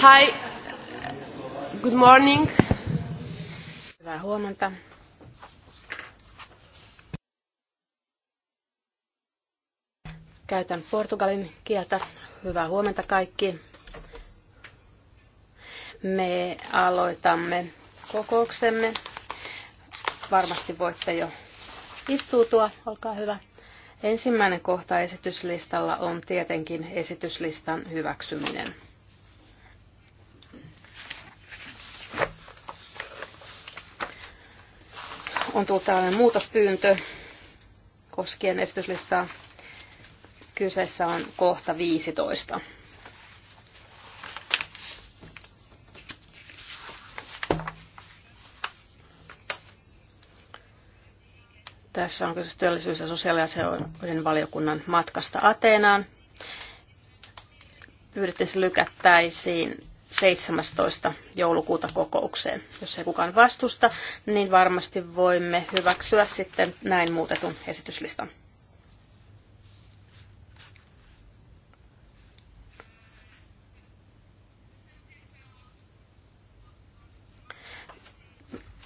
Hi. Good morning. Hyvää huomenta. Käytän portugalin kieltä. Hyvää huomenta kaikki. Me aloitamme kokouksemme. Varmasti voitte jo istuutua. Olkaa hyvä. Ensimmäinen kohta esityslistalla on tietenkin esityslistan hyväksyminen. on tullut tällainen muutospyyntö koskien esityslistaa. Kyseessä on kohta 15. Tässä on kyseessä työllisyys- ja sosiaaliasioiden valiokunnan matkasta Ateenaan. Pyydettiin se lykättäisiin 17. joulukuuta kokoukseen. Jos ei kukaan vastusta, niin varmasti voimme hyväksyä sitten näin muutetun esityslistan.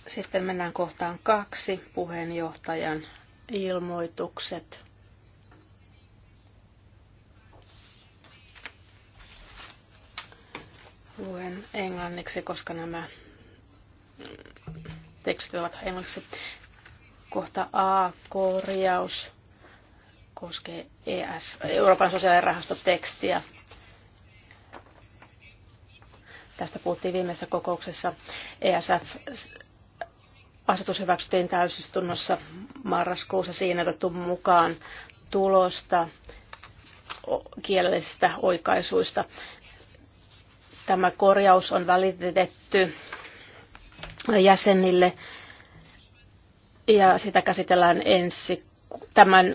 Sitten mennään kohtaan kaksi, puheenjohtajan ilmoitukset. Luen englanniksi, koska nämä tekstit ovat englanniksi. Kohta A, korjaus, koskee ES, Euroopan sosiaalirahastotekstiä. Tästä puhuttiin viimeisessä kokouksessa. ESF asetus hyväksyttiin täysistunnossa marraskuussa siinä otettu mukaan tulosta kielellisistä oikaisuista Tämä korjaus on välitetty jäsenille ja sitä käsitellään ensi, tämän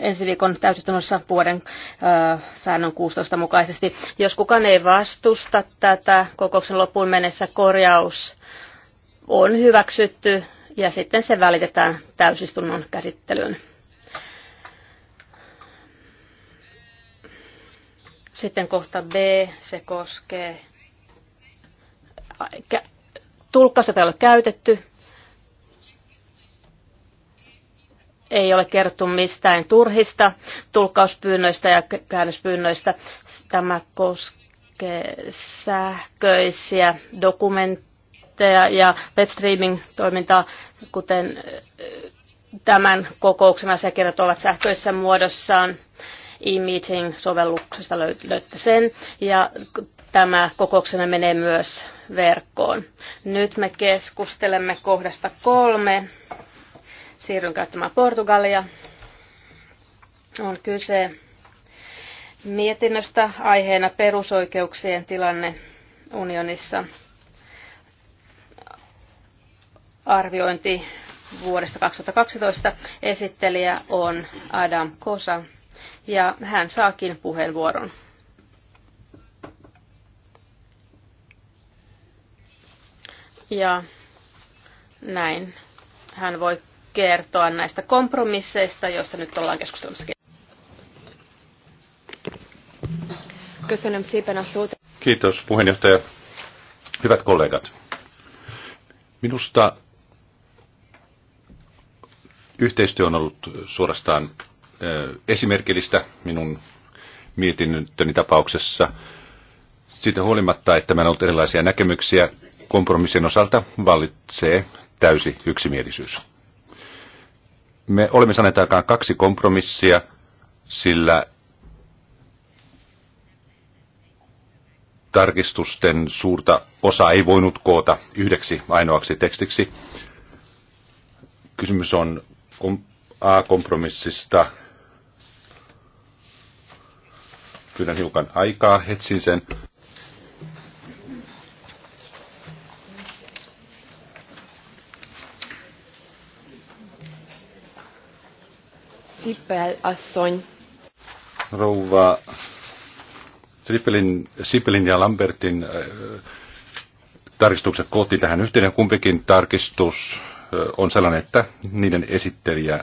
ensi viikon täysistunnossa vuoden ö, säännön 16 mukaisesti. Jos kukaan ei vastusta tätä kokouksen loppuun mennessä, korjaus on hyväksytty ja sitten se välitetään täysistunnon käsittelyyn. Sitten kohta B, se koskee tulkkausta ei ole käytetty. Ei ole kerrottu mistään turhista tulkkauspyynnöistä ja käännöspyynnöistä. Tämä koskee sähköisiä dokumentteja ja webstreaming-toimintaa, kuten tämän kokouksen asiakirjat ovat sähköisessä muodossaan e-meeting-sovelluksesta löydätte sen. Ja tämä kokouksemme menee myös verkkoon. Nyt me keskustelemme kohdasta kolme. Siirryn käyttämään Portugalia. On kyse mietinnöstä aiheena perusoikeuksien tilanne unionissa. Arviointi vuodesta 2012 esittelijä on Adam Kosa ja hän saakin puheenvuoron. Ja näin hän voi kertoa näistä kompromisseista, joista nyt ollaan keskustelussa. Kiitos puheenjohtaja. Hyvät kollegat, minusta yhteistyö on ollut suorastaan esimerkillistä minun mietinnöni tapauksessa. Siitä huolimatta, että meillä on ollut erilaisia näkemyksiä, kompromissin osalta vallitsee täysi yksimielisyys. Me olemme saaneet aikaan kaksi kompromissia, sillä tarkistusten suurta osaa ei voinut koota yhdeksi ainoaksi tekstiksi. Kysymys on A-kompromissista, Pyydän hiukan aikaa, etsin sen. Sipel Assoin. Rouva Sipelin, Sippelin ja Lambertin äh, tarkistukset kohti tähän yhteen ja kumpikin tarkistus äh, on sellainen, että niiden esittelijä, äh,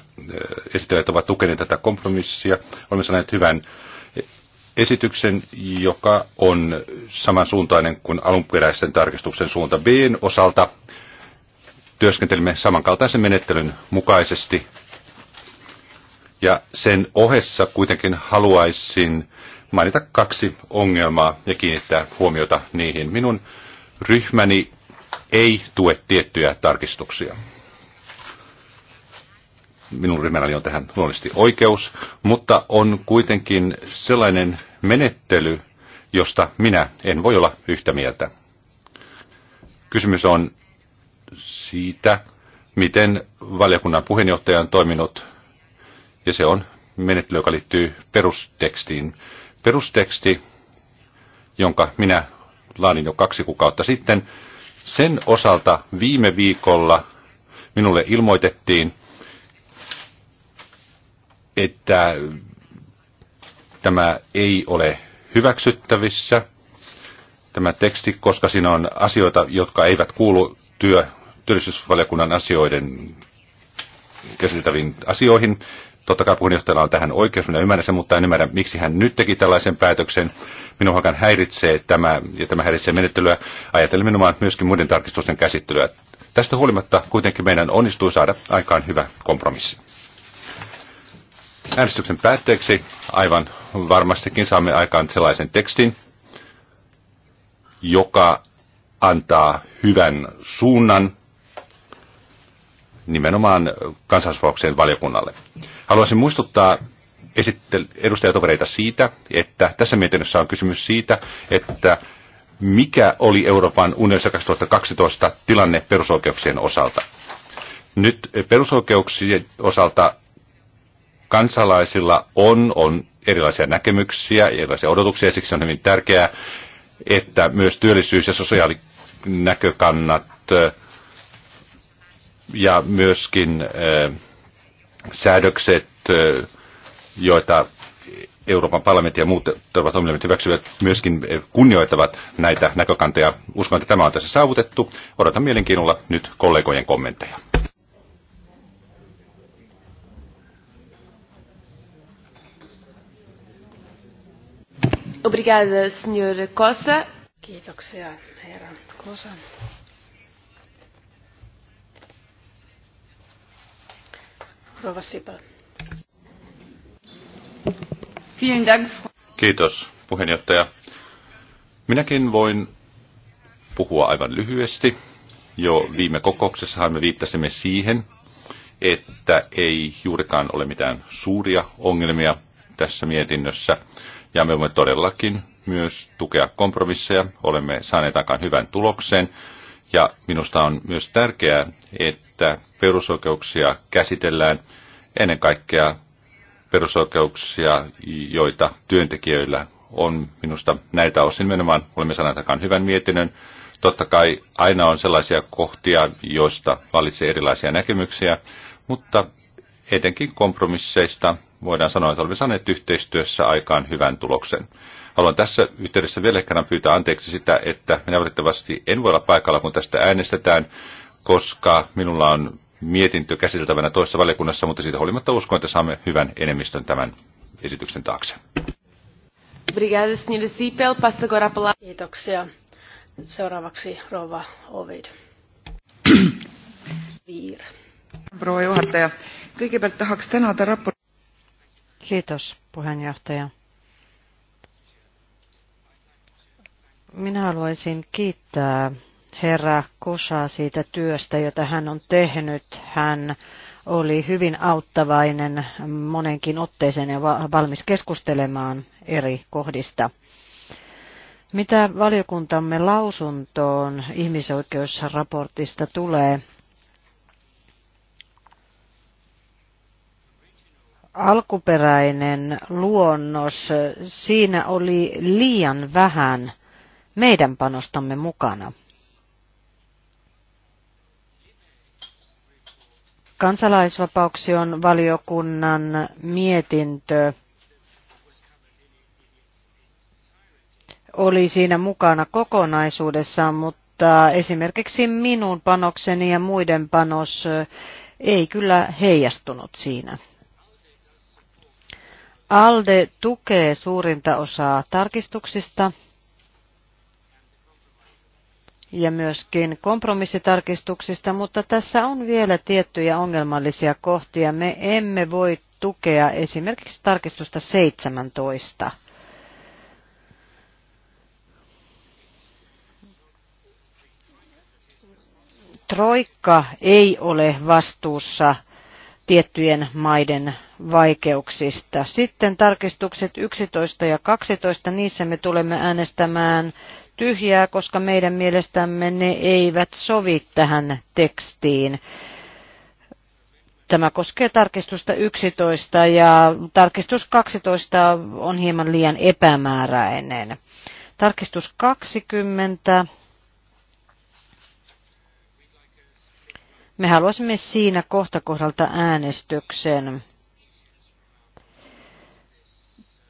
esittelijät ovat tukeneet tätä kompromissia. Olemme saaneet hyvän esityksen, joka on samansuuntainen kuin alunperäisen tarkistuksen suunta B osalta. Työskentelimme samankaltaisen menettelyn mukaisesti. Ja sen ohessa kuitenkin haluaisin mainita kaksi ongelmaa ja kiinnittää huomiota niihin. Minun ryhmäni ei tue tiettyjä tarkistuksia minun ryhmälläni on tähän luonnollisesti oikeus, mutta on kuitenkin sellainen menettely, josta minä en voi olla yhtä mieltä. Kysymys on siitä, miten valiokunnan puheenjohtaja on toiminut, ja se on menettely, joka liittyy perustekstiin. Perusteksti, jonka minä laadin jo kaksi kuukautta sitten, sen osalta viime viikolla minulle ilmoitettiin, että tämä ei ole hyväksyttävissä, tämä teksti, koska siinä on asioita, jotka eivät kuulu työ, työllisyysvaliokunnan asioiden käsiteltäviin asioihin. Totta kai puheenjohtajalla on tähän oikeus, minä ymmärrän sen, mutta en ymmärrä, miksi hän nyt teki tällaisen päätöksen. minun hakan häiritsee tämä, ja tämä häiritsee menettelyä. Ajattelin nimenomaan myöskin muiden tarkistusten käsittelyä. Tästä huolimatta kuitenkin meidän onnistui saada aikaan hyvä kompromissi. Äänestyksen päätteeksi aivan varmastikin saamme aikaan sellaisen tekstin, joka antaa hyvän suunnan nimenomaan kansallisvauksien valiokunnalle. Haluaisin muistuttaa edustajatovereita siitä, että tässä mietinnössä on kysymys siitä, että mikä oli Euroopan unionissa 2012 tilanne perusoikeuksien osalta. Nyt perusoikeuksien osalta kansalaisilla on, on erilaisia näkemyksiä, erilaisia odotuksia, siksi on hyvin tärkeää, että myös työllisyys- ja sosiaalinäkökannat äh, ja myöskin äh, säädökset, äh, joita Euroopan parlamentti ja muut ovat omille hyväksyvät, myöskin kunnioittavat näitä näkökantoja. Uskon, että tämä on tässä saavutettu. Odotan mielenkiinnolla nyt kollegojen kommentteja. Obrigada, Kosa. Kiitoksia, herra Kosa. Rova Kiitos, puheenjohtaja. Minäkin voin puhua aivan lyhyesti. Jo viime kokouksessahan me viittasimme siihen, että ei juurikaan ole mitään suuria ongelmia tässä mietinnössä ja me voimme todellakin myös tukea kompromisseja. Olemme saaneet aikaan hyvän tuloksen ja minusta on myös tärkeää, että perusoikeuksia käsitellään ennen kaikkea perusoikeuksia, joita työntekijöillä on minusta näitä osin menemään, Olemme saaneet aikaan hyvän mietinnön. Totta kai aina on sellaisia kohtia, joista valitsee erilaisia näkemyksiä, mutta etenkin kompromisseista voidaan sanoa, että olemme saaneet yhteistyössä aikaan hyvän tuloksen. Haluan tässä yhteydessä vielä kerran pyytää anteeksi sitä, että minä valitettavasti en voi olla paikalla, kun tästä äänestetään, koska minulla on mietintö käsiteltävänä toisessa valiokunnassa, mutta siitä huolimatta uskon, että saamme hyvän enemmistön tämän esityksen taakse. Kiitoksia. Seuraavaksi Rova Ovid. Viir. Proua juhataja, kõigepealt tahaks tänada raport... Kiitos, puheenjohtaja. Minä haluaisin kiittää herra Kosaa siitä työstä, jota hän on tehnyt. Hän oli hyvin auttavainen monenkin otteeseen ja valmis keskustelemaan eri kohdista. Mitä valiokuntamme lausuntoon ihmisoikeusraportista tulee, alkuperäinen luonnos, siinä oli liian vähän meidän panostamme mukana. Kansalaisvapauksion valiokunnan mietintö oli siinä mukana kokonaisuudessaan, mutta esimerkiksi minun panokseni ja muiden panos ei kyllä heijastunut siinä ALDE tukee suurinta osaa tarkistuksista ja myöskin kompromissitarkistuksista, mutta tässä on vielä tiettyjä ongelmallisia kohtia. Me emme voi tukea esimerkiksi tarkistusta 17. Troikka ei ole vastuussa – tiettyjen maiden vaikeuksista. Sitten tarkistukset 11 ja 12, niissä me tulemme äänestämään tyhjää, koska meidän mielestämme ne eivät sovi tähän tekstiin. Tämä koskee tarkistusta 11 ja tarkistus 12 on hieman liian epämääräinen. Tarkistus 20 Me haluaisimme siinä kohta kohdalta äänestyksen.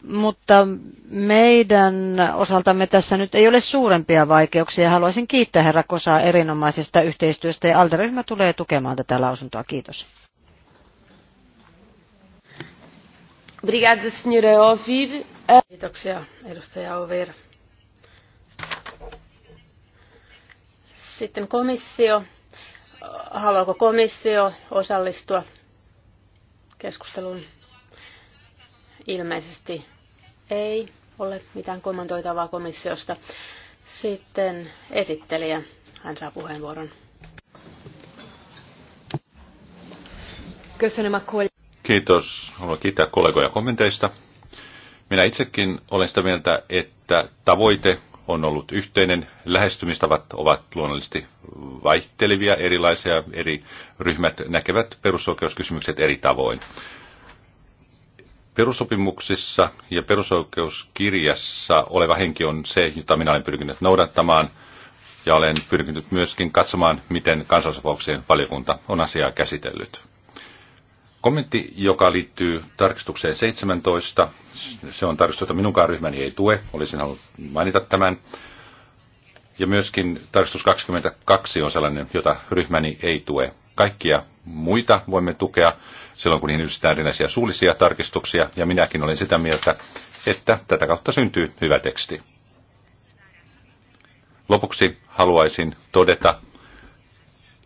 Mutta meidän osaltamme tässä nyt ei ole suurempia vaikeuksia. Haluaisin kiittää herra Kosaa erinomaisesta yhteistyöstä ja alderyhmä tulee tukemaan tätä lausuntoa. Kiitos. Kiitoksia, edustaja Ovir. Sitten komissio haluaako komissio osallistua keskusteluun? Ilmeisesti ei ole mitään kommentoitavaa komissiosta. Sitten esittelijä, hän saa puheenvuoron. Kiitos. Haluan kiittää kollegoja kommenteista. Minä itsekin olen sitä mieltä, että tavoite on ollut yhteinen. Lähestymistavat ovat luonnollisesti vaihtelevia, erilaisia, eri ryhmät näkevät perusoikeuskysymykset eri tavoin. Perusopimuksissa ja perusoikeuskirjassa oleva henki on se, jota minä olen pyrkinyt noudattamaan, ja olen pyrkinyt myöskin katsomaan, miten kansallisvapauksien valiokunta on asiaa käsitellyt. Kommentti, joka liittyy tarkistukseen 17, se on tarkistus, jota minunkaan ryhmäni ei tue, olisin halunnut mainita tämän. Ja myöskin tarkistus 22 on sellainen, jota ryhmäni ei tue. Kaikkia muita voimme tukea silloin, kun niihin yhdistetään erinäisiä suullisia tarkistuksia, ja minäkin olen sitä mieltä, että tätä kautta syntyy hyvä teksti. Lopuksi haluaisin todeta,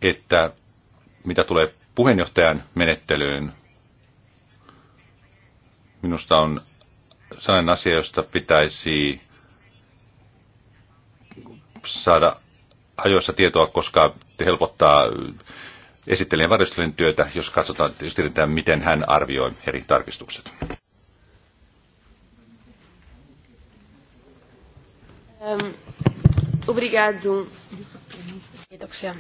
että mitä tulee puheenjohtajan menettelyyn. Minusta on sellainen asia, josta pitäisi saada ajoissa tietoa, koska helpottaa esittelijän varjostelun työtä, jos katsotaan, jos tiedetään, miten hän arvioi eri tarkistukset. Um, obrigado. Kiitoksia.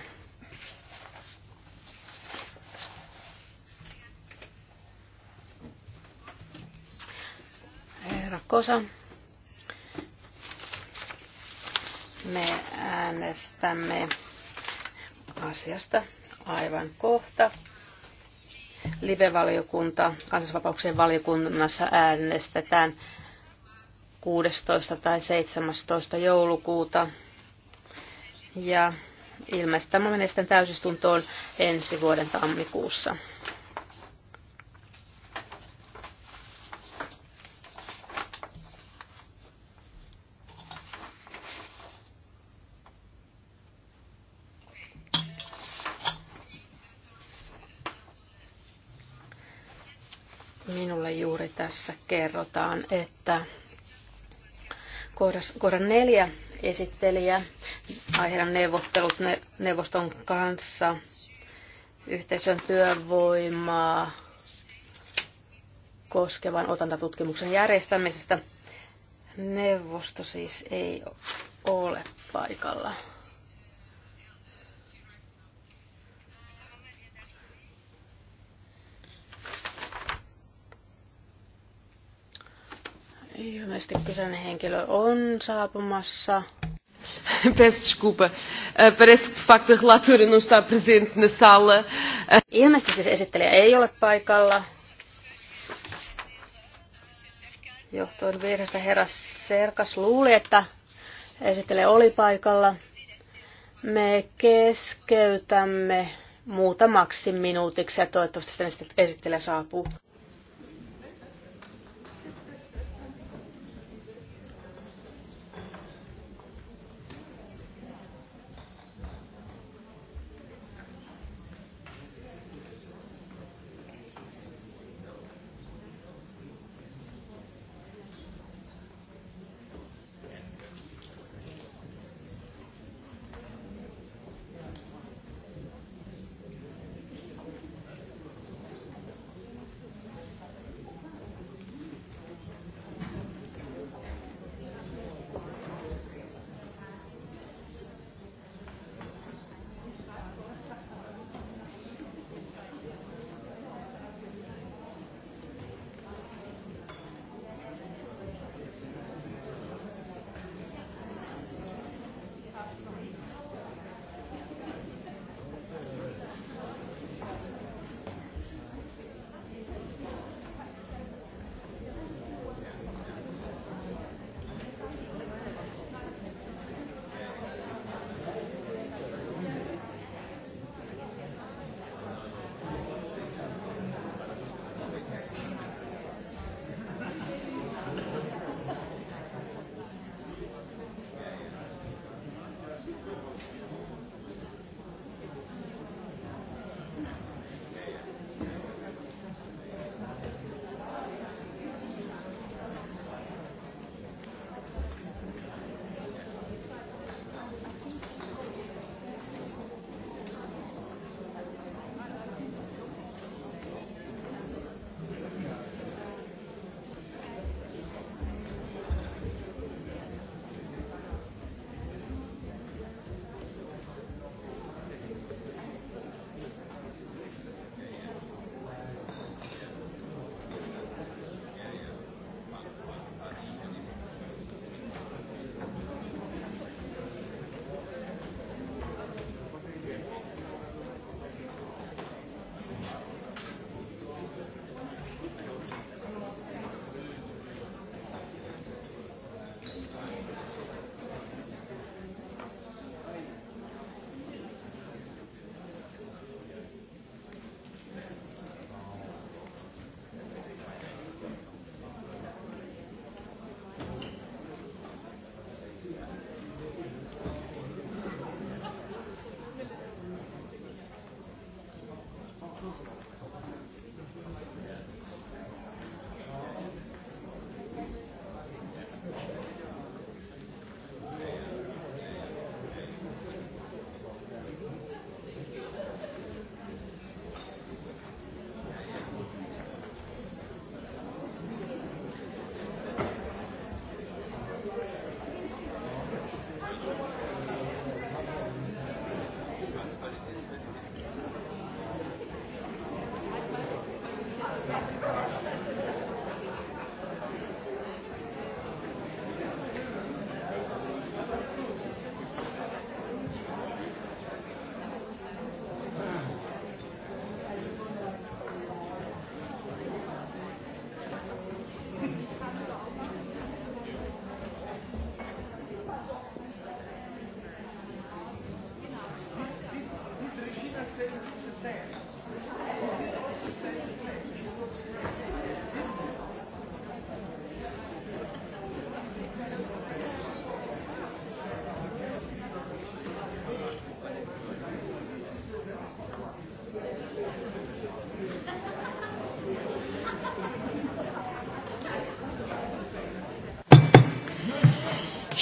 Herra Kosa. Me äänestämme asiasta aivan kohta. Live-valiokunta, kansallisvapauksien valiokunnassa äänestetään 16. tai 17. joulukuuta. Ja ilmeisesti tämä menee sitten täysistuntoon ensi vuoden tammikuussa. tässä kerrotaan, että kohdan neljä esittelijä aiheena neuvottelut neuvoston kanssa yhteisön työvoimaa koskevan otantatutkimuksen järjestämisestä. Neuvosto siis ei ole paikalla. Ilmeisesti kyseinen henkilö on saapumassa. Peço desculpa. Eh, parece que de facto a relatora não está presente na sala. Eh, Ilmeisesti siis esittelijä ei ole paikalla. Johtuen virheestä herra Serkas luuli, että esittelijä oli paikalla. Me keskeytämme muutamaksi minuutiksi ja toivottavasti sitten esittelijä saapuu.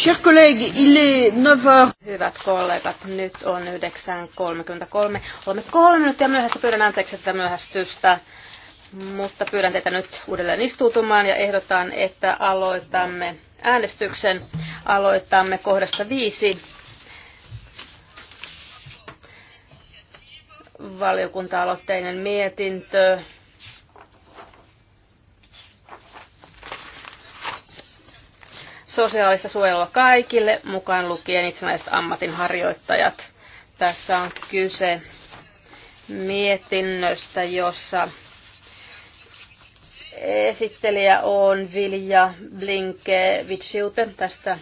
Chers collègues, il est 9 Hyvät kollegat, nyt on 9.33. Olemme kolme minuuttia myöhässä. Pyydän anteeksi tätä myöhästystä, mutta pyydän teitä nyt uudelleen istuutumaan ja ehdotan, että aloitamme äänestyksen. Aloitamme kohdasta viisi. Valiokunta-aloitteinen mietintö sosiaalista suojelua kaikille, mukaan lukien itsenäiset ammatinharjoittajat. Tässä on kyse mietinnöstä, jossa esittelijä on Vilja Blinkevitsiute. Tästä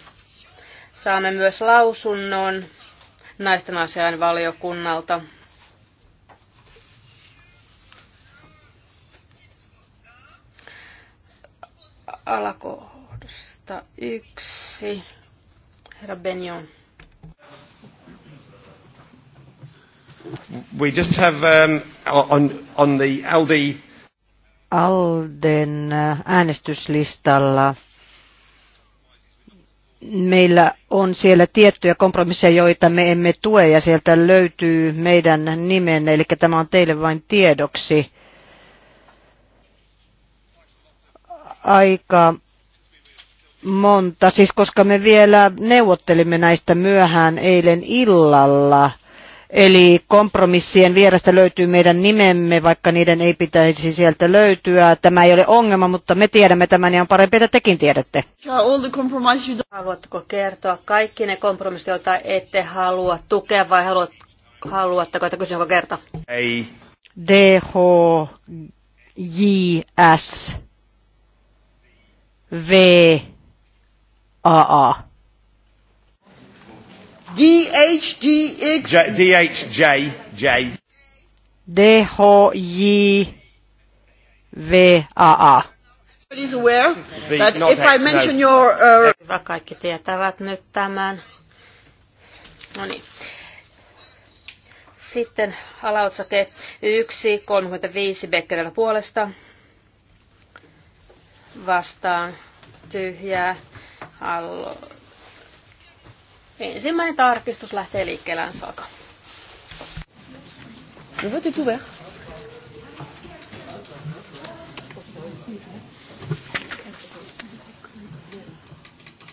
saamme myös lausunnon naisten asiain valiokunnalta. Alako Yksi Herra Benjon. We just have um, on, on the LD... Alden äänestyslistalla meillä on siellä tiettyjä kompromisseja, joita me emme tue ja sieltä löytyy meidän nimen, eli tämä on teille vain tiedoksi. Aika monta, siis koska me vielä neuvottelimme näistä myöhään eilen illalla. Eli kompromissien vierestä löytyy meidän nimemme, vaikka niiden ei pitäisi sieltä löytyä. Tämä ei ole ongelma, mutta me tiedämme tämän ja on parempi, että tekin tiedätte. Haluatko kertoa kaikki ne kompromissit, joita ette halua tukea vai haluat, haluatteko, että kysyn kerta? Ei. D, H, J, S, V, AA. DHGX. J, DHJ. J. DHJVAA. Please aware that if I no. mention your... Uh... Hyvä, kaikki tietävät nyt tämän. No niin. Sitten alaotsake 1, 35 Beckerillä puolesta. Vastaan tyhjää Hallo. Ensimmäinen tarkistus lähtee liikkeelle saka. Le vote est ouvert.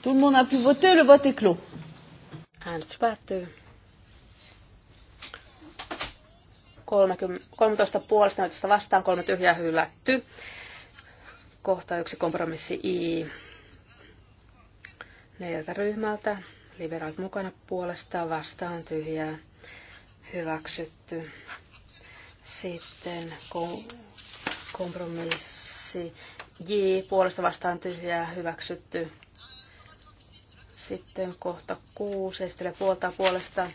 Tout le monde a pu voter, le vote est clos. Äänestys päättyy. 30, 13 puolesta näytöstä vastaan, kolme tyhjää hylätty. Kohta yksi kompromissi I neljältä ryhmältä. Liberaat mukana puolesta vastaan tyhjää hyväksytty. Sitten kompromissi J puolesta vastaan tyhjää hyväksytty. Sitten kohta 6, esittelee puolta puolesta.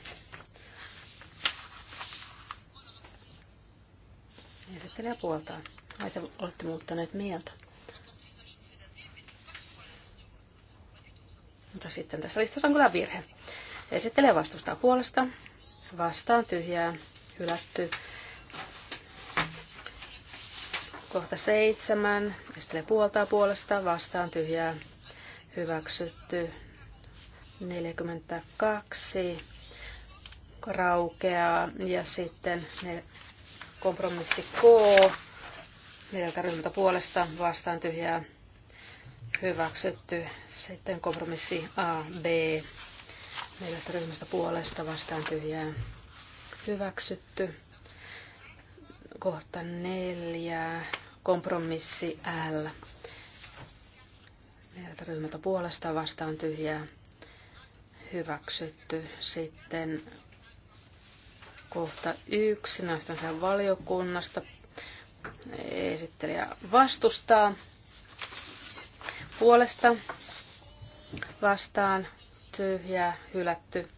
Esittelee puolta. Aita olette muuttaneet mieltä. Mutta sitten tässä listassa on kyllä virhe. Esittelee vastustaa puolesta. Vastaan tyhjää. Hylätty. Kohta seitsemän. Esittelee puoltaa puolesta. Vastaan tyhjää. Hyväksytty. 42 raukeaa ja sitten ne kompromissi K neljältä ryhmältä puolesta vastaan tyhjää hyväksytty. Sitten kompromissi A, B, neljästä ryhmästä puolesta vastaan tyhjää hyväksytty. Kohta neljä, kompromissi L. Neljältä ryhmältä puolesta vastaan tyhjää hyväksytty. Sitten kohta yksi naistensa valiokunnasta esittelijä vastustaa puolesta vastaan tyhjää hylätty.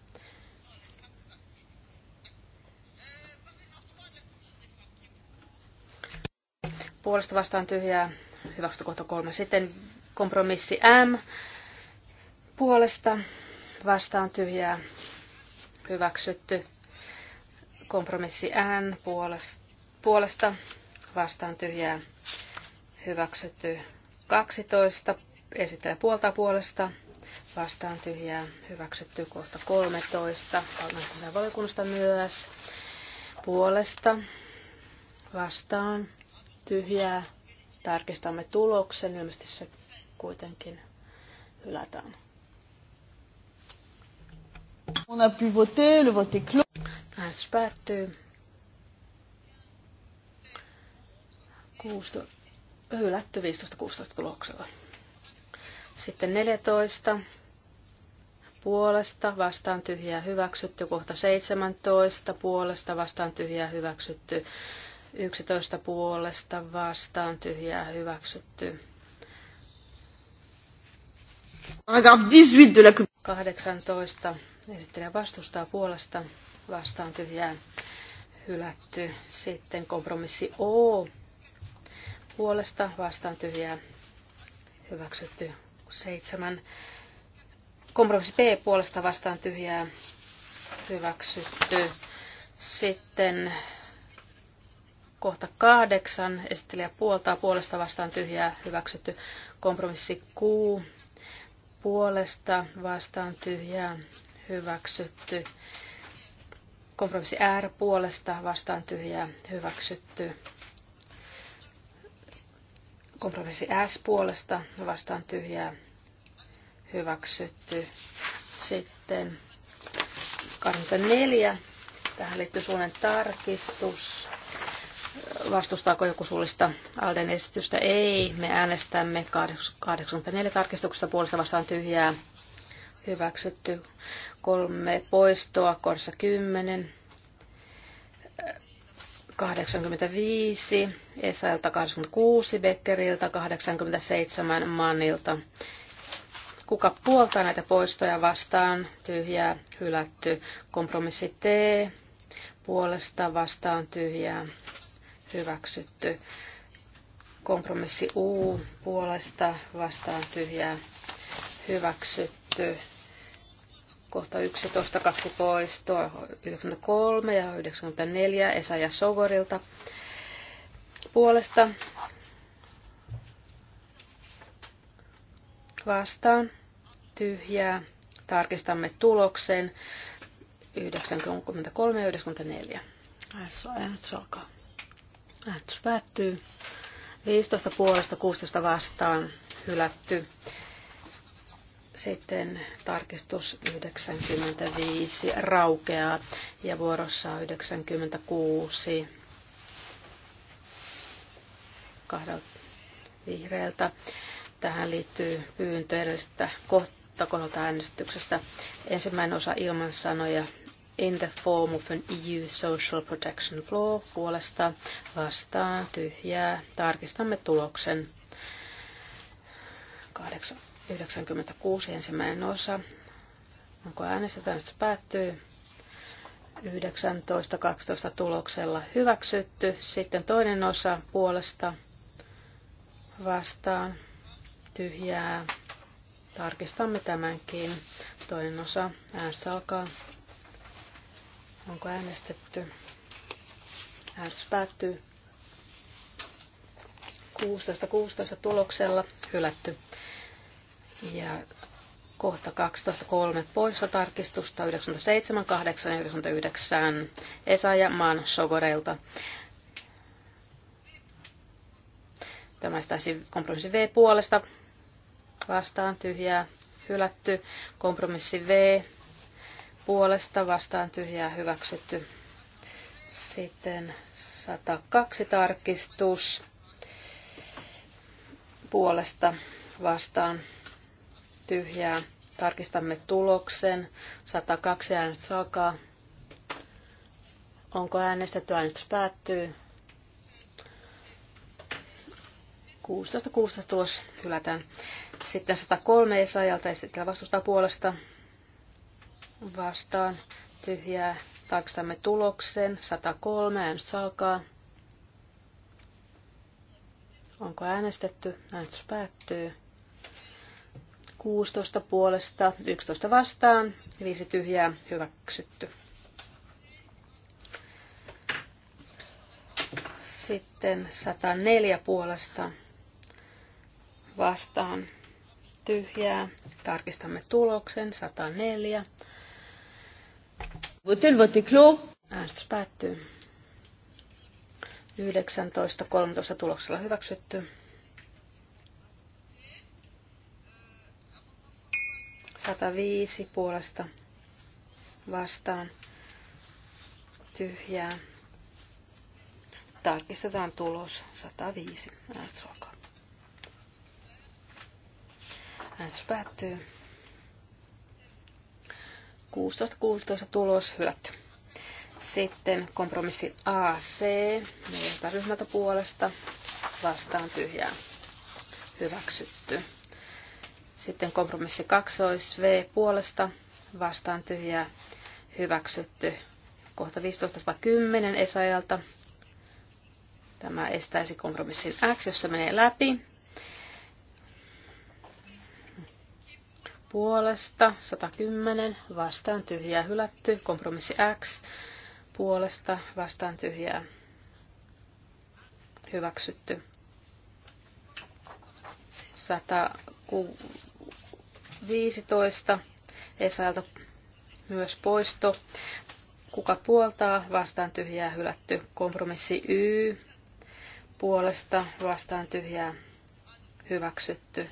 Puolesta vastaan tyhjää hyväksytty kohta kolme. Sitten kompromissi M puolesta vastaan tyhjää hyväksytty. Kompromissi N puolesta vastaan tyhjää hyväksytty 12 Esittää puolta puolesta. Vastaan tyhjää. Hyväksytty kohta 13. Valiokunnasta myös. Puolesta. Vastaan. Tyhjää. Tarkistamme tuloksen. Ilmeisesti se kuitenkin hylätään. On a pu voter, le vote est clos. Äänestys päättyy. Kuusto, hylätty 15-16 tuloksella. Sitten 14 puolesta vastaan tyhjää hyväksytty. Kohta 17 puolesta vastaan tyhjää hyväksytty. 11 puolesta vastaan tyhjää hyväksytty. 18 esittelijä vastustaa puolesta vastaan tyhjää hylätty. Sitten kompromissi O puolesta vastaan tyhjää hyväksytty seitsemän. Kompromissi B puolesta vastaan tyhjää hyväksytty. Sitten kohta kahdeksan, esittelijä puoltaa puolesta vastaan tyhjää hyväksytty. Kompromissi Q puolesta vastaan tyhjää hyväksytty. Kompromissi R puolesta vastaan tyhjää hyväksytty. Kompromissi S puolesta vastaan tyhjää hyväksytty. Sitten 24. Tähän liittyy suunen tarkistus. Vastustaako joku suullista Alden esitystä? Ei. Me äänestämme 84 tarkistuksesta puolesta vastaan tyhjää. Hyväksytty. Kolme poistoa, korsa 10 85, Esailta 86, Beckeriltä 87, Mannilta. Kuka puoltaa näitä poistoja vastaan? Tyhjää, hylätty. Kompromissi T, puolesta vastaan tyhjää, hyväksytty. Kompromissi U, puolesta vastaan tyhjää, hyväksytty kohta 11, 2 poistoa, 93 ja 94 Esa ja Sogorilta puolesta vastaan tyhjää. Tarkistamme tuloksen 93 ja 94. Äänestys alkaa. Äänestys päättyy. 15 puolesta 16 vastaan hylätty. Sitten tarkistus 95 raukeaa ja vuorossa 96 kahdelta vihreältä. Tähän liittyy pyyntö edellisestä kohtakohdalta äänestyksestä. Ensimmäinen osa ilman sanoja in the form of an EU social protection law puolesta vastaan tyhjää. Tarkistamme tuloksen. 8 96 ensimmäinen osa. Onko äänestetään, äänestys päättyy. 19.12 tuloksella hyväksytty. Sitten toinen osa puolesta vastaan tyhjää. Tarkistamme tämänkin. Toinen osa äänestys alkaa. Onko äänestetty? Äänestys päättyy. 16.16 16 tuloksella hylätty. Ja kohta 12.3 poissa tarkistusta 97, Esa ja Maan Sogoreilta. Tämä taisi kompromissi V puolesta vastaan tyhjää hylätty. Kompromissi V puolesta vastaan tyhjää hyväksytty. Sitten 102 tarkistus puolesta vastaan tyhjää. Tarkistamme tuloksen. 102 äänestys alkaa. Onko äänestetty? Äänestys päättyy. 16, 16 tulos hylätään. Sitten 103 Esajalta esitellä vastusta puolesta vastaan tyhjää. Tarkistamme tuloksen. 103 äänestys alkaa. Onko äänestetty? Äänestys päättyy. 16 puolesta, 11 vastaan, 5 tyhjää, hyväksytty. Sitten 104 puolesta vastaan tyhjää. Tarkistamme tuloksen 104. Votel vote Äänestys päättyy. 19.13 tuloksella hyväksytty. 105 puolesta vastaan tyhjää. Tarkistetaan tulos 105. Äänestys alkaa. Äänestys päättyy. 16-16 tulos hylätty. Sitten kompromissi AC, neljältä ryhmältä puolesta, vastaan tyhjää, hyväksytty. Sitten kompromissi 2 V puolesta vastaan tyhjää hyväksytty. Kohta 15-10 Esajalta. Tämä estäisi kompromissin X, jossa menee läpi. Puolesta 110 vastaan tyhjää hylätty. Kompromissi X puolesta vastaan tyhjää hyväksytty. 100 15. Esailta myös poisto. Kuka puoltaa, vastaan tyhjää hylätty. Kompromissi Y puolesta vastaan tyhjää hyväksytty.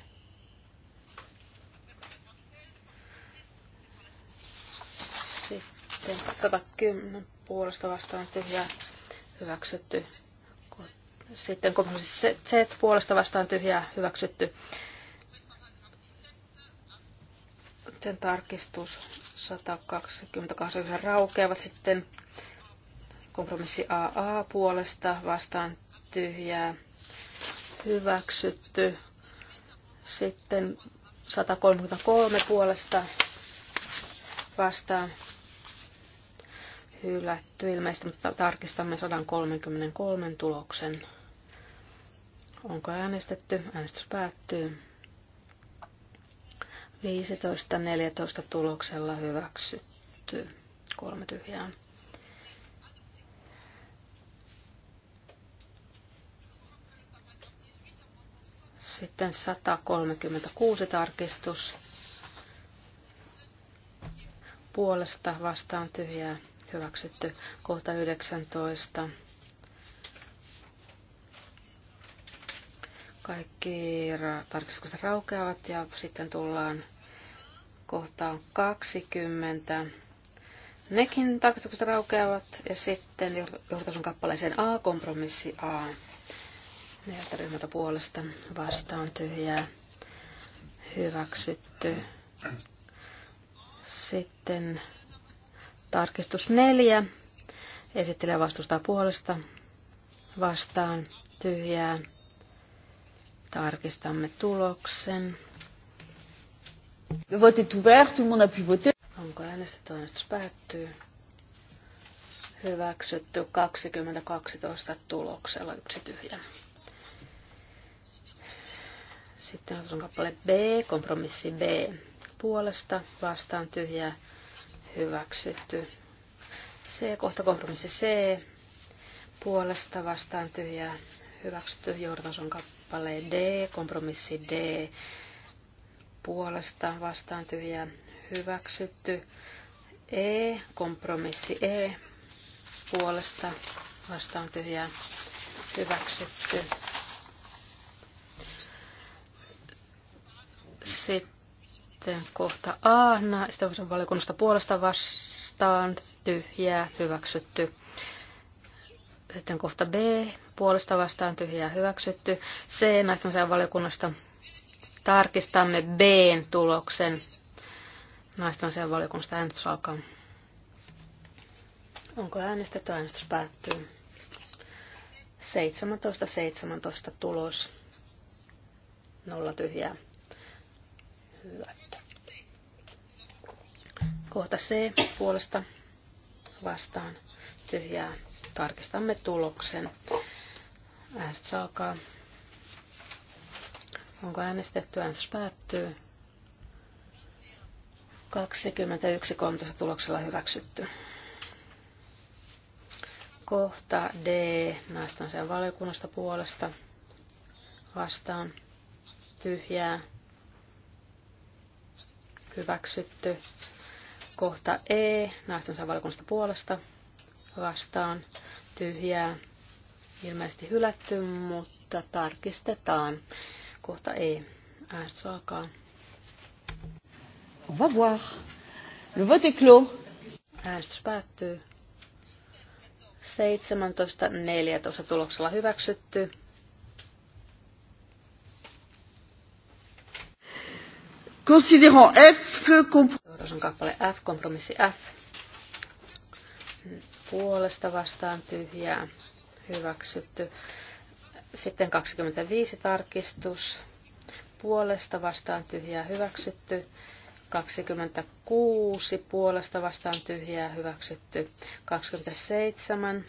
Sitten 110 puolesta vastaan tyhjää hyväksytty. Sitten kompromissi Z puolesta vastaan tyhjää hyväksytty. Sitten tarkistus 128 raukeavat sitten kompromissi AA puolesta vastaan tyhjää hyväksytty. Sitten 133 puolesta vastaan hylätty ilmeisesti, mutta tarkistamme 133 tuloksen. Onko äänestetty? Äänestys päättyy. 15-14 tuloksella hyväksytty. Kolme tyhjää. Sitten 136 tarkistus. Puolesta vastaan tyhjää hyväksytty. Kohta 19. Kaikki tarkistukset raukeavat ja sitten tullaan kohtaan 20. Nekin tarkistukset raukeavat ja sitten johtosun kappaleeseen A, kompromissi A. Neljältä ryhmältä puolesta vastaan tyhjää hyväksytty. Sitten tarkistus 4. Esittelee vastustaa puolesta vastaan tyhjää Tarkistamme tuloksen. Le vote est ouvert, tout le monde a pu voter. Onko äänestetty? Äänestys päättyy. Hyväksytty 2012 tuloksella yksi tyhjä. Sitten on kappale B, kompromissi B. Puolesta vastaan tyhjä hyväksytty. C, kohta kompromissi C. Puolesta vastaan tyhjä hyväksytty. Joudutaan on kappale kappale D, kompromissi D puolesta vastaan tyhjä hyväksytty. E, kompromissi E puolesta vastaan tyhjä hyväksytty. Sitten kohta A, näistä valiokunnasta puolesta vastaan tyhjää hyväksytty. Sitten kohta B, puolesta vastaan tyhjää hyväksytty. C, naisten valiokunnasta tarkistamme Bn tuloksen. Naisten valiokunnasta äänestys alkaa. Onko äänestetty? Äänestys päättyy. 17, 17 tulos. Nolla tyhjää. Hyvä. Kohta C puolesta vastaan tyhjää Tarkistamme tuloksen. Äänestys alkaa. Onko äänestetty? Äänestys päättyy. 21.13 tuloksella hyväksytty. Kohta D Naistan sen valiokunnasta puolesta vastaan tyhjää hyväksytty. Kohta E Naistan sen valiokunnasta puolesta vastaan tyhjää ilmeisesti hylätty, mutta tarkistetaan. Kohta ei. Äänestys alkaa. On va voir. Le vote est clos. Äänestys päättyy. 17.14 tuloksella hyväksytty. Considérant F, compromissi F, kompromissi F puolesta vastaan tyhjää hyväksytty. Sitten 25 tarkistus puolesta vastaan tyhjää hyväksytty. 26 puolesta vastaan tyhjää hyväksytty. 27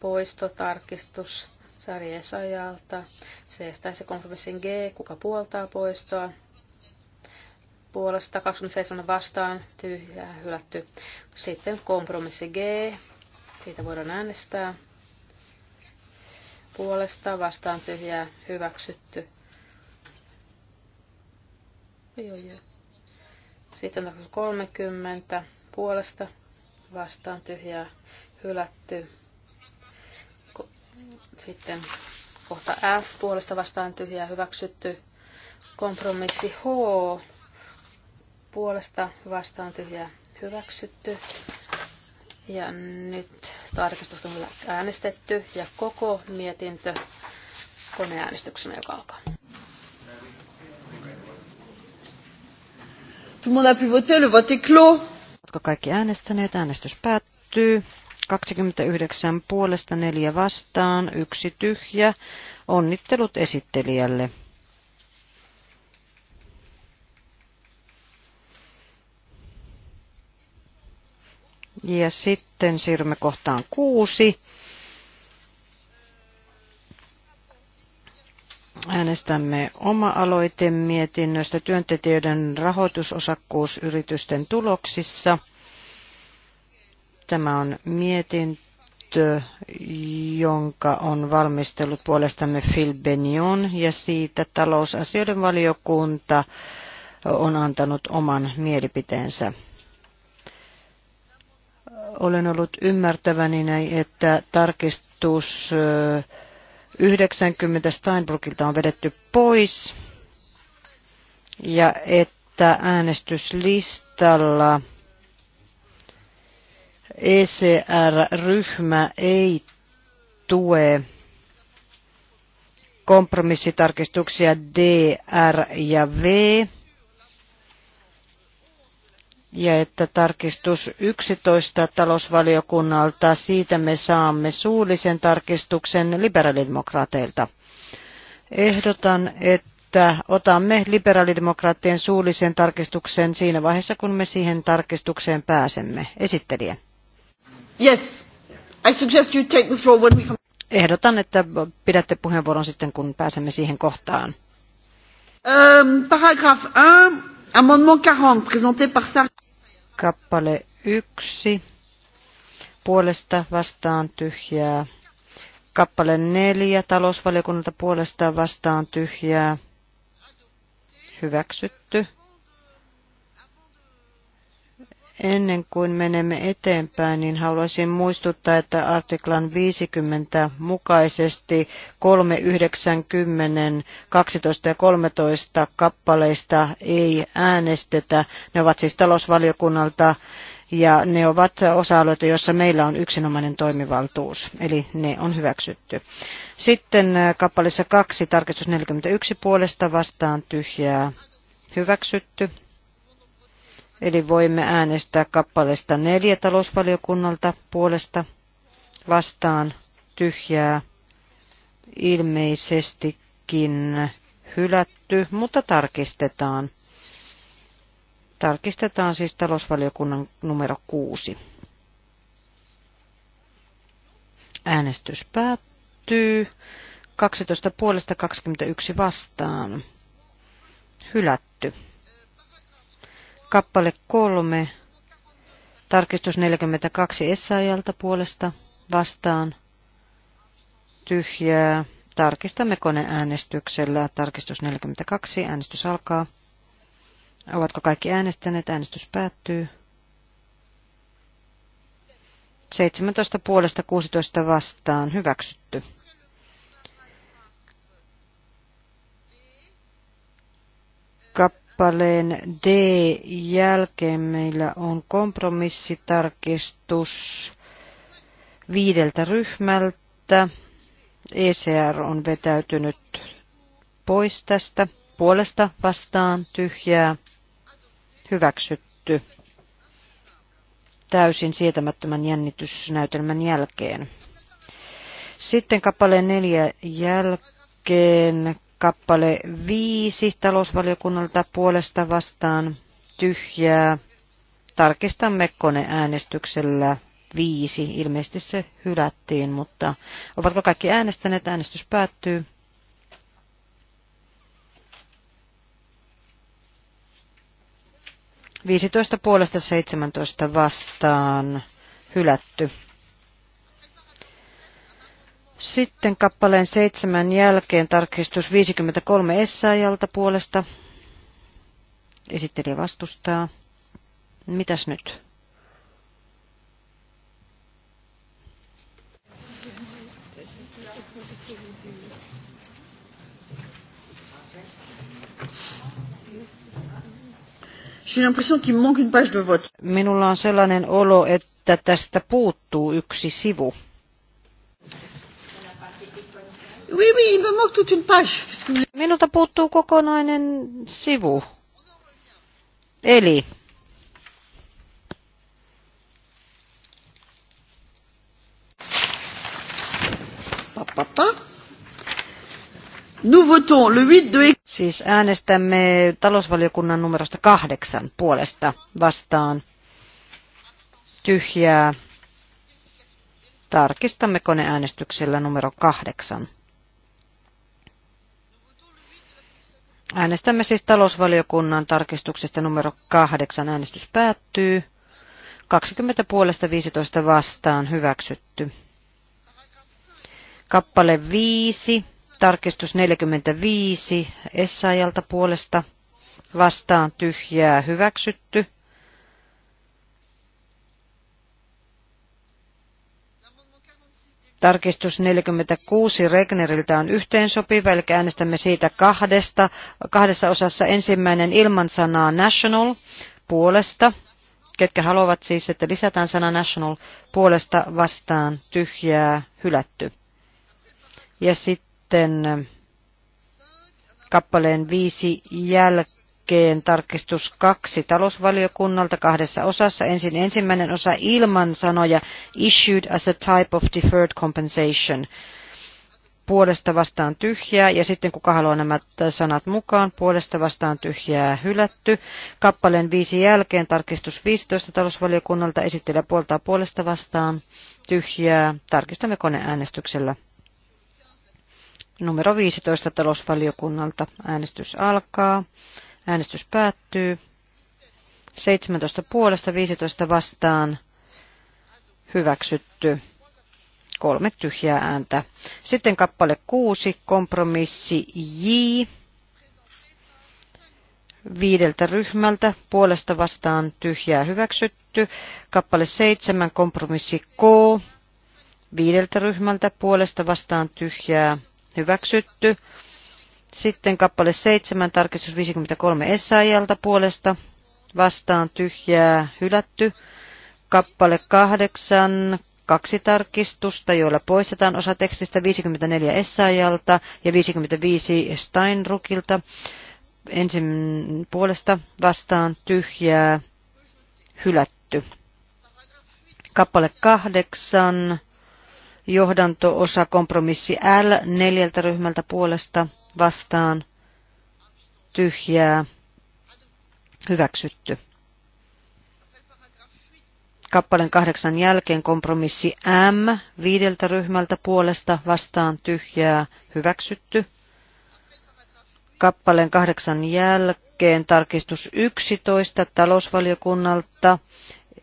poistotarkistus Sari Esajalta. Se estäisi kompromissin G, kuka puoltaa poistoa puolesta 27 vastaan tyhjää hylätty. Sitten kompromissi G. Siitä voidaan äänestää. Puolesta vastaan tyhjää hyväksytty. Joo, joo. Sitten 30 puolesta vastaan tyhjää hylätty. Sitten kohta F puolesta vastaan tyhjää hyväksytty. Kompromissi H puolesta vastaan tyhjää hyväksytty. Ja nyt tarkistus on äänestetty ja koko mietintö koneäänestyksenä, joka alkaa. Oletko kaikki äänestäneet? Äänestys päättyy. 29 puolesta, 4 vastaan, yksi tyhjä. Onnittelut esittelijälle. Ja sitten siirrymme kohtaan kuusi. Äänestämme oma mietinnöstä työntekijöiden rahoitusosakkuusyritysten tuloksissa. Tämä on mietintö, jonka on valmistellut puolestamme Phil Benion ja siitä talousasioiden valiokunta on antanut oman mielipiteensä. Olen ollut ymmärtäväni näin, että tarkistus 90 Steinbrückilta on vedetty pois ja että äänestyslistalla ECR-ryhmä ei tue kompromissitarkistuksia DR ja V ja että tarkistus 11 talousvaliokunnalta, siitä me saamme suullisen tarkistuksen liberaalidemokraateilta. Ehdotan, että otamme liberaalidemokraattien suullisen tarkistuksen siinä vaiheessa, kun me siihen tarkistukseen pääsemme. Esittelijä. Yes. I suggest you take the floor when we come. Ehdotan, että pidätte puheenvuoron sitten, kun pääsemme siihen kohtaan. Um, paragraph 1. Kappale yksi. Puolesta vastaan tyhjää. Kappale 4. Talousvaliokunnalta puolesta vastaan tyhjää. Hyväksytty. Ennen kuin menemme eteenpäin, niin haluaisin muistuttaa, että artiklan 50 mukaisesti 390, 12 ja 13 kappaleista ei äänestetä. Ne ovat siis talousvaliokunnalta ja ne ovat osa-alueita, joissa meillä on yksinomainen toimivaltuus, eli ne on hyväksytty. Sitten äh, kappaleessa 2 tarkistus 41 puolesta vastaan tyhjää hyväksytty. Eli voimme äänestää kappaleesta neljä talousvaliokunnalta puolesta vastaan tyhjää ilmeisestikin hylätty, mutta tarkistetaan. Tarkistetaan siis talousvaliokunnan numero kuusi. Äänestys päättyy. 12 puolesta 21 vastaan. Hylätty. Kappale kolme, tarkistus 42 Essaajalta puolesta vastaan tyhjää. Tarkistamme koneäänestyksellä. Tarkistus 42. Äänestys alkaa. Ovatko kaikki äänestäneet? Äänestys päättyy. 17 puolesta 16 vastaan. Hyväksytty. kappaleen D jälkeen meillä on kompromissitarkistus viideltä ryhmältä. ECR on vetäytynyt pois tästä puolesta vastaan tyhjää hyväksytty täysin sietämättömän jännitysnäytelmän jälkeen. Sitten kappaleen neljä jälkeen kappale 5 talousvaliokunnalta puolesta vastaan tyhjää. Tarkistamme koneäänestyksellä 5. Ilmeisesti se hylättiin, mutta ovatko kaikki äänestäneet? Äänestys päättyy. Viisitoista puolesta seitsemäntoista vastaan hylätty. Sitten kappaleen seitsemän jälkeen tarkistus 53 Essaajalta puolesta. Esittelijä vastustaa. Mitäs nyt? Minulla on sellainen olo, että tästä puuttuu yksi sivu. Oui, oui, il me manque toute une page. Minulta puuttuu kokonainen sivu. Eli Papa. Nous votons le 8 de... Siis äänestämme talousvaliokunnan numerosta kahdeksan puolesta vastaan tyhjää. Tarkistamme koneäänestyksellä numero kahdeksan. Äänestämme siis talousvaliokunnan tarkistuksesta numero kahdeksan. Äänestys päättyy. 20 puolesta 15 vastaan hyväksytty. Kappale 5, tarkistus 45, Essaajalta puolesta vastaan tyhjää hyväksytty. Tarkistus 46 Regneriltä on yhteensopiva, eli äänestämme siitä kahdesta, kahdessa osassa. Ensimmäinen ilman sanaa national puolesta, ketkä haluavat siis, että lisätään sana national puolesta vastaan tyhjää hylätty. Ja sitten kappaleen viisi jälkeen jälkeen tarkistus kaksi talousvaliokunnalta kahdessa osassa. Ensin ensimmäinen osa ilman sanoja issued as a type of deferred compensation puolesta vastaan tyhjää ja sitten kuka haluaa nämä sanat mukaan, puolesta vastaan tyhjää hylätty. Kappaleen viisi jälkeen tarkistus 15 talousvaliokunnalta esittelee puoltaa puolesta vastaan tyhjää. Tarkistamme koneäänestyksellä. Numero 15 talousvaliokunnalta äänestys alkaa. Äänestys päättyy. 17 puolesta 15 vastaan hyväksytty. Kolme tyhjää ääntä. Sitten kappale 6, kompromissi J. Viideltä ryhmältä puolesta vastaan tyhjää hyväksytty. Kappale 7, kompromissi K. Viideltä ryhmältä puolesta vastaan tyhjää hyväksytty. Sitten kappale 7, tarkistus 53 Essaajalta puolesta, vastaan tyhjää hylätty. Kappale 8, kaksi tarkistusta, joilla poistetaan osa tekstistä 54 Essaajalta ja 55 Steinrukilta. Ensin puolesta vastaan tyhjää hylätty. Kappale 8, johdanto-osa kompromissi L neljältä ryhmältä puolesta – vastaan tyhjää hyväksytty. Kappaleen kahdeksan jälkeen kompromissi M viideltä ryhmältä puolesta vastaan tyhjää hyväksytty. Kappaleen kahdeksan jälkeen tarkistus 11 talousvaliokunnalta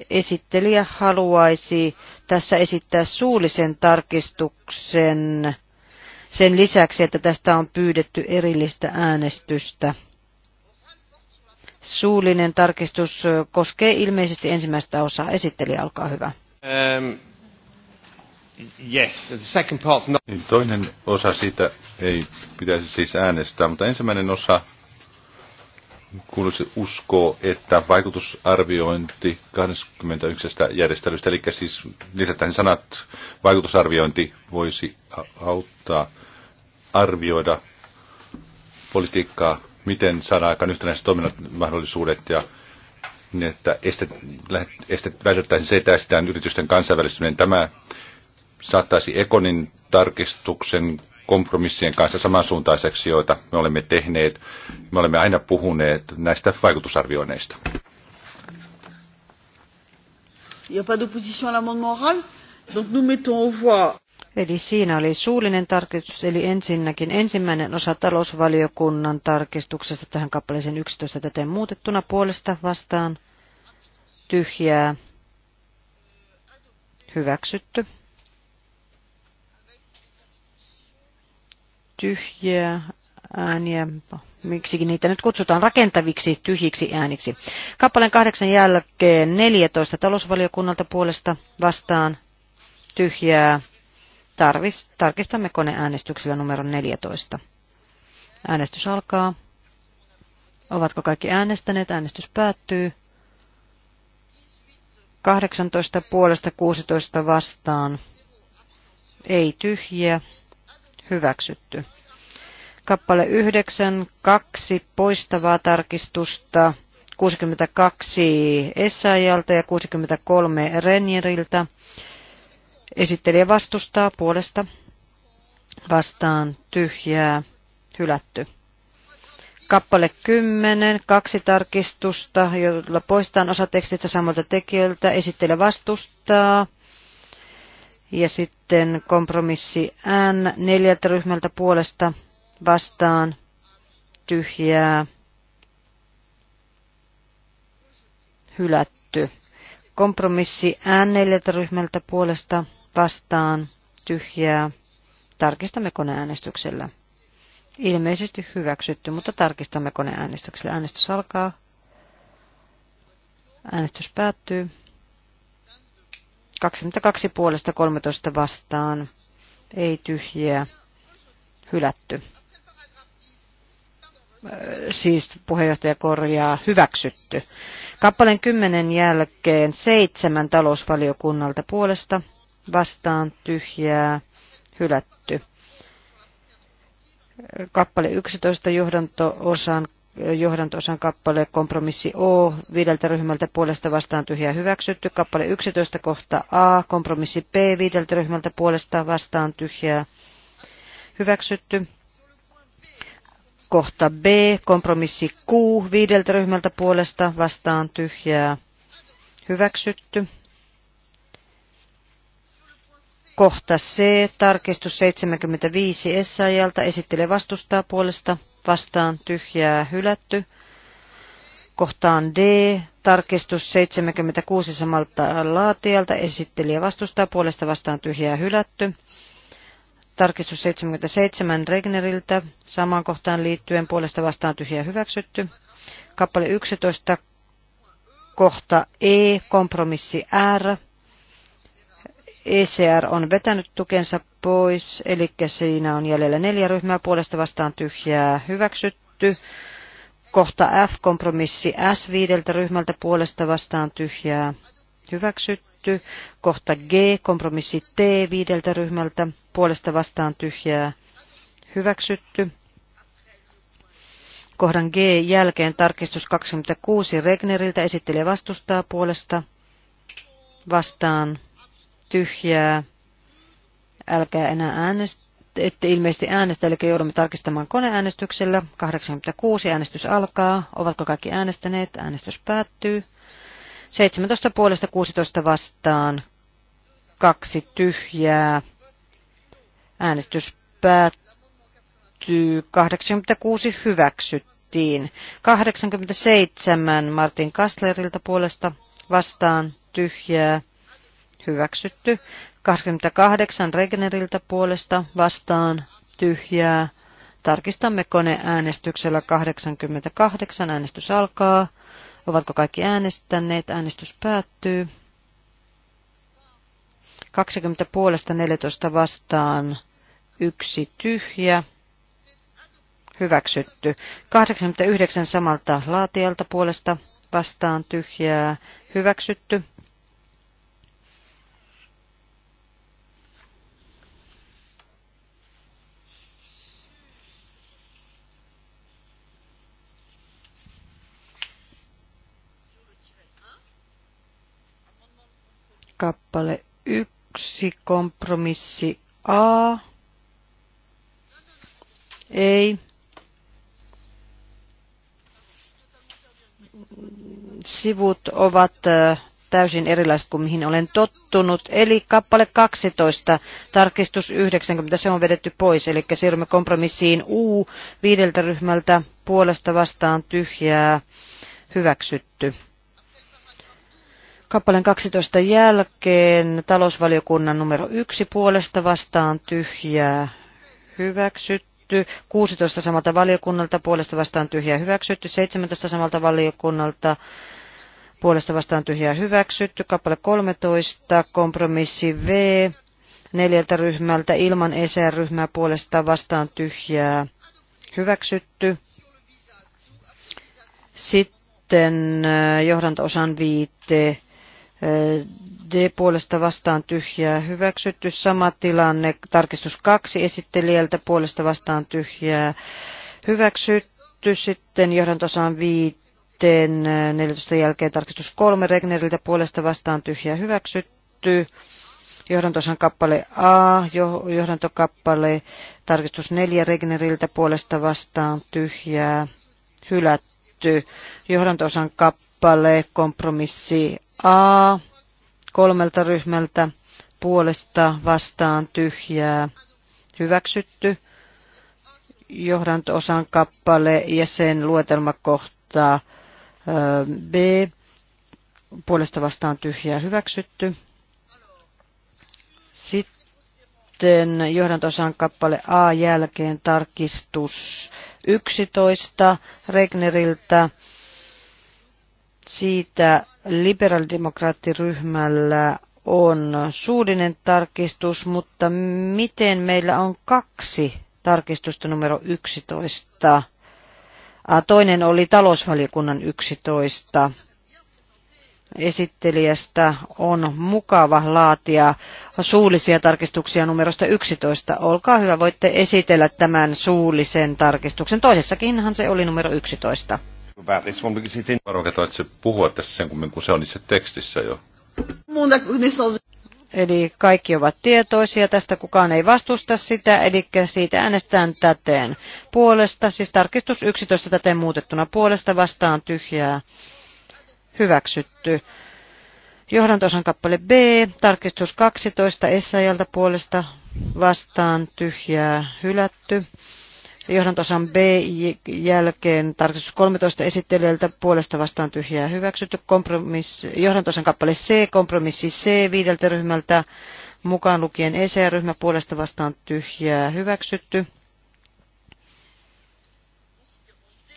esittelijä haluaisi tässä esittää suullisen tarkistuksen sen lisäksi, että tästä on pyydetty erillistä äänestystä. Suullinen tarkistus koskee ilmeisesti ensimmäistä osaa. Esitteli, alkaa hyvä. Um, yes, the second part's not... niin, toinen osa siitä ei pitäisi siis äänestää, mutta ensimmäinen osa kuuluisi uskoo, että vaikutusarviointi 21 järjestelystä, eli siis lisätään sanat vaikutusarviointi voisi auttaa arvioida politiikkaa, miten saadaan aikaan yhtenäiset toiminnot mahdollisuudet ja niin, että estet, estet, vältettäisiin se, että estetään yritysten kansainvälistyminen. Tämä saattaisi Ekonin tarkistuksen kompromissien kanssa samansuuntaiseksi, joita me olemme tehneet. Me olemme aina puhuneet näistä vaikutusarvioineista. Il n'y a pas d'opposition à l'amendement oral, donc nous mettons au voie. Eli siinä oli suullinen tarkistus, eli ensinnäkin ensimmäinen osa talousvaliokunnan tarkistuksesta tähän kappaleeseen 11 täten muutettuna puolesta vastaan tyhjää hyväksytty. Tyhjää ääniä, miksikin niitä nyt kutsutaan rakentaviksi tyhjiksi ääniksi. Kappaleen kahdeksan jälkeen 14 talousvaliokunnalta puolesta vastaan tyhjää Tarvis, tarkistamme koneäänestyksellä numero 14. Äänestys alkaa. Ovatko kaikki äänestäneet? Äänestys päättyy. 18 puolesta 16 vastaan. Ei tyhjiä. Hyväksytty. Kappale 9, kaksi poistavaa tarkistusta. 62 Essayalta ja 63 Renjeriltä Esittelijä vastustaa puolesta vastaan tyhjää hylätty. Kappale 10, kaksi tarkistusta, jolla poistetaan osa tekstistä samalta tekijöiltä. Esittelijä vastustaa. Ja sitten kompromissi N neljältä ryhmältä puolesta vastaan tyhjää hylätty. Kompromissi N neljältä ryhmältä puolesta vastaan, tyhjää. Tarkistamme koneäänestyksellä. Ilmeisesti hyväksytty, mutta tarkistamme koneäänestyksellä. Äänestys alkaa. Äänestys päättyy. 22 puolesta 13 vastaan. Ei tyhjiä. Hylätty. Siis puheenjohtaja korjaa hyväksytty. Kappaleen 10 jälkeen seitsemän talousvaliokunnalta puolesta vastaan tyhjää hylätty. Kappale 11 johdanto-osan johdanto-osan kappale kompromissi O viideltä ryhmältä puolesta vastaan tyhjää hyväksytty. Kappale 11 kohta A kompromissi P viideltä ryhmältä puolesta vastaan tyhjää hyväksytty. Kohta B kompromissi Q viideltä ryhmältä puolesta vastaan tyhjää hyväksytty. Kohta C, tarkistus 75 Essaajalta, esittele vastustaa puolesta, vastaan tyhjää hylätty. Kohtaan D, tarkistus 76 samalta laatijalta, esittelijä vastustaa puolesta, vastaan tyhjää hylätty. Tarkistus 77 Regneriltä, samaan kohtaan liittyen puolesta vastaan tyhjää hyväksytty. Kappale 11, kohta E, kompromissi R, ECR on vetänyt tukensa pois, eli siinä on jäljellä neljä ryhmää puolesta vastaan tyhjää hyväksytty. Kohta F-kompromissi S viideltä ryhmältä puolesta vastaan tyhjää hyväksytty. Kohta G, kompromissi T viideltä ryhmältä puolesta vastaan tyhjää hyväksytty. Kohdan G jälkeen tarkistus 26 Regneriltä esittelee vastustaa puolesta vastaan tyhjää. Älkää enää äänestä, ette ilmeisesti äänestä, eli joudumme tarkistamaan koneäänestyksellä. 86 äänestys alkaa. Ovatko kaikki äänestäneet? Äänestys päättyy. 17 puolesta 16 vastaan. Kaksi tyhjää. Äänestys päättyy. 86 hyväksyttiin. 87 Martin Kasslerilta puolesta vastaan tyhjää hyväksytty. 28 Regneriltä puolesta vastaan tyhjää. Tarkistamme koneäänestyksellä 88. Äänestys alkaa. Ovatko kaikki äänestäneet? Äänestys päättyy. 20 puolesta 14 vastaan yksi tyhjä. Hyväksytty. 89 samalta laatialta puolesta vastaan tyhjää. Hyväksytty. kappale 1, kompromissi A. Ei. Sivut ovat täysin erilaiset kuin mihin olen tottunut. Eli kappale 12, tarkistus 90, se on vedetty pois. Eli siirrymme kompromissiin U viideltä ryhmältä puolesta vastaan tyhjää hyväksytty. Kappaleen 12 jälkeen talousvaliokunnan numero 1 puolesta vastaan tyhjää hyväksytty. 16 samalta valiokunnalta puolesta vastaan tyhjää hyväksytty. 17 samalta valiokunnalta puolesta vastaan tyhjää hyväksytty. Kappale 13, kompromissi V neljältä ryhmältä ilman ESR-ryhmää puolesta vastaan tyhjää hyväksytty. Sitten äh, johdanto-osan viite D puolesta vastaan tyhjää hyväksytty. Sama tilanne. Tarkistus kaksi esittelijältä puolesta vastaan tyhjää hyväksytty. Sitten johdantosaan viiteen 14 jälkeen tarkistus kolme Regneriltä puolesta vastaan tyhjää hyväksytty. Johdantosan kappale A, johdantokappale, tarkistus 4 Regneriltä puolesta vastaan tyhjää hylätty. Johdantosan kappale kappale, kompromissi A kolmelta ryhmältä puolesta vastaan tyhjää hyväksytty. Johdanto-osan kappale ja sen luetelmakohta B puolesta vastaan tyhjää hyväksytty. Sitten johdantosan kappale A jälkeen tarkistus 11 Regneriltä siitä liberaalidemokraattiryhmällä on suullinen tarkistus, mutta miten meillä on kaksi tarkistusta numero 11? Toinen oli talousvaliokunnan 11 esittelijästä on mukava laatia suullisia tarkistuksia numerosta 11. Olkaa hyvä, voitte esitellä tämän suullisen tarkistuksen. Toisessakinhan se oli numero 11. Varoketo, että se puhua tässä sen kummin, kun se on itse tekstissä jo. Eli kaikki ovat tietoisia, tästä kukaan ei vastusta sitä, eli siitä äänestään täteen puolesta, siis tarkistus 11 täteen muutettuna puolesta vastaan tyhjää hyväksytty. Johdantosan kappale B, tarkistus 12 essäjältä puolesta vastaan tyhjää hylätty. Johdantosan B jälkeen tarkistus 13 esittelijältä puolesta vastaan tyhjää hyväksytty. Kompromissi, johdantosan kappale C, kompromissi C viideltä ryhmältä mukaan lukien ECR-ryhmä puolesta vastaan tyhjää hyväksytty.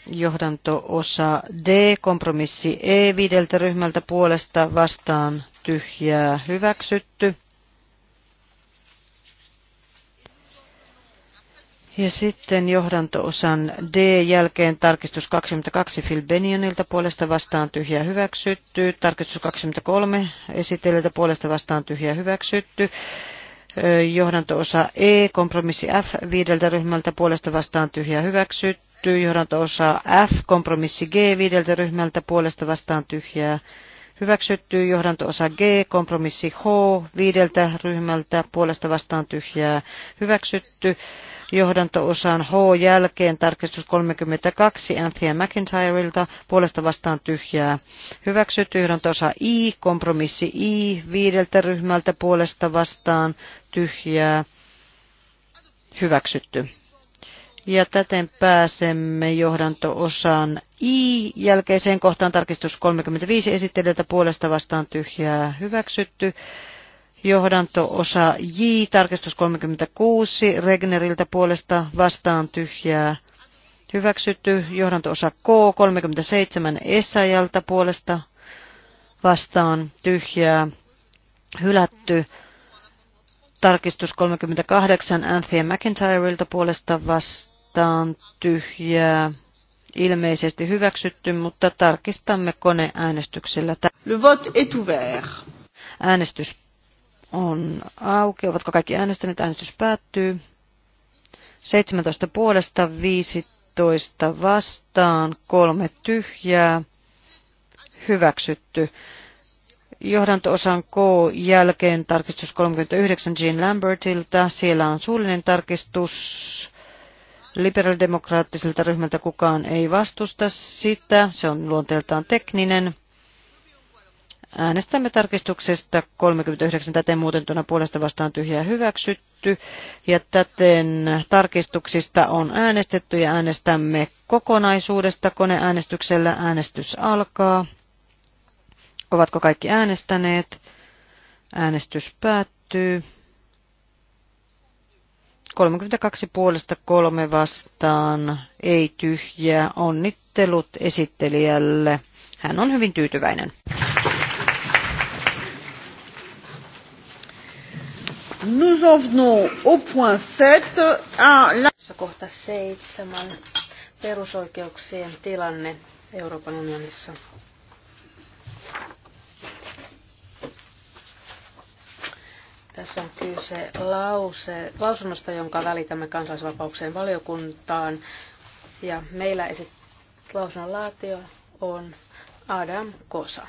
johdanto-osa D, kompromissi E viideltä ryhmältä puolesta vastaan tyhjää hyväksytty. Ja sitten johdantoosan D jälkeen tarkistus 22 Phil Benionilta puolesta vastaan tyhjä hyväksytty. Tarkistus 23 esitellytä puolesta vastaan tyhjä hyväksytty. Johdantoosa E, kompromissi F viideltä ryhmältä puolesta vastaan tyhjä hyväksytty. Johdantoosa F, kompromissi G viideltä ryhmältä puolesta vastaan tyhjää hyväksytty. Johdantoosa G, kompromissi H viideltä ryhmältä puolesta vastaan tyhjää hyväksytty johdantoosaan H jälkeen tarkistus 32 Anthea McIntyreilta puolesta vastaan tyhjää hyväksytty. johdanto-osa I, kompromissi I viideltä ryhmältä puolesta vastaan tyhjää hyväksytty. Ja täten pääsemme johdanto-osaan I jälkeiseen kohtaan tarkistus 35 esittelijältä puolesta vastaan tyhjää hyväksytty johdanto-osa J, tarkistus 36, Regneriltä puolesta vastaan tyhjää hyväksytty, johdanto-osa K, 37 Essajalta puolesta vastaan tyhjää hylätty, tarkistus 38 Anthea McIntyreilta puolesta vastaan tyhjää ilmeisesti hyväksytty, mutta tarkistamme koneäänestyksellä. Le vote est ouvert. Äänestys on auki. Ovatko kaikki äänestäneet? Äänestys päättyy. 17 puolesta, 15 vastaan, kolme tyhjää. Hyväksytty. Johdanto-osan K jälkeen tarkistus 39 Jean Lambertilta. Siellä on suullinen tarkistus. Liberaalidemokraattiselta ryhmältä kukaan ei vastusta sitä. Se on luonteeltaan tekninen. Äänestämme tarkistuksesta 39 täten muutettuna puolesta vastaan tyhjää hyväksytty. Ja täten tarkistuksista on äänestetty ja äänestämme kokonaisuudesta koneäänestyksellä. Äänestys alkaa. Ovatko kaikki äänestäneet? Äänestys päättyy. 32 puolesta kolme vastaan, ei tyhjää. Onnittelut esittelijälle. Hän on hyvin tyytyväinen. Nous en venons au point 7. À la... Kohta seitsemän. Perusoikeuksien tilanne Euroopan unionissa. Tässä on kyse lause, lausunnosta, jonka välitämme kansalaisvapauksien valiokuntaan. Ja meillä esit, lausunnon laatio on Adam Kosa.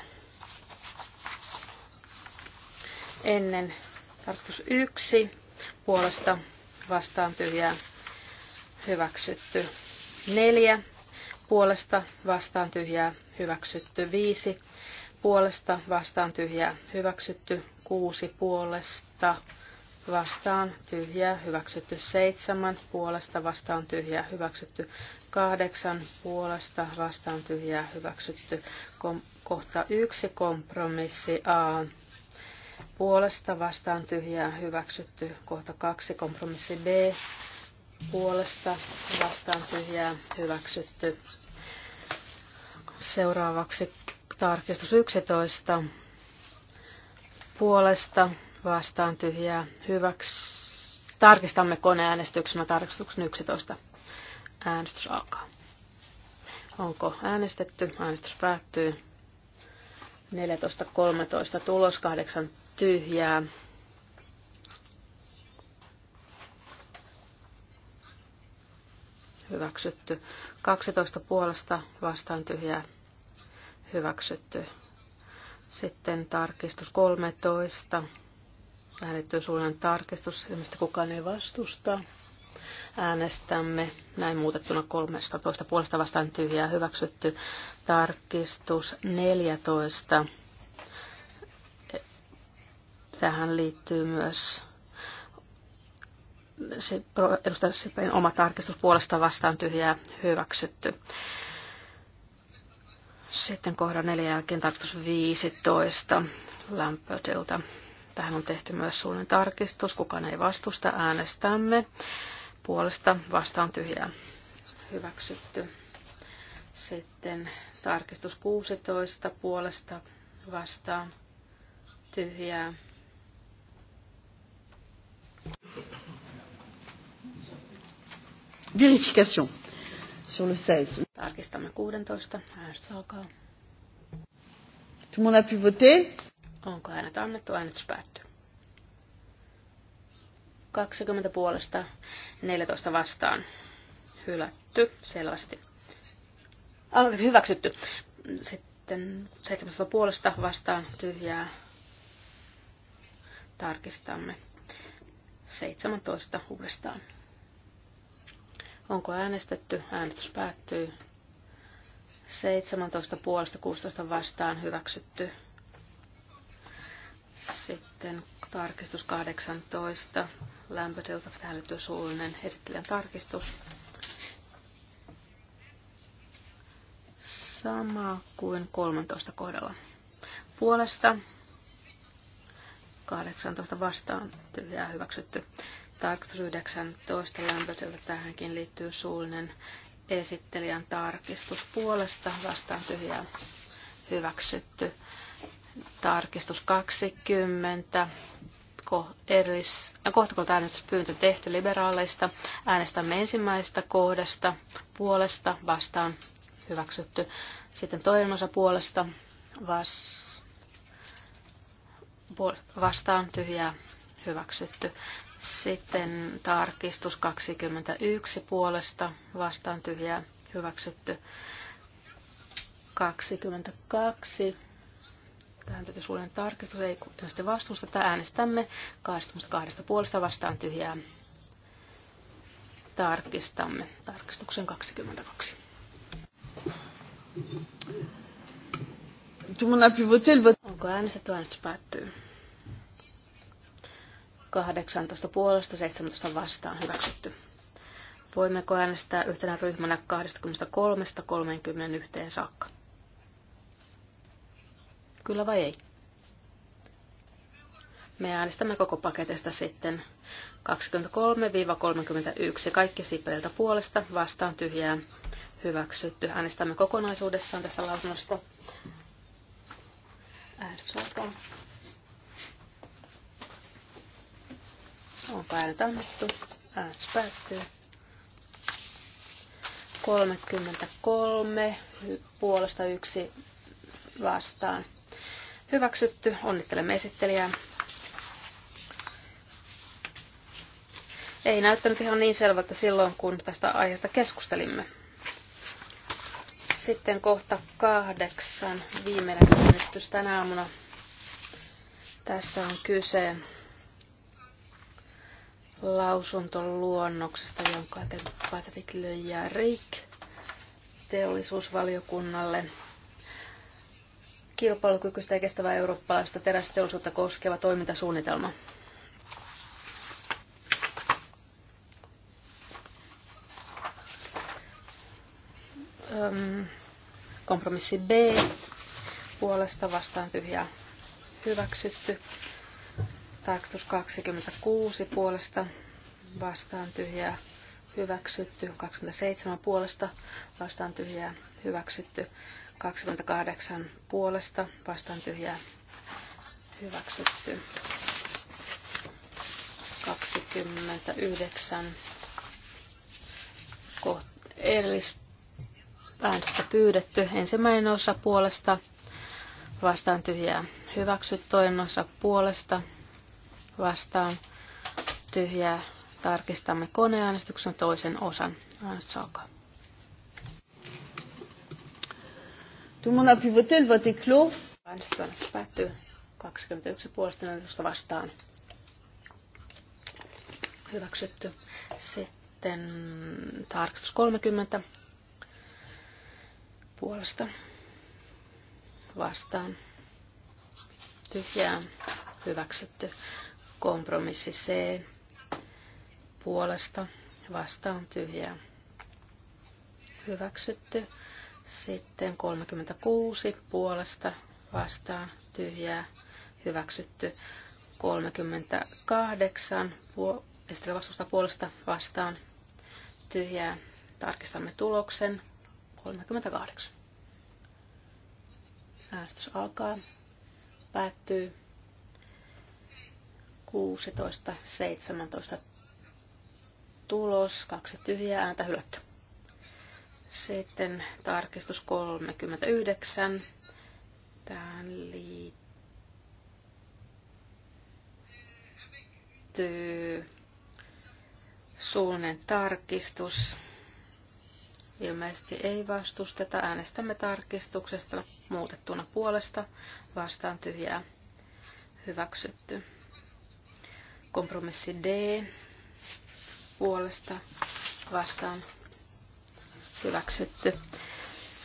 Ennen Tarkoitus yksi puolesta vastaan tyhjää hyväksytty. Neljä puolesta vastaan tyhjää hyväksytty. Viisi puolesta vastaan tyhjää hyväksytty. Kuusi puolesta vastaan tyhjää hyväksytty. Seitsemän puolesta vastaan tyhjää hyväksytty. Kahdeksan puolesta vastaan tyhjää hyväksytty. kohta yksi kompromissi A puolesta vastaan tyhjää hyväksytty. Kohta kaksi kompromissi B puolesta vastaan tyhjää hyväksytty. Seuraavaksi tarkistus 11 puolesta vastaan tyhjää hyväks. Tarkistamme koneäänestyksenä tarkistuksen 11. Äänestys alkaa. Onko äänestetty? Äänestys päättyy. 14.13 tulos, 8 tyhjää. Hyväksytty. 12 puolesta vastaan tyhjää. Hyväksytty. Sitten tarkistus 13. Äänetty suunnan tarkistus, mistä kukaan ei vastusta. Äänestämme näin muutettuna 13 puolesta vastaan tyhjää hyväksytty. Tarkistus 14 Tähän liittyy myös se edustaja Sipelin oma tarkistus puolesta vastaan tyhjää hyväksytty. Sitten kohdan neljän jälkeen tarkistus 15 lämpötilta. Tähän on tehty myös suunnin tarkistus. Kukaan ei vastusta. Äänestämme puolesta vastaan tyhjää hyväksytty. Sitten tarkistus 16 puolesta vastaan tyhjää Verification. Sur le 16. Tarkistamme Tout le monde a pu voter? Onko äänet annettu? Äänestys päättyy. 20 puolesta, 14 vastaan. Hylätty, selvästi. Aloitin hyväksytty. Sitten 17 puolesta vastaan tyhjää. Tarkistamme. 17 uudestaan. Onko äänestetty? Äänestys päättyy. 17 puolesta 16 vastaan hyväksytty. Sitten tarkistus 18. Lämpötilta täällä suullinen esittelijän tarkistus. Sama kuin 13 kohdalla. Puolesta 18 vastaan tyhjää hyväksytty. Tarkastus 19 lämpöiseltä tähänkin liittyy suullinen esittelijän tarkistus puolesta vastaan tyhjää hyväksytty. Tarkistus 20. Kohta kun äänestyspyyntö tehty liberaaleista. Äänestämme ensimmäisestä kohdasta puolesta vastaan hyväksytty. Sitten toinen osa puolesta vas, vastaan tyhjää hyväksytty. Sitten tarkistus 21 puolesta vastaan tyhjää hyväksytty 22. Tähän täytyy suullinen tarkistus, ei kuitenkaan vastuusta. tämä äänestämme 22 puolesta vastaan tyhjää. Tarkistamme tarkistuksen 22. Onko äänestetty äänestys päättyy? 18 puolesta 17 vastaan hyväksytty. Voimmeko äänestää yhtenä ryhmänä 23 yhteen saakka? Kyllä vai ei? Me äänestämme koko paketista sitten 23-31. Kaikki siipeliltä puolesta vastaan tyhjää hyväksytty. Äänestämme kokonaisuudessaan tästä lausunnosta. Äänestys alkaa. on äänet annettu? Äänestys päättyy. 33 puolesta yksi vastaan. Hyväksytty. Onnittelemme esittelijää. Ei näyttänyt ihan niin selvältä silloin, kun tästä aiheesta keskustelimme. Sitten kohta kahdeksan viimeinen äänestys tänä aamuna. Tässä on kyse lausuntoluonnoksesta, jonka te Patrick Le ja teollisuusvaliokunnalle kilpailukykyistä ja kestävää eurooppalaista terästeollisuutta koskeva toimintasuunnitelma. kompromissi B puolesta vastaan tyhjää hyväksytty. Taaksus 26 puolesta vastaan tyhjää hyväksytty. 27 puolesta vastaan tyhjää hyväksytty. 28 puolesta vastaan tyhjää hyväksytty. 29 erillisäänestä pyydetty. Ensimmäinen osa puolesta vastaan tyhjää hyväksytty. Toinen osa puolesta vastaan tyhjää. Tarkistamme koneäänestyksen toisen osan. Äänestys alkaa. Tout le monde a pu voter, le vote clos. Äänestys päättyy 21 puolesta vastaan. Hyväksytty. Sitten tarkistus 30 puolesta vastaan. Tyhjää hyväksytty. Kompromissi C puolesta vastaan tyhjää. Hyväksytty. Sitten 36 puolesta vastaan tyhjää. Hyväksytty. 38 puo- vastusta puolesta vastaan tyhjää. Tarkistamme tuloksen. 38. Äänestys alkaa. Päättyy. 16, 17 tulos, kaksi tyhjää ääntä hylätty. Sitten tarkistus 39. Tähän liittyy suunnen tarkistus. Ilmeisesti ei vastusteta. Äänestämme tarkistuksesta muutettuna puolesta vastaan tyhjää hyväksytty. Kompromissi D puolesta vastaan hyväksytty.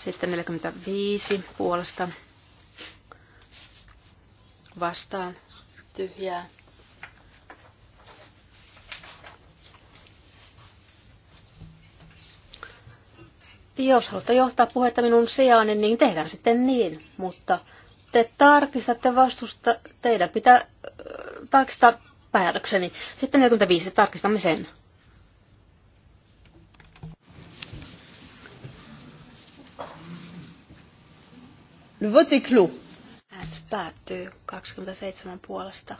Sitten 45 puolesta vastaan tyhjää. Jos haluatte johtaa puhetta minun sijaani, niin tehdään sitten niin. Mutta te tarkistatte vastusta, teidän pitää äh, tarkistaa päätökseni. Sitten 45 tarkistamme sen. Le vote est clos. Äänestys päättyy 27 puolesta,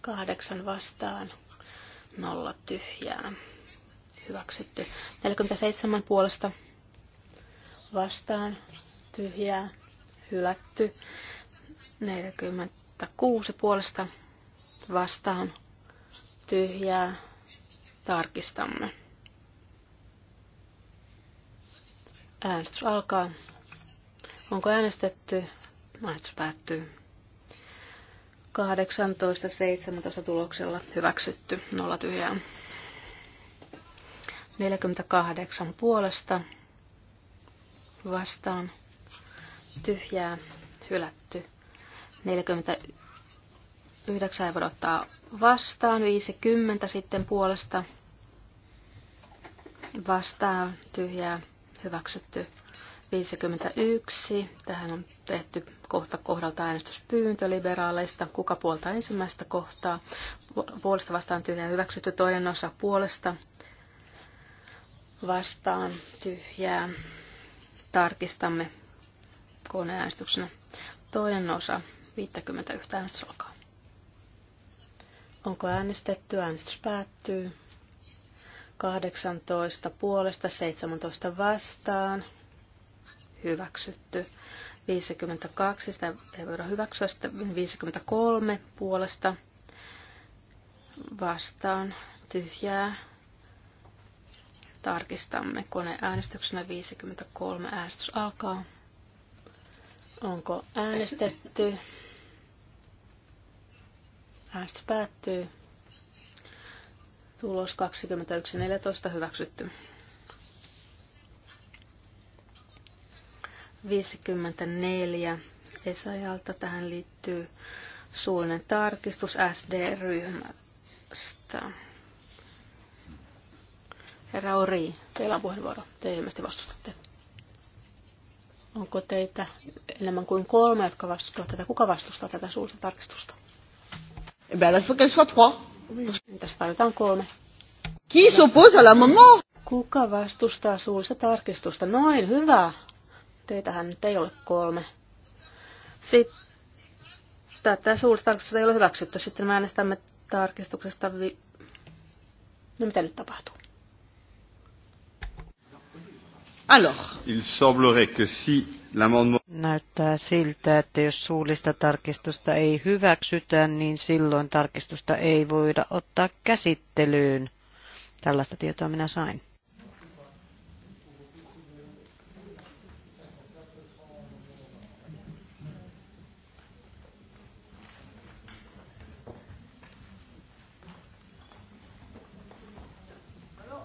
8 vastaan, 0 tyhjää. Hyväksytty. 47 puolesta vastaan, tyhjää, hylätty. 46 puolesta vastaan tyhjää tarkistamme. Äänestys alkaa. Onko äänestetty? Äänestys päättyy. 18.17 tuloksella hyväksytty. Nolla tyhjää. 48 puolesta vastaan tyhjää hylätty. 49 Yhdeksän ei ottaa vastaan. 50 sitten puolesta vastaan tyhjää hyväksytty. 51. Tähän on tehty kohta kohdalta äänestyspyyntö liberaaleista. Kuka puolta ensimmäistä kohtaa? Puolesta vastaan tyhjää hyväksytty. Toinen osa puolesta vastaan tyhjää. Tarkistamme koneäänestyksenä. Toinen osa 51 äänestys alkaa. Onko äänestetty? Äänestys päättyy. 18 puolesta, 17 vastaan. Hyväksytty. 52, sitä ei voida hyväksyä, sitten 53 puolesta vastaan tyhjää. Tarkistamme koneäänestyksenä 53. Äänestys alkaa. Onko äänestetty? Äänestys päättyy. Tulos 21.14 hyväksytty. 54. Esajalta tähän liittyy suullinen tarkistus SD-ryhmästä. Herra Ori, teillä on puheenvuoro. Te ilmeisesti vastustatte. Onko teitä enemmän kuin kolme, jotka vastustavat tätä? Kuka vastustaa tätä suullista tarkistusta? Eh bien, il faut qu'elle soit trois. Tässä tarvitaan kolme. Qui s'oppose à l'amendement? Kuka vastustaa suullista tarkistusta? Noin, hyvä. Teitähän nyt ei ole kolme. Sitten tätä suullista tarkistusta ei ole hyväksytty. Sitten me äänestämme tarkistuksesta vi... No mitä nyt tapahtuu? Alors. Il semblerait que si Näyttää siltä, että jos suullista tarkistusta ei hyväksytä, niin silloin tarkistusta ei voida ottaa käsittelyyn. Tällaista tietoa minä sain.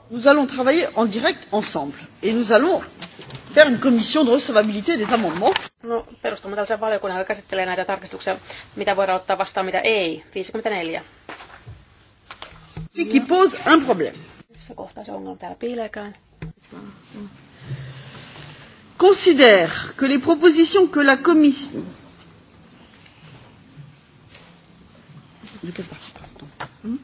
Nous allons travailler en direct ensemble et nous allons faire une commission de recevabilité des amendements. No, perustamme tällaisen valiokunnan, joka käsittelee näitä tarkistuksia, mitä voidaan ottaa vastaan, mitä ei. 54. Ce qui pose un problème. Missä kohtaa se ongelma täällä piileekään? Considère que les propositions que la commission... Ne peut pas, pardon. Hmm?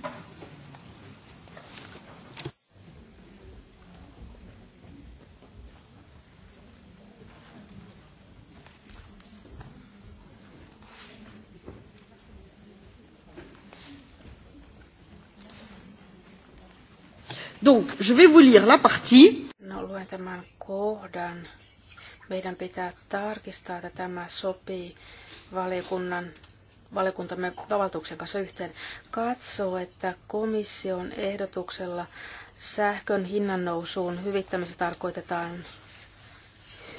Donc, je vais vous lire la partie. No, luen tämän kohdan. Meidän pitää tarkistaa, että tämä sopii valiokunnan valiokuntamme valtuuksen kanssa yhteen, katsoo, että komission ehdotuksella sähkön hinnannousuun hyvittämisessä tarkoitetaan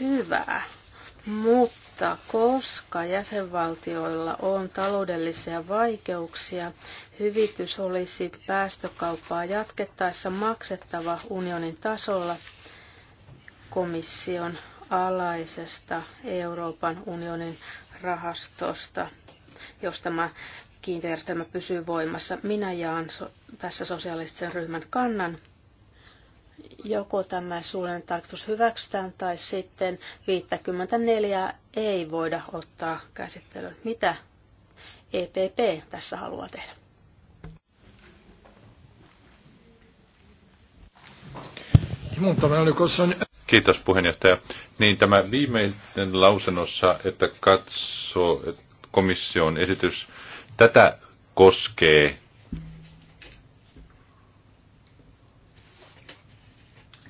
hyvää, mutta koska jäsenvaltioilla on taloudellisia vaikeuksia, Hyvitys olisi päästökauppaa jatkettaessa maksettava unionin tasolla komission alaisesta Euroopan unionin rahastosta, jos tämä kiinteäjärjestelmä pysyy voimassa. Minä jaan so- tässä sosiaalisten ryhmän kannan. Joko tämä suullinen tarkoitus hyväksytään tai sitten 54 ei voida ottaa käsittelyyn. Mitä EPP tässä haluaa tehdä? Kiitos puheenjohtaja. Niin tämä viimeinen lausunnossa, että katsoo että komission esitys, tätä koskee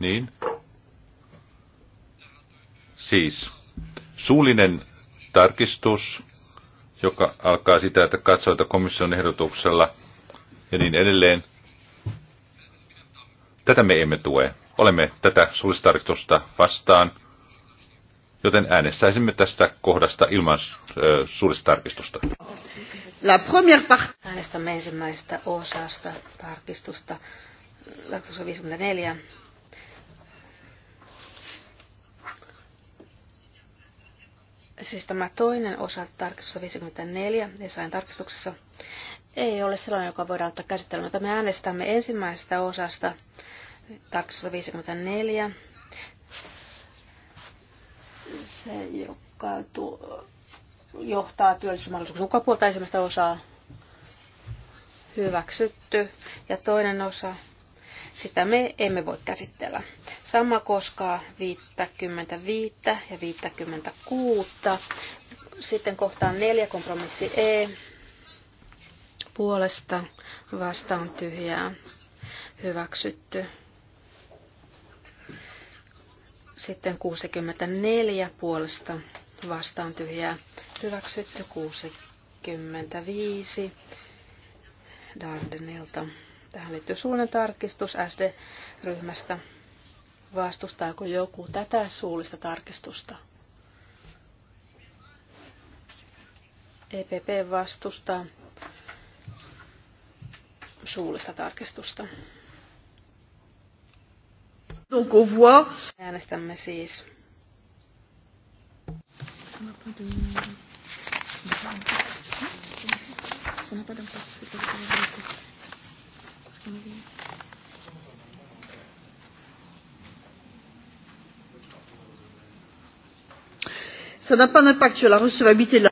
Niin. Siis suullinen tarkistus, joka alkaa sitä, että katsoo, että komission ehdotuksella ja niin edelleen. Tätä me emme tue. Olemme tätä suullistarkistusta vastaan, joten äänestäisimme tästä kohdasta ilman suullistarkistusta. La première part... Äänestämme ensimmäisestä osasta tarkistusta 54. Siis tämä toinen osa tarkistusta 54 Esain tarkistuksessa ei ole sellainen, joka voidaan ottaa käsittelyyn. Me äänestämme ensimmäisestä osasta 254. Se, joka tu- johtaa työllisyysmahdollisuuksien ulkopuolta ensimmäistä osaa hyväksytty ja toinen osa sitä me emme voi käsitellä. Sama koskaa 55 ja 56. Sitten kohtaan neljä kompromissi E. Puolesta vastaan tyhjää hyväksytty. Sitten 64 puolesta vastaan tyhjää hyväksytty 65 Dardenilta. Tähän liittyy suullinen tarkistus SD-ryhmästä. Vastustaako joku tätä suullista tarkistusta? EPP vastustaa suullista tarkistusta. Donc on voit. Äänestämme siis.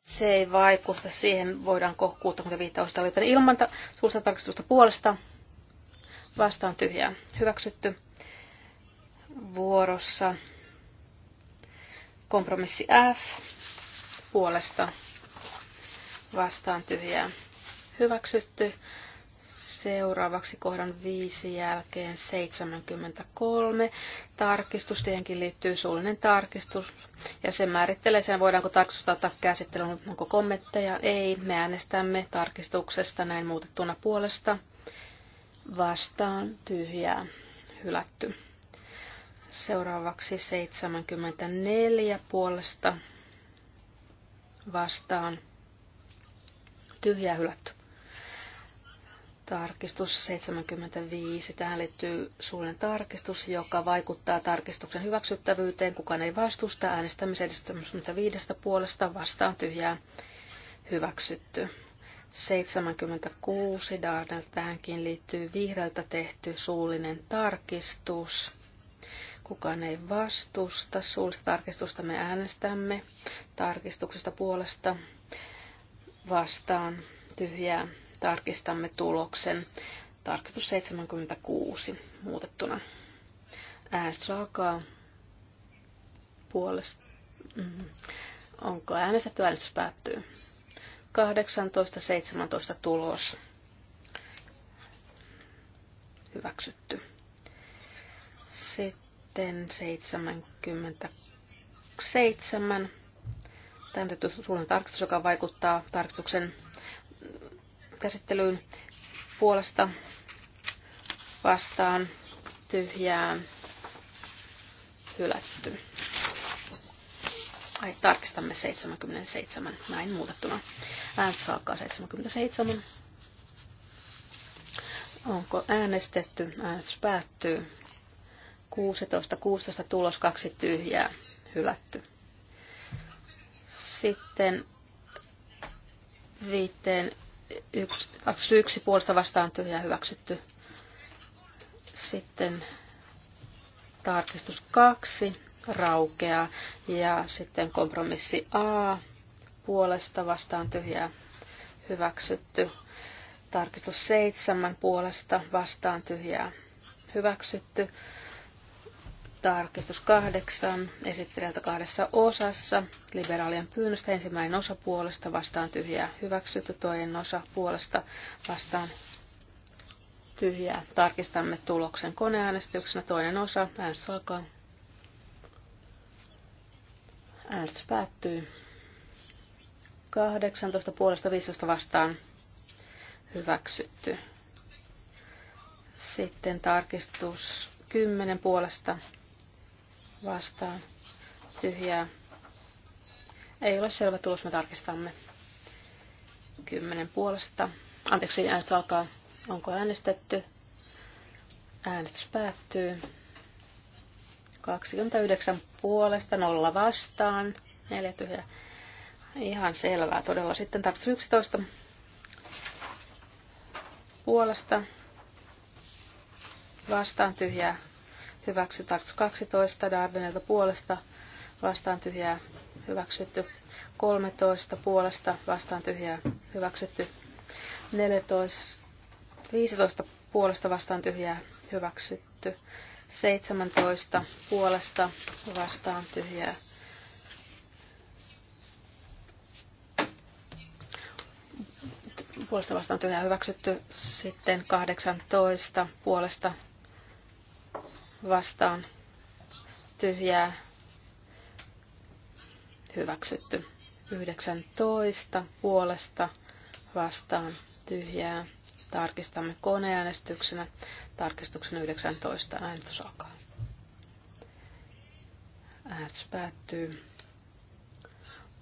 Se ei vaikuta siihen, voidaanko 65 ostaa ilman suurta tarkistusta puolesta vastaan tyhjää. Hyväksytty vuorossa kompromissi F puolesta vastaan tyhjää hyväksytty. Seuraavaksi kohdan 5 jälkeen 73. Tarkistus, tietenkin liittyy suullinen tarkistus, ja se määrittelee sen, voidaanko tarkistuttaa ottaa käsittelyyn, onko kommentteja, ei. Me äänestämme tarkistuksesta näin muutettuna puolesta vastaan tyhjää hylätty. Seuraavaksi 74 puolesta vastaan tyhjä hylätty. Tarkistus 75. Tähän liittyy suullinen tarkistus, joka vaikuttaa tarkistuksen hyväksyttävyyteen. Kukaan ei vastusta äänestämisen 75 puolesta vastaan tyhjää hyväksytty. 76. Darnell tähänkin liittyy vihreältä tehty suullinen tarkistus Kukaan ei vastusta. Suullista tarkistusta me äänestämme. Tarkistuksesta puolesta vastaan tyhjää. Tarkistamme tuloksen. Tarkistus 76 muutettuna. Äänestys alkaa puolesta. Mm-hmm. Onko äänestetty? Äänestys päättyy. 18.17 tulos. Hyväksytty. Sitten sitten 77. Tämä on suunnan tarkistus, joka vaikuttaa tarkistuksen käsittelyyn puolesta vastaan tyhjää hylätty. Ai, tarkistamme 77, näin muutettuna. Äänestys alkaa 77. Onko äänestetty? Äänestys päättyy. 16, 16 tulos, kaksi tyhjää, hylätty. Sitten viitteen 1, 21 puolesta vastaan tyhjää hyväksytty. Sitten tarkistus 2 raukea ja sitten kompromissi A puolesta vastaan tyhjää hyväksytty. Tarkistus 7 puolesta vastaan tyhjää hyväksytty. Tarkistus kahdeksan esittelijältä kahdessa osassa. Liberaalien pyynnöstä ensimmäinen osa puolesta vastaan tyhjää hyväksytty, toinen osa puolesta vastaan tyhjää. Tarkistamme tuloksen koneäänestyksenä. Toinen osa. Äänestys alkaa. Äänestys päättyy. 18 puolesta 15 vastaan hyväksytty. Sitten tarkistus 10 puolesta vastaan tyhjää. Ei ole selvä tulos, me tarkistamme. Kymmenen puolesta. Anteeksi, äänestys alkaa. Onko äänestetty? Äänestys päättyy. 29 puolesta, nolla vastaan, neljä tyhjää. Ihan selvää todella. Sitten tarkoitus 11 puolesta, vastaan tyhjää, hyväksy tarkistus 12 Dardanelta puolesta vastaan tyhjää hyväksytty 13 puolesta vastaan tyhjää hyväksytty 14 15 puolesta vastaan tyhjää hyväksytty 17 puolesta vastaan tyhjää puolesta vastaan tyhjää hyväksytty sitten 18 puolesta vastaan tyhjää hyväksytty. 19 puolesta vastaan tyhjää. Tarkistamme koneäänestyksenä. Tarkistuksen 19 äänestys alkaa. Äänestys päättyy.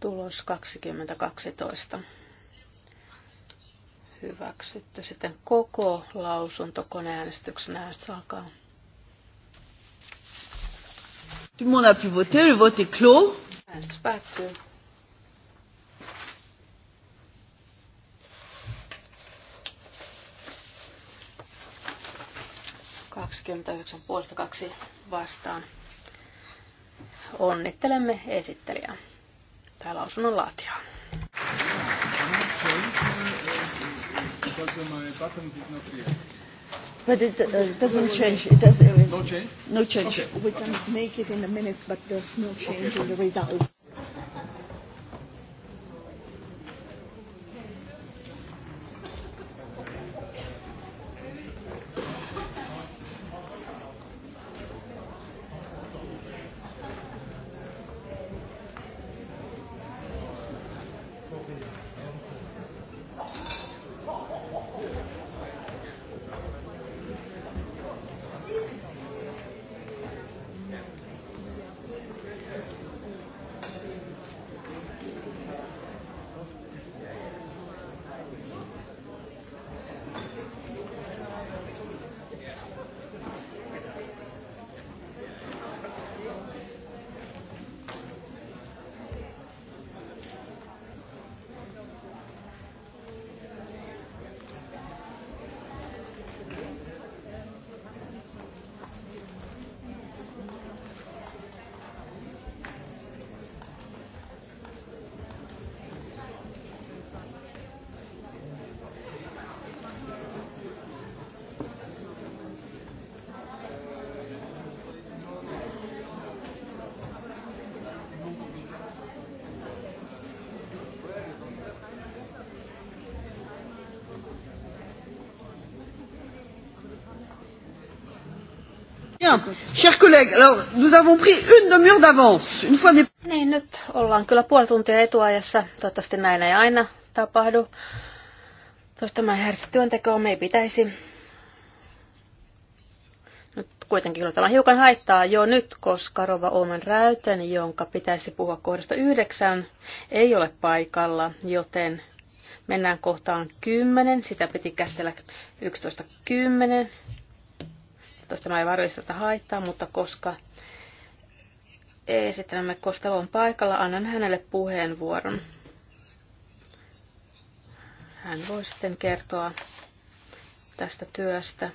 Tulos 2012. Hyväksytty. Sitten koko lausunto koneäänestyksenä äänestys alkaa. Tout le monde a pu voter, le vote est clos. kaksi vastaan. Onnittelemme esittelijää tai lausunnon laatijaa. Okay. But it uh, doesn't change. It doesn't. Uh, no change. No change. Okay. We can make it in the minutes, but there's no change okay. in the result. Chers collègues, alors nous avons pris une demi-heure d'avance. Une fois des... Niin, nyt ollaan kyllä puoli tuntia etuajassa. Toivottavasti näin ei aina tapahdu. Jos mä härsi työntekoa, me ei pitäisi. Nyt kuitenkin kyllä tämä hiukan haittaa jo nyt, koska Rova Oomen Räyten, jonka pitäisi puhua kohdasta yhdeksän, ei ole paikalla, joten mennään kohtaan kymmenen. Sitä piti käsitellä 11.10. Toista tämä ei varjoista haittaa, mutta koska esittelemme Kostelo on paikalla, annan hänelle puheenvuoron. Hän voi sitten kertoa tästä työstä,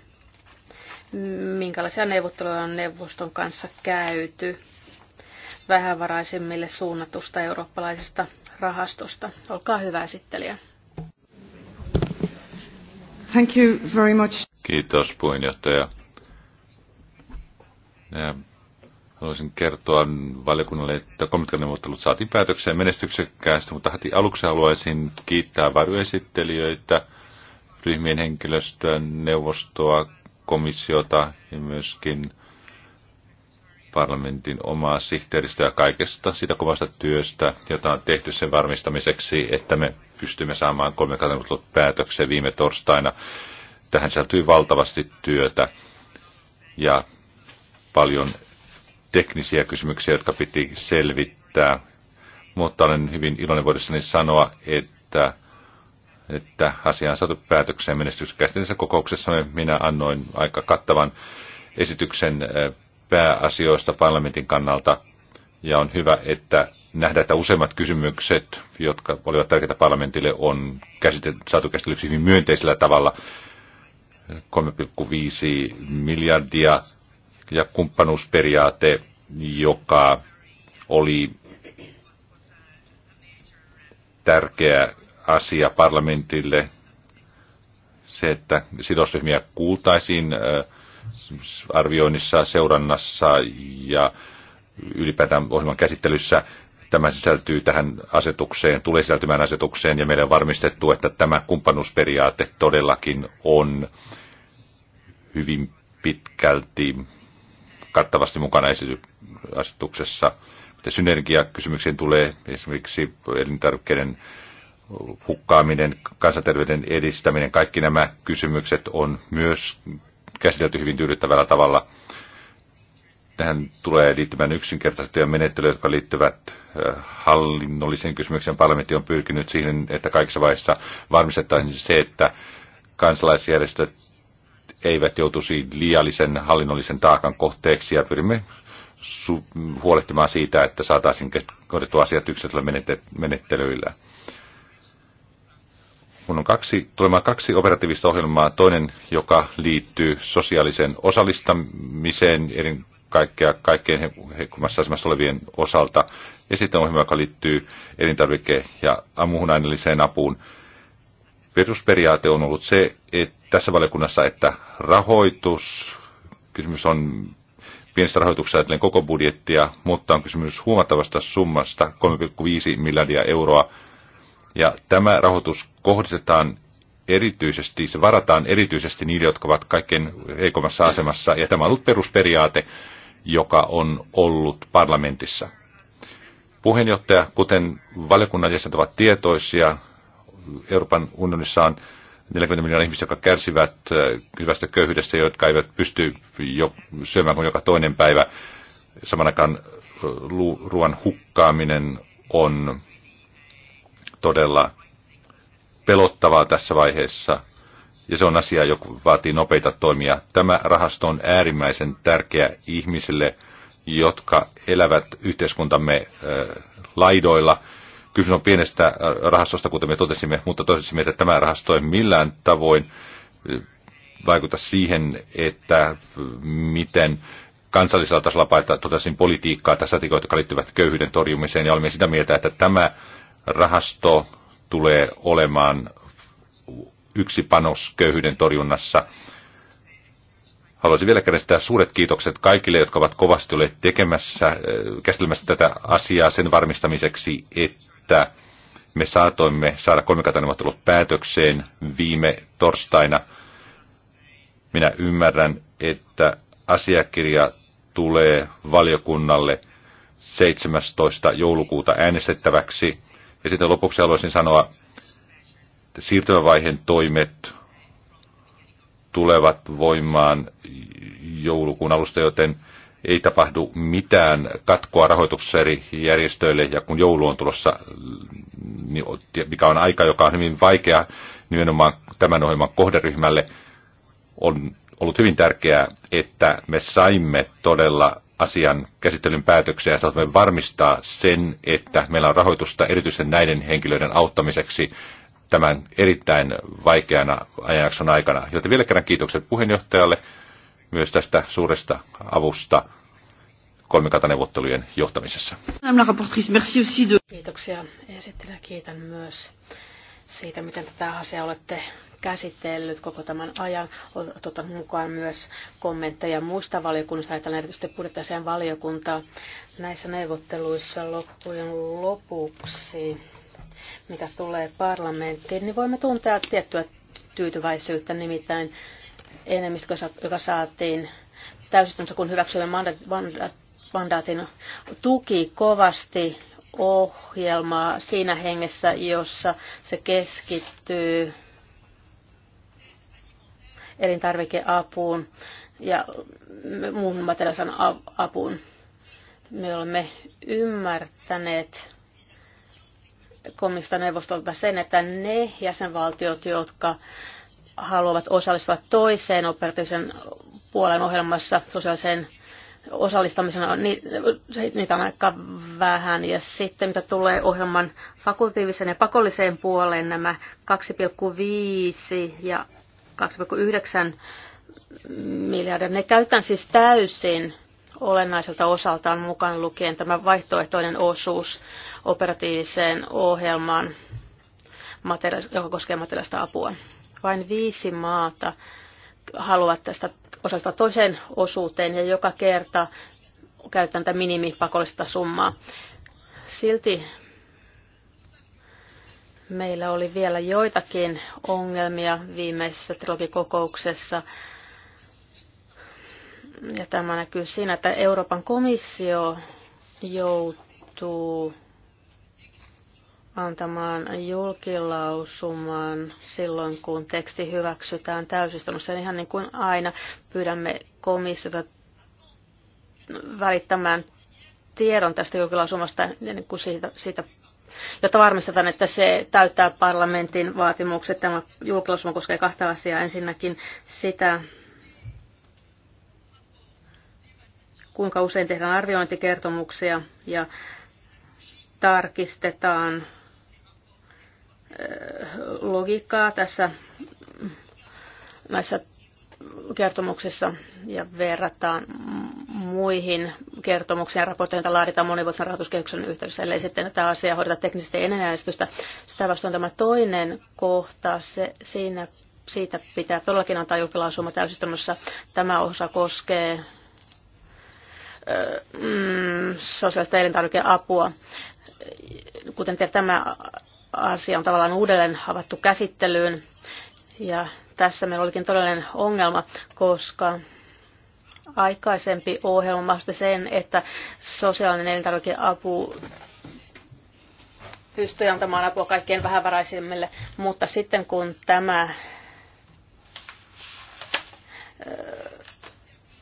minkälaisia neuvotteluja on neuvoston kanssa käyty vähävaraisimmille suunnatusta eurooppalaisesta rahastosta. Olkaa hyvä esittelijä. Thank you very much. Kiitos puheenjohtaja. Haluaisin kertoa valiokunnalle, että komiteaneuvottelut saatiin päätökseen menestyksekkäästi, mutta heti aluksi haluaisin kiittää varjoesittelijöitä, ryhmien henkilöstöä, neuvostoa, komissiota ja myöskin parlamentin omaa sihteeristöä kaikesta sitä kovasta työstä, jota on tehty sen varmistamiseksi, että me pystymme saamaan kolme kansainväliset päätöksen viime torstaina. Tähän sisältyy valtavasti työtä ja paljon teknisiä kysymyksiä, jotka piti selvittää, mutta olen hyvin iloinen voidessani sanoa, että, että asia on saatu päätökseen menestyskäsitteellisessä kokouksessa. Minä annoin aika kattavan esityksen äh, pääasioista parlamentin kannalta, ja on hyvä, että nähdään, että useimmat kysymykset, jotka olivat tärkeitä parlamentille, on käsitelty, saatu käsitellyksi hyvin myönteisellä tavalla. 3,5 miljardia ja kumppanuusperiaate, joka oli tärkeä asia parlamentille. Se, että sidosryhmiä kuultaisiin arvioinnissa, seurannassa ja ylipäätään ohjelman käsittelyssä. Tämä sisältyy tähän asetukseen, tulee sisältymään asetukseen ja meillä on varmistettu, että tämä kumppanuusperiaate todellakin on hyvin pitkälti kattavasti mukana esityksessä. asetuksessa. Mitä synergiakysymyksiin tulee esimerkiksi elintarvikkeiden hukkaaminen, kansanterveyden edistäminen, kaikki nämä kysymykset on myös käsitelty hyvin tyydyttävällä tavalla. Tähän tulee liittymään yksinkertaisia menettelyjä, jotka liittyvät hallinnolliseen kysymykseen. Parlamentti on pyrkinyt siihen, että kaikissa vaiheissa varmistettaisiin se, että kansalaisjärjestöt eivät joutuisi liiallisen hallinnollisen taakan kohteeksi ja pyrimme huolehtimaan siitä, että saataisiin korjattua asiat yksilöllä menettelyillä. Mun on kaksi, tulemaan kaksi operatiivista ohjelmaa. Toinen, joka liittyy sosiaaliseen osallistamiseen, eri kaikkea, kaikkein heikommassa asemassa olevien osalta. Ja sitten ohjelma, joka liittyy elintarvike- ja muuhun aineelliseen apuun. Perusperiaate on ollut se että tässä valiokunnassa, että rahoitus, kysymys on pienestä rahoituksesta ajatellen koko budjettia, mutta on kysymys huomattavasta summasta 3,5 miljardia euroa. Ja tämä rahoitus kohdistetaan erityisesti, se varataan erityisesti niille, jotka ovat kaikkein heikommassa asemassa. Ja tämä on ollut perusperiaate, joka on ollut parlamentissa. Puheenjohtaja, kuten valiokunnan jäsenet ovat tietoisia, Euroopan unionissa on 40 miljoonaa ihmistä, jotka kärsivät äh, hyvästä köyhyydestä, jotka eivät pysty jo syömään kuin joka toinen päivä. Saman aikaan äh, ruoan hukkaaminen on todella pelottavaa tässä vaiheessa, ja se on asia, joka vaatii nopeita toimia. Tämä rahasto on äärimmäisen tärkeä ihmisille, jotka elävät yhteiskuntamme äh, laidoilla – Kysymys on pienestä äh, rahastosta, kuten me totesimme, mutta totesimme, että tämä rahasto ei millään tavoin äh, vaikuta siihen, että äh, miten kansallisella tasolla paita totesiin politiikkaa tai strategioita, jotka liittyvät köyhyyden torjumiseen, ja olemme sitä mieltä, että tämä rahasto tulee olemaan yksi panos köyhyyden torjunnassa. Haluaisin vielä kerran suuret kiitokset kaikille, jotka ovat kovasti olleet tekemässä, käsittelemässä tätä asiaa sen varmistamiseksi, että että me saatoimme saada kolmikantaneuvottelut päätökseen viime torstaina. Minä ymmärrän, että asiakirja tulee valiokunnalle 17. joulukuuta äänestettäväksi. Ja sitten lopuksi haluaisin sanoa, että siirtymävaiheen toimet tulevat voimaan joulukuun alusta, joten ei tapahdu mitään katkoa rahoituksessa eri järjestöille, ja kun joulu on tulossa, niin mikä on aika, joka on hyvin vaikea nimenomaan tämän ohjelman kohderyhmälle, on ollut hyvin tärkeää, että me saimme todella asian käsittelyn päätöksiä ja saatamme varmistaa sen, että meillä on rahoitusta erityisen näiden henkilöiden auttamiseksi tämän erittäin vaikeana ajanjakson aikana. Joten vielä kerran kiitokset puheenjohtajalle myös tästä suuresta avusta kolmikantaneuvottelujen johtamisessa. Kiitoksia esittelijä. Kiitän myös siitä, miten tätä asiaa olette käsitellyt koko tämän ajan. Otan mukaan myös kommentteja muista valiokunnista, että erityisesti budjettiasian valiokuntaa näissä neuvotteluissa loppujen lopuksi, mitä tulee parlamenttiin, niin voimme tuntea tiettyä tyytyväisyyttä, nimittäin enemmistö, joka saatiin täysistunnossa, kun hyväksyimme mandat. mandaat mandaatin tuki kovasti ohjelmaa siinä hengessä, jossa se keskittyy elintarvikeapuun ja muun materiaalisen apuun. Me olemme ymmärtäneet komista neuvostolta sen, että ne jäsenvaltiot, jotka haluavat osallistua toiseen operatiivisen puolen ohjelmassa sosiaaliseen osallistamisena niin niitä on aika vähän. Ja sitten mitä tulee ohjelman fakultiivisen ja pakolliseen puoleen, nämä 2,5 ja 2,9 miljardia, ne käytän siis täysin olennaiselta osaltaan mukaan lukien tämä vaihtoehtoinen osuus operatiiviseen ohjelmaan, joka koskee materiaalista apua. Vain viisi maata haluavat tästä osallistua toiseen osuuteen ja joka kerta käytän tätä minimipakollista summaa. Silti meillä oli vielä joitakin ongelmia viimeisessä trilogikokouksessa. Ja tämä näkyy siinä, että Euroopan komissio joutuu antamaan julkilausumaan silloin, kun teksti hyväksytään täysistunnossa. Ihan niin kuin aina pyydämme komissiota välittämään tiedon tästä julkilausumasta, niin kuin siitä, siitä, jotta varmistetaan, että se täyttää parlamentin vaatimukset. Tämä julkilausuma koskee kahta asiaa. Ensinnäkin sitä, kuinka usein tehdään arviointikertomuksia ja tarkistetaan logiikkaa tässä näissä kertomuksissa ja verrataan muihin kertomuksiin ja raportteihin, joita laaditaan monivuotisen rahoituskehyksen yhteydessä, ellei sitten tätä asiaa hoideta teknisesti ennen äänestystä. Sitä vastoin tämä toinen kohta, se, siinä, siitä pitää todellakin antaa julkilausuma täysistunnossa. Tämä osa koskee mm, sosiaalista elintarvikeapua. Kuten tiedät, tämä asia on tavallaan uudelleen avattu käsittelyyn. Ja tässä meillä olikin todellinen ongelma, koska aikaisempi ohjelma mahdollisti sen, että sosiaalinen elintarvikeapu pystyi antamaan apua kaikkien vähävaraisimmille, mutta sitten kun tämä äh,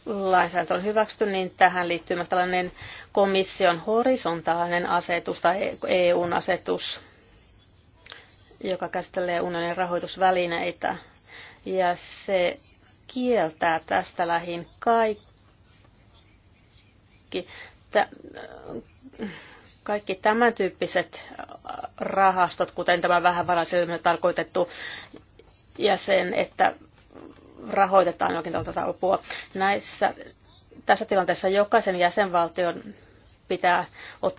lainsäädäntö on hyväksytty, niin tähän liittyy myös tällainen komission horisontaalinen asetus tai EUn e asetus joka käsittelee unionin rahoitusvälineitä. Ja se kieltää tästä lähin kaikki, tä, kaikki tämän tyyppiset rahastot, kuten tämä vähävaraisille tarkoitettu, ja sen, että rahoitetaan jokin tätä apua. Näissä, tässä tilanteessa jokaisen jäsenvaltion pitää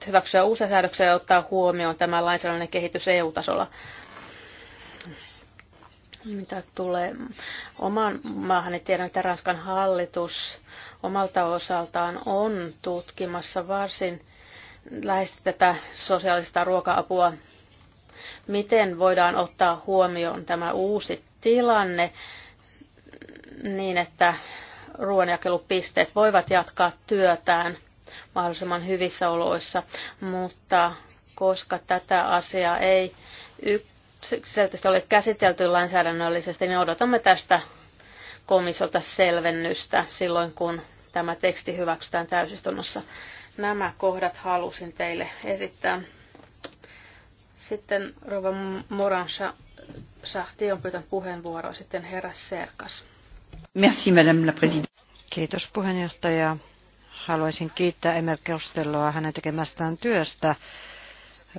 hyväksyä uusia säädöksiä ja ottaa huomioon tämä lainsäädännön kehitys EU-tasolla. Mitä tulee oman maahan, niin tiedän, että Ranskan hallitus omalta osaltaan on tutkimassa varsin lähes tätä sosiaalista ruoka-apua. Miten voidaan ottaa huomioon tämä uusi tilanne niin, että ruoanjakelupisteet voivat jatkaa työtään mahdollisimman hyvissä oloissa, mutta koska tätä asiaa ei yksi sisältöistä ole käsitelty lainsäädännöllisesti, niin odotamme tästä komissiolta selvennystä silloin, kun tämä teksti hyväksytään täysistunnossa. Nämä kohdat halusin teille esittää. Sitten Rova Moransa Sahti on pyytänyt puheenvuoroa, sitten herra Serkas. Merci, madame la présidente. Kiitos puheenjohtaja. Haluaisin kiittää Emer Kostelloa hänen tekemästään työstä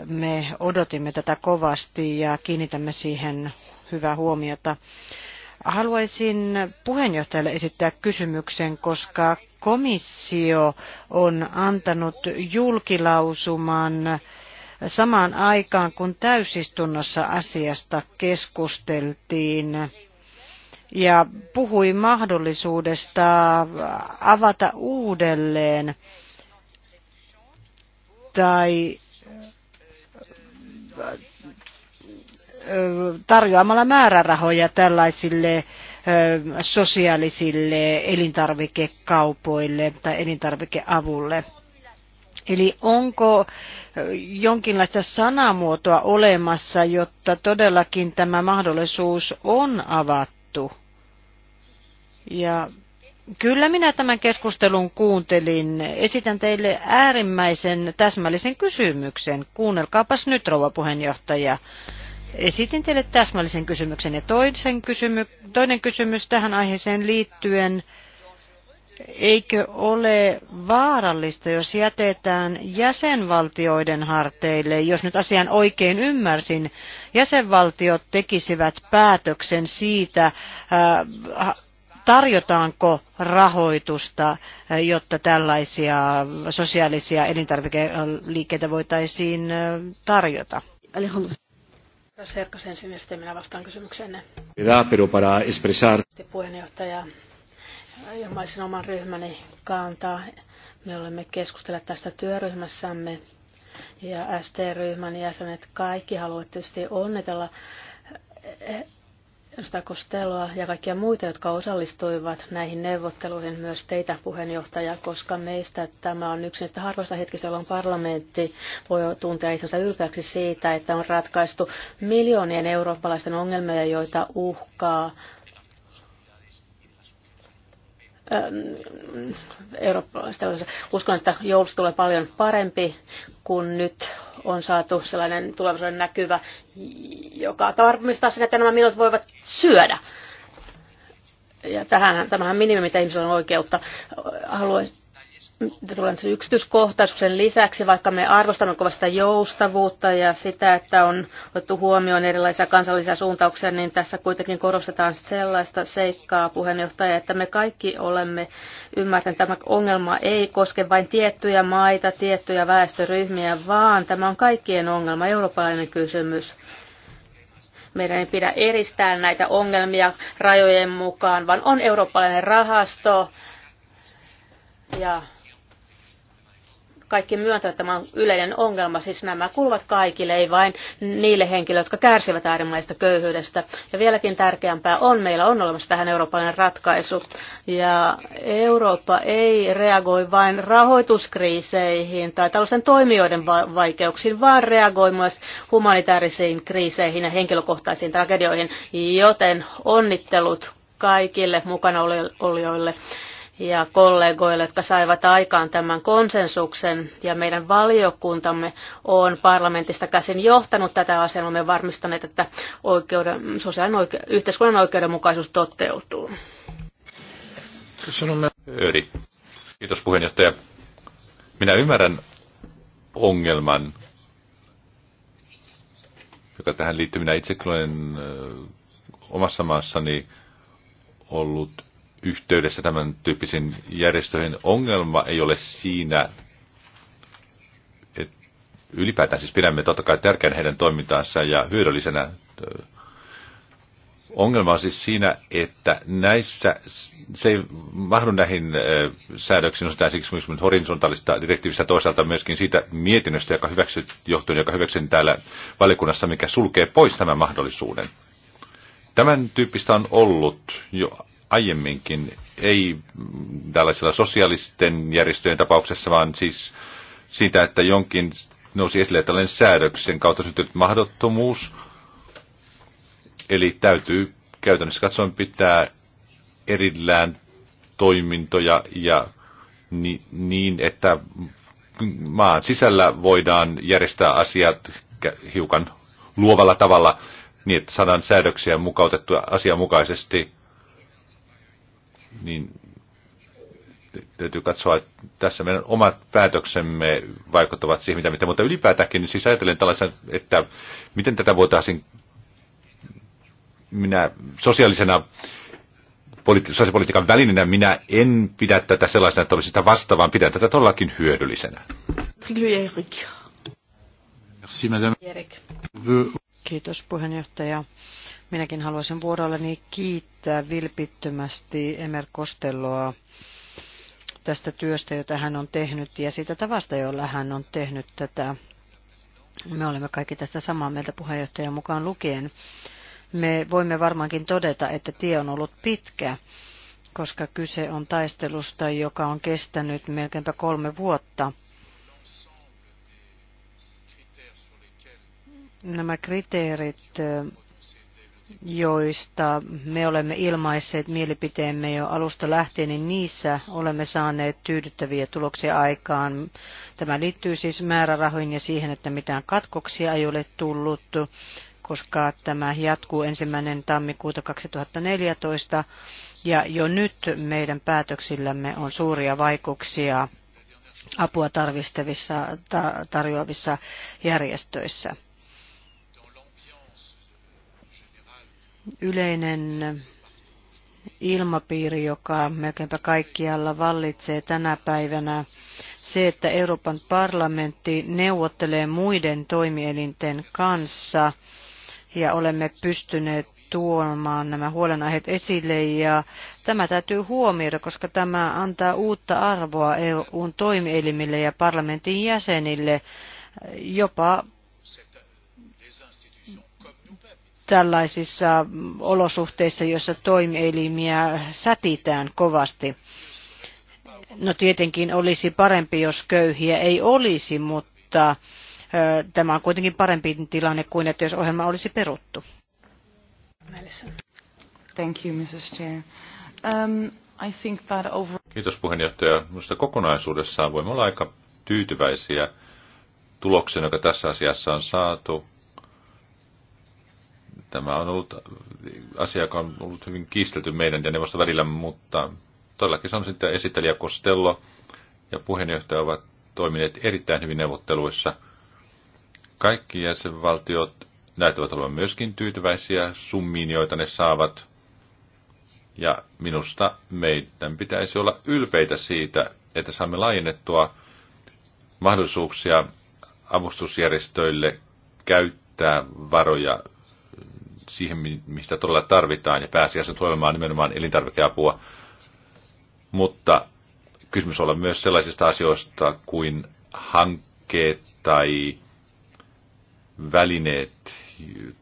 me odotimme tätä kovasti ja kiinnitämme siihen hyvää huomiota. Haluaisin puheenjohtajalle esittää kysymyksen, koska komissio on antanut julkilausuman samaan aikaan, kun täysistunnossa asiasta keskusteltiin ja puhui mahdollisuudesta avata uudelleen tai tarjoamalla määrärahoja tällaisille sosiaalisille elintarvikekaupoille tai elintarvikeavulle. Eli onko jonkinlaista sanamuotoa olemassa, jotta todellakin tämä mahdollisuus on avattu? Ja Kyllä minä tämän keskustelun kuuntelin. Esitän teille äärimmäisen täsmällisen kysymyksen. Kuunnelkaapas nyt, rouva puheenjohtaja. Esitin teille täsmällisen kysymyksen ja toisen kysymy- toinen kysymys tähän aiheeseen liittyen. Eikö ole vaarallista, jos jätetään jäsenvaltioiden harteille, jos nyt asian oikein ymmärsin, jäsenvaltiot tekisivät päätöksen siitä, äh, tarjotaanko rahoitusta, eh, jotta tällaisia sosiaalisia elintarvikeliikkeitä voitaisiin eh, tarjota? Serkas ensin ja sitten minä vastaan kysymykseenne. Puheenjohtaja, ilmaisin oman ryhmäni kantaa. Me olemme keskustelleet tästä työryhmässämme ja ST-ryhmän jäsenet kaikki haluavat tietysti onnitella edustaja Kosteloa ja kaikkia muita, jotka osallistuivat näihin neuvotteluihin, myös teitä puheenjohtaja, koska meistä tämä on yksi niistä harvoista hetkistä, jolloin parlamentti voi tuntea itsensä ylpeäksi siitä, että on ratkaistu miljoonien eurooppalaisten ongelmia, joita uhkaa eurooppalaista. Uskon, että joulusta tulee paljon parempi, kun nyt on saatu sellainen tulevaisuuden näkyvä, joka varmistaa sen, että nämä minut voivat syödä. Ja tähän, tämähän minimi, mitä ihmisellä on oikeutta. Haluaisin tulee yksityiskohtaisuuden lisäksi, vaikka me arvostamme kovasta joustavuutta ja sitä, että on otettu huomioon erilaisia kansallisia suuntauksia, niin tässä kuitenkin korostetaan sellaista seikkaa, puheenjohtaja, että me kaikki olemme ymmärtäneet, että tämä ongelma ei koske vain tiettyjä maita, tiettyjä väestöryhmiä, vaan tämä on kaikkien ongelma, eurooppalainen kysymys. Meidän ei pidä eristää näitä ongelmia rajojen mukaan, vaan on eurooppalainen rahasto, ja kaikki myöntävät, että tämä on yleinen ongelma. Siis nämä kuuluvat kaikille, ei vain niille henkilöille, jotka kärsivät äärimmäisestä köyhyydestä. Ja vieläkin tärkeämpää on, meillä on olemassa tähän eurooppalainen ratkaisu. Ja Eurooppa ei reagoi vain rahoituskriiseihin tai tällaisen toimijoiden vaikeuksiin, vaan reagoi myös humanitaarisiin kriiseihin ja henkilökohtaisiin tragedioihin. Joten onnittelut kaikille mukana olijoille ja kollegoille, jotka saivat aikaan tämän konsensuksen. Ja meidän valiokuntamme on parlamentista käsin johtanut tätä asiaa. Olemme varmistaneet, että oikeuden, sosiaalinen oike, yhteiskunnan oikeudenmukaisuus toteutuu. Kiitos puheenjohtaja. Minä ymmärrän ongelman, joka tähän liittyy. Minä itse olen omassa maassani ollut yhteydessä tämän tyyppisiin järjestöihin. Ongelma ei ole siinä, että ylipäätään siis pidämme totta kai tärkeän heidän toimintaansa ja hyödyllisenä. Ongelma on siis siinä, että näissä, se ei mahdu näihin säädöksiin, osittain siksi myös horisontaalista direktiivistä, toisaalta myöskin siitä mietinnöstä, joka hyväksyt, johtuen, joka hyväksyn täällä valiokunnassa, mikä sulkee pois tämän mahdollisuuden. Tämän tyyppistä on ollut jo aiemminkin, ei tällaisilla sosiaalisten järjestöjen tapauksessa, vaan siis siitä, että jonkin nousi esille tällainen säädöksen kautta syntynyt mahdottomuus. Eli täytyy käytännössä katsoen pitää erillään toimintoja ja ni, niin, että maan sisällä voidaan järjestää asiat hiukan luovalla tavalla niin, että saadaan säädöksiä mukautettua asianmukaisesti niin täytyy katsoa, että tässä meidän omat päätöksemme vaikuttavat siihen, mitä, mitä mutta ylipäätäänkin niin siis ajatellen tällaisen, että miten tätä voitaisiin minä sosiaalisena sosiaalipolitiikan välineenä minä en pidä tätä sellaisena, että olisi sitä vasta, vaan pidän tätä todellakin hyödyllisenä. Kiitos puheenjohtaja. Minäkin haluaisin vuorollani kiittää vilpittömästi Emer Kosteloa tästä työstä, jota hän on tehnyt ja siitä tavasta, jolla hän on tehnyt tätä. Me olemme kaikki tästä samaa mieltä puheenjohtajan mukaan lukien. Me voimme varmaankin todeta, että tie on ollut pitkä, koska kyse on taistelusta, joka on kestänyt melkeinpä kolme vuotta. Nämä kriteerit, joista me olemme ilmaisseet mielipiteemme jo alusta lähtien, niin niissä olemme saaneet tyydyttäviä tuloksia aikaan. Tämä liittyy siis määrärahoihin ja siihen, että mitään katkoksia ei ole tullut, koska tämä jatkuu ensimmäinen tammikuuta 2014. Ja jo nyt meidän päätöksillämme on suuria vaikutuksia apua tarvistavissa, ta, tarjoavissa järjestöissä. yleinen ilmapiiri, joka melkeinpä kaikkialla vallitsee tänä päivänä, se, että Euroopan parlamentti neuvottelee muiden toimielinten kanssa ja olemme pystyneet tuomaan nämä huolenaiheet esille ja tämä täytyy huomioida, koska tämä antaa uutta arvoa EUn toimielimille ja parlamentin jäsenille jopa tällaisissa olosuhteissa, joissa toimielimiä sätitään kovasti. No tietenkin olisi parempi, jos köyhiä ei olisi, mutta tämä on kuitenkin parempi tilanne kuin, että jos ohjelma olisi peruttu. Thank you, Mrs. Chair. Um, I think that over... Kiitos puheenjohtaja. Minusta kokonaisuudessaan voimme olla aika tyytyväisiä tuloksen, joka tässä asiassa on saatu. Tämä on ollut asia, joka on ollut hyvin kiistelty meidän ja neuvoston välillä, mutta todellakin on sitten esittelijä Kostello ja puheenjohtaja ovat toimineet erittäin hyvin neuvotteluissa. Kaikki jäsenvaltiot näyttävät olevan myöskin tyytyväisiä summiin, joita ne saavat. Ja minusta meidän pitäisi olla ylpeitä siitä, että saamme laajennettua mahdollisuuksia avustusjärjestöille käyttää varoja siihen, mistä todella tarvitaan, ja pääasiassa toimimaan nimenomaan elintarvikeapua. Mutta kysymys olla myös sellaisista asioista kuin hankkeet tai välineet,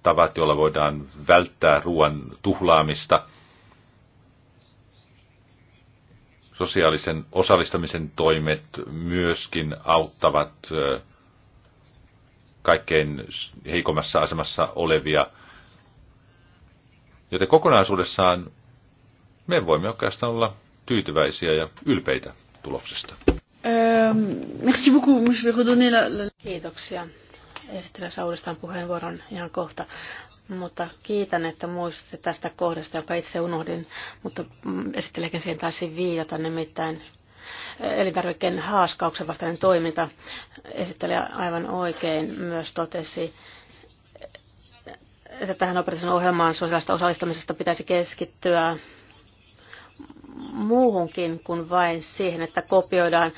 tavat, joilla voidaan välttää ruoan tuhlaamista, sosiaalisen osallistamisen toimet myöskin auttavat kaikkein heikommassa asemassa olevia – Joten kokonaisuudessaan me voimme oikeastaan olla tyytyväisiä ja ylpeitä tuloksesta. Ähm, merci beaucoup. Je vais redonner la, la... Kiitoksia. Esittelen saudestaan puheenvuoron ihan kohta. Mutta kiitän, että muistutte tästä kohdasta, joka itse unohdin, mutta mm, esittelekin siihen taisi viitata, nimittäin eh, elintarvikkeen haaskauksen vastainen toiminta. Esittelijä aivan oikein myös totesi, että tähän operaation ohjelmaan sosiaalista osallistamisesta pitäisi keskittyä muuhunkin kuin vain siihen, että kopioidaan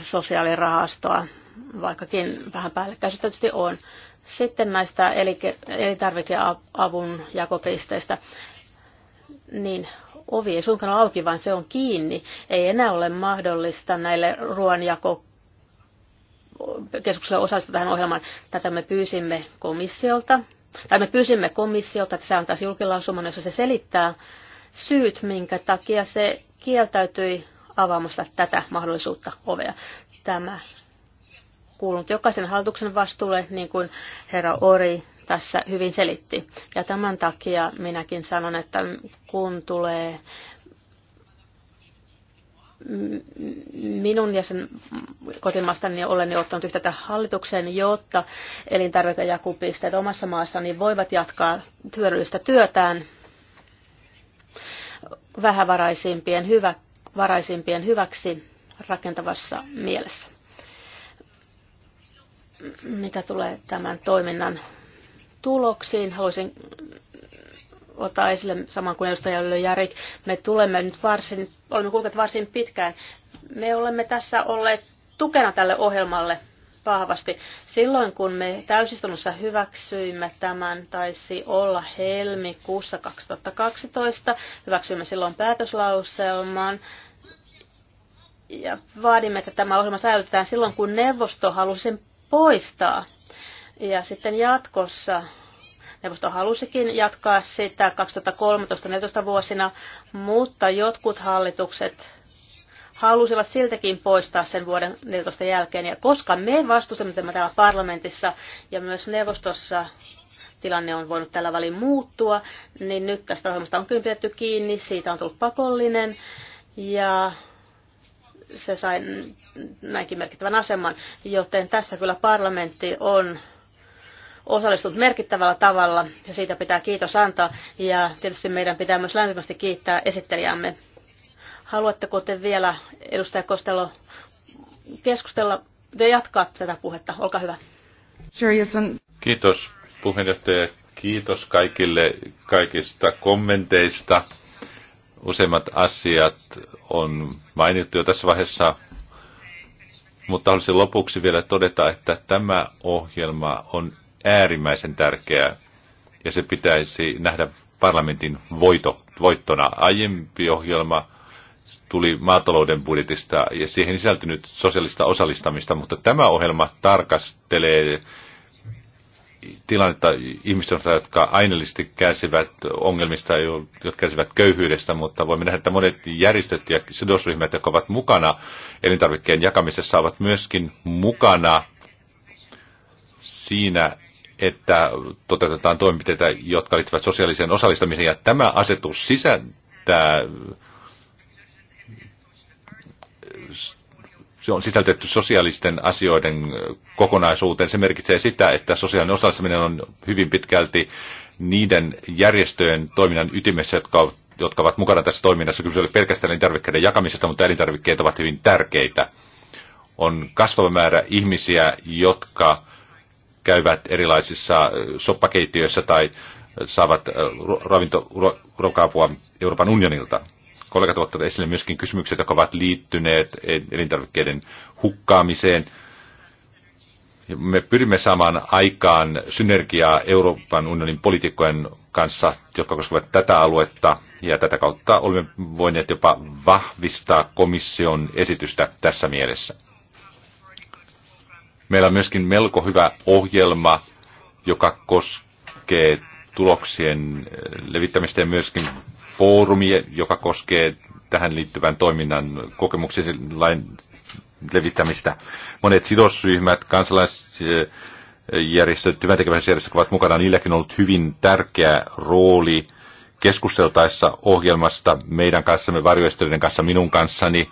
sosiaalirahastoa, vaikkakin vähän päällekkäisyyttä tietysti on. Sitten näistä elintarvikeavun jakopisteistä, niin ovi ei suinkaan ole auki, vaan se on kiinni. Ei enää ole mahdollista näille ruoanjako keskukselle osallistua tähän ohjelmaan. Tätä me pyysimme komissiolta tai me pyysimme komissiolta, että se antaisi julkilausuman, jossa se selittää syyt, minkä takia se kieltäytyi avaamasta tätä mahdollisuutta ovea. Tämä kuulunut jokaisen hallituksen vastuulle, niin kuin herra Ori tässä hyvin selitti. Ja tämän takia minäkin sanon, että kun tulee minun ja sen kotimaastani olen jo ottanut yhteyttä hallitukseen, jotta elintarvikejakupisteet omassa maassani voivat jatkaa työllistä työtään vähävaraisimpien hyvä, varaisimpien hyväksi rakentavassa mielessä. Mitä tulee tämän toiminnan tuloksiin, haluaisin ottaa esille saman kuin edustaja Jarik. Me tulemme nyt varsin, olemme kulkeet varsin pitkään. Me olemme tässä olleet tukena tälle ohjelmalle vahvasti. Silloin kun me täysistunnossa hyväksyimme tämän, taisi olla helmikuussa 2012, hyväksyimme silloin päätöslauselman ja vaadimme, että tämä ohjelma säilytetään silloin, kun neuvosto halusi sen poistaa. Ja sitten jatkossa Neuvosto halusikin jatkaa sitä 2013-2014 vuosina, mutta jotkut hallitukset halusivat siltäkin poistaa sen vuoden 14 jälkeen. Ja koska me vastustamme tämä täällä parlamentissa ja myös neuvostossa tilanne on voinut tällä välin muuttua, niin nyt tästä ohjelmasta on kyllä pidetty kiinni, siitä on tullut pakollinen ja se sai näinkin merkittävän aseman, joten tässä kyllä parlamentti on osallistunut merkittävällä tavalla ja siitä pitää kiitos antaa. Ja tietysti meidän pitää myös lämpimästi kiittää esittelijämme. Haluatteko te vielä, edustaja Kostelo, keskustella ja jatkaa tätä puhetta? Olkaa hyvä. Kiitos puheenjohtaja. Kiitos kaikille kaikista kommenteista. Useimmat asiat on mainittu jo tässä vaiheessa mutta haluaisin lopuksi vielä todeta, että tämä ohjelma on äärimmäisen tärkeää ja se pitäisi nähdä parlamentin voito, voittona. Aiempi ohjelma tuli maatalouden budjetista ja siihen sisältynyt sosiaalista osallistamista, mutta tämä ohjelma tarkastelee tilannetta ihmisten, jotka aineellisesti kärsivät ongelmista, jotka kärsivät köyhyydestä, mutta voimme nähdä, että monet järjestöt ja sidosryhmät, jotka ovat mukana elintarvikkeen jakamisessa, ovat myöskin mukana siinä, että toteutetaan toimenpiteitä, jotka liittyvät sosiaaliseen osallistamiseen. Ja tämä asetus sisältää, se on sisältetty sosiaalisten asioiden kokonaisuuteen. Se merkitsee sitä, että sosiaalinen osallistuminen on hyvin pitkälti niiden järjestöjen toiminnan ytimessä, jotka ovat jotka ovat mukana tässä toiminnassa. se oli pelkästään elintarvikkeiden jakamisesta, mutta elintarvikkeet ovat hyvin tärkeitä. On kasvava määrä ihmisiä, jotka käyvät erilaisissa äh, soppakeittiöissä tai äh, saavat äh, ravintoruoka Euroopan unionilta. Kollegat ovat esille myöskin kysymykset, jotka ovat liittyneet elintarvikkeiden hukkaamiseen. Me pyrimme saamaan aikaan synergiaa Euroopan unionin poliitikkojen kanssa, jotka koskevat tätä aluetta, ja tätä kautta olemme voineet jopa vahvistaa komission esitystä tässä mielessä. Meillä on myöskin melko hyvä ohjelma, joka koskee tuloksien levittämistä ja myöskin foorumi, joka koskee tähän liittyvän toiminnan kokemuksen levittämistä. Monet sidosryhmät, kansalaisjärjestöt, työntekijäjärjestöt ovat mukana. Niilläkin on ollut hyvin tärkeä rooli keskusteltaessa ohjelmasta meidän kanssamme, varjoistelijoiden kanssa, minun kanssani.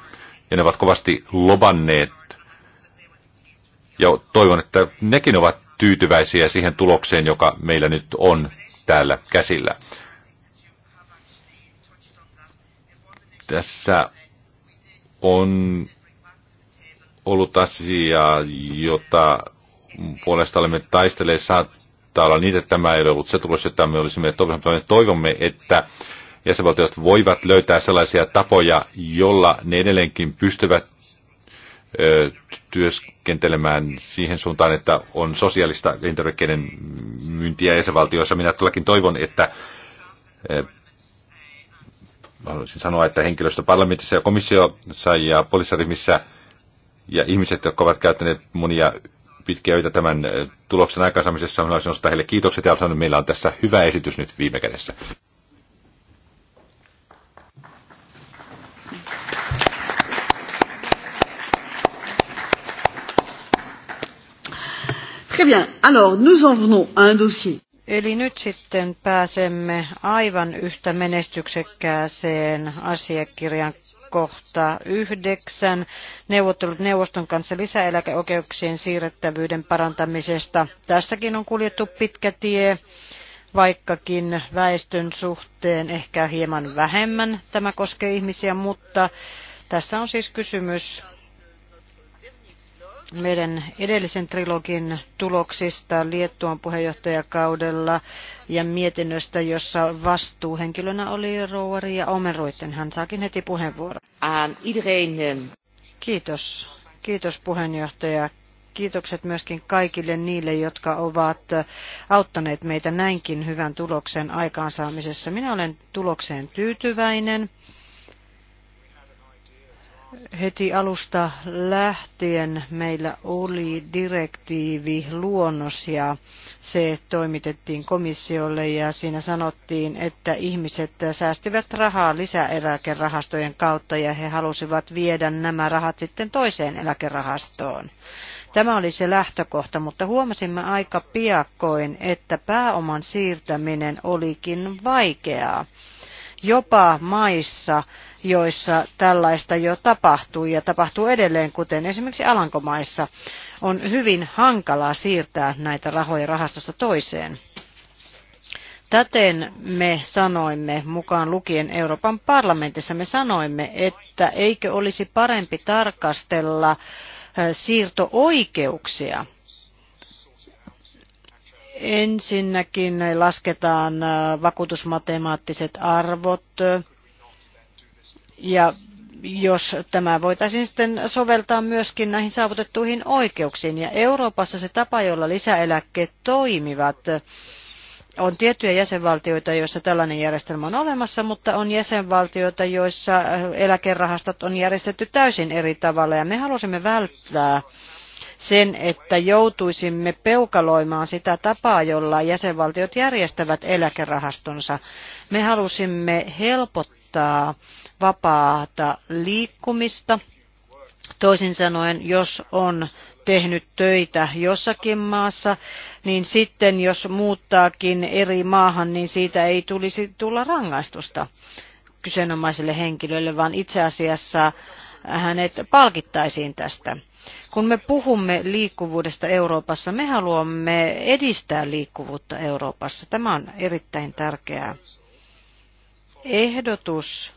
Ja ne ovat kovasti lobanneet ja toivon, että nekin ovat tyytyväisiä siihen tulokseen, joka meillä nyt on täällä käsillä. Tässä on ollut asia, jota puolesta olemme taistelleet. Saattaa olla niitä, että tämä ei ole ollut se tulos, jota me olisimme toivomme. Toivomme, että jäsenvaltiot voivat löytää sellaisia tapoja, jolla ne edelleenkin pystyvät ö, työskentelemään siihen suuntaan, että on sosiaalista elintarvikkeiden myyntiä jäsenvaltioissa. Minä todellakin toivon, että eh, haluaisin sanoa, että henkilöstö parlamentissa ja komissiossa ja poliisiryhmissä ja ihmiset, jotka ovat käyttäneet monia pitkiä öitä tämän eh, tuloksen aikaisemmisessa, haluaisin nostaa heille kiitokset ja sanoa, että meillä on tässä hyvä esitys nyt viime kädessä. Très bien. Alors, nous en venons à un dossier. Eli nyt sitten pääsemme aivan yhtä menestyksekkääseen asiakirjan kohta yhdeksän. Neuvottelut neuvoston kanssa lisäeläkeoikeuksien siirrettävyyden parantamisesta. Tässäkin on kuljettu pitkä tie, vaikkakin väestön suhteen ehkä hieman vähemmän tämä koskee ihmisiä, mutta tässä on siis kysymys meidän edellisen trilogin tuloksista Liettuan puheenjohtajakaudella ja mietinnöstä, jossa vastuuhenkilönä oli Rouari ja Omeruiten. Hän saakin heti puheenvuoron. Eh, Kiitos. Kiitos puheenjohtaja kiitokset myöskin kaikille niille, jotka ovat auttaneet meitä näinkin hyvän tuloksen aikaansaamisessa. Minä olen tulokseen tyytyväinen. Heti alusta lähtien meillä oli direktiivi luonnos ja se toimitettiin komissiolle ja siinä sanottiin, että ihmiset säästivät rahaa lisäeläkerahastojen kautta ja he halusivat viedä nämä rahat sitten toiseen eläkerahastoon. Tämä oli se lähtökohta, mutta huomasimme aika piakkoin, että pääoman siirtäminen olikin vaikeaa. Jopa maissa, joissa tällaista jo tapahtuu ja tapahtuu edelleen, kuten esimerkiksi Alankomaissa. On hyvin hankalaa siirtää näitä rahoja rahastosta toiseen. Täten me sanoimme, mukaan lukien Euroopan parlamentissa, me sanoimme, että eikö olisi parempi tarkastella äh, siirtooikeuksia. Ensinnäkin lasketaan äh, vakuutusmatemaattiset arvot, ja jos tämä voitaisiin sitten soveltaa myöskin näihin saavutettuihin oikeuksiin. Ja Euroopassa se tapa, jolla lisäeläkkeet toimivat, on tiettyjä jäsenvaltioita, joissa tällainen järjestelmä on olemassa, mutta on jäsenvaltioita, joissa eläkerahastot on järjestetty täysin eri tavalla. Ja me halusimme välttää sen, että joutuisimme peukaloimaan sitä tapaa, jolla jäsenvaltiot järjestävät eläkerahastonsa. Me halusimme helpottaa tarkoittaa vapaata liikkumista. Toisin sanoen, jos on tehnyt töitä jossakin maassa, niin sitten jos muuttaakin eri maahan, niin siitä ei tulisi tulla rangaistusta kyseenomaiselle henkilölle, vaan itse asiassa hänet palkittaisiin tästä. Kun me puhumme liikkuvuudesta Euroopassa, me haluamme edistää liikkuvuutta Euroopassa. Tämä on erittäin tärkeää ehdotus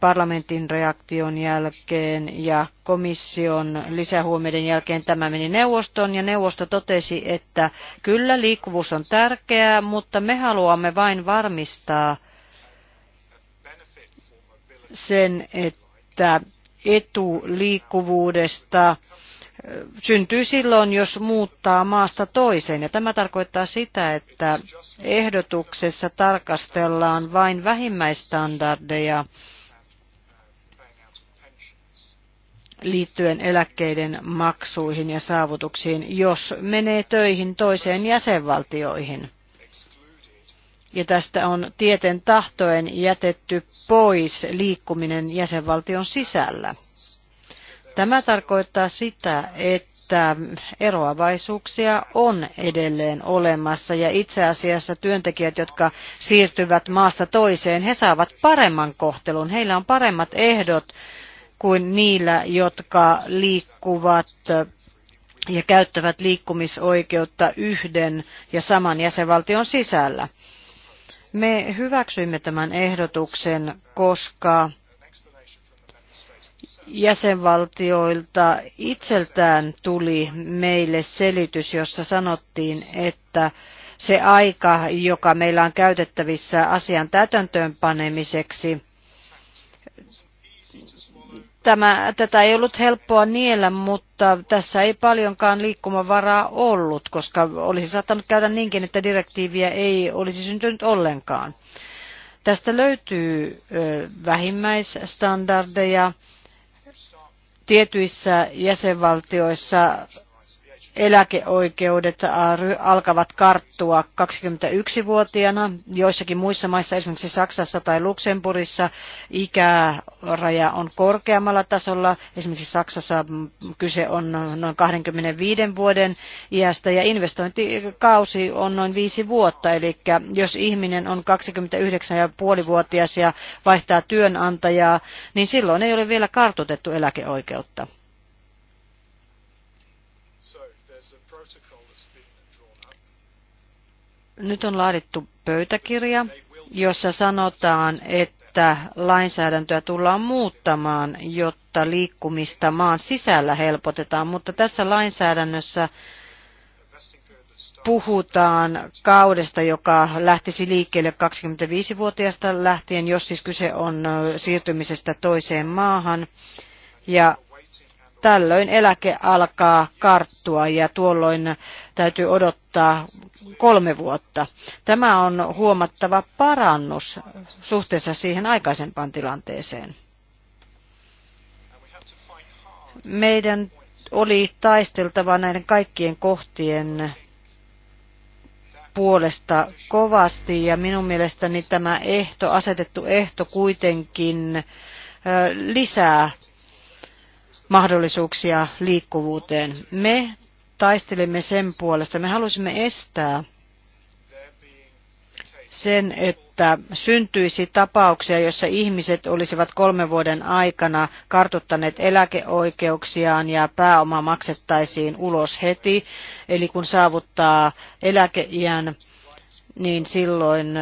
parlamentin reaktion jälkeen ja komission lisähuomioiden jälkeen tämä meni neuvostoon ja neuvosto totesi, että kyllä liikkuvuus on tärkeää, mutta me haluamme vain varmistaa sen, että etu liikkuvuudesta syntyy silloin, jos muuttaa maasta toiseen. Ja tämä tarkoittaa sitä, että ehdotuksessa tarkastellaan vain vähimmäistandardeja liittyen eläkkeiden maksuihin ja saavutuksiin, jos menee töihin toiseen jäsenvaltioihin. Ja tästä on tieten tahtoen jätetty pois liikkuminen jäsenvaltion sisällä. Tämä tarkoittaa sitä, että eroavaisuuksia on edelleen olemassa ja itse asiassa työntekijät, jotka siirtyvät maasta toiseen, he saavat paremman kohtelun. Heillä on paremmat ehdot kuin niillä, jotka liikkuvat ja käyttävät liikkumisoikeutta yhden ja saman jäsenvaltion sisällä. Me hyväksyimme tämän ehdotuksen, koska jäsenvaltioilta itseltään tuli meille selitys, jossa sanottiin, että se aika, joka meillä on käytettävissä asian täytäntöönpanemiseksi, tämä, tätä ei ollut helppoa niellä, mutta tässä ei paljonkaan liikkumavaraa ollut, koska olisi saattanut käydä niinkin, että direktiiviä ei olisi syntynyt ollenkaan. Tästä löytyy vähimmäisstandardeja, tietyissä jäsenvaltioissa eläkeoikeudet alkavat karttua 21-vuotiaana. Joissakin muissa maissa, esimerkiksi Saksassa tai Luxemburgissa, ikäraja on korkeammalla tasolla. Esimerkiksi Saksassa kyse on noin 25 vuoden iästä ja investointikausi on noin viisi vuotta. Eli jos ihminen on 29,5-vuotias ja vaihtaa työnantajaa, niin silloin ei ole vielä kartoitettu eläkeoikeutta. Nyt on laadittu pöytäkirja, jossa sanotaan, että lainsäädäntöä tullaan muuttamaan, jotta liikkumista maan sisällä helpotetaan, mutta tässä lainsäädännössä puhutaan kaudesta, joka lähtisi liikkeelle 25-vuotiaasta lähtien, jos siis kyse on siirtymisestä toiseen maahan. Ja Tällöin eläke alkaa karttua ja tuolloin täytyy odottaa kolme vuotta. Tämä on huomattava parannus suhteessa siihen aikaisempaan tilanteeseen. Meidän oli taisteltava näiden kaikkien kohtien puolesta kovasti ja minun mielestäni tämä ehto, asetettu ehto kuitenkin lisää mahdollisuuksia liikkuvuuteen. Me taistelimme sen puolesta. Me halusimme estää sen, että syntyisi tapauksia, joissa ihmiset olisivat kolmen vuoden aikana kartuttaneet eläkeoikeuksiaan ja pääoma maksettaisiin ulos heti. Eli kun saavuttaa eläkeiän, niin silloin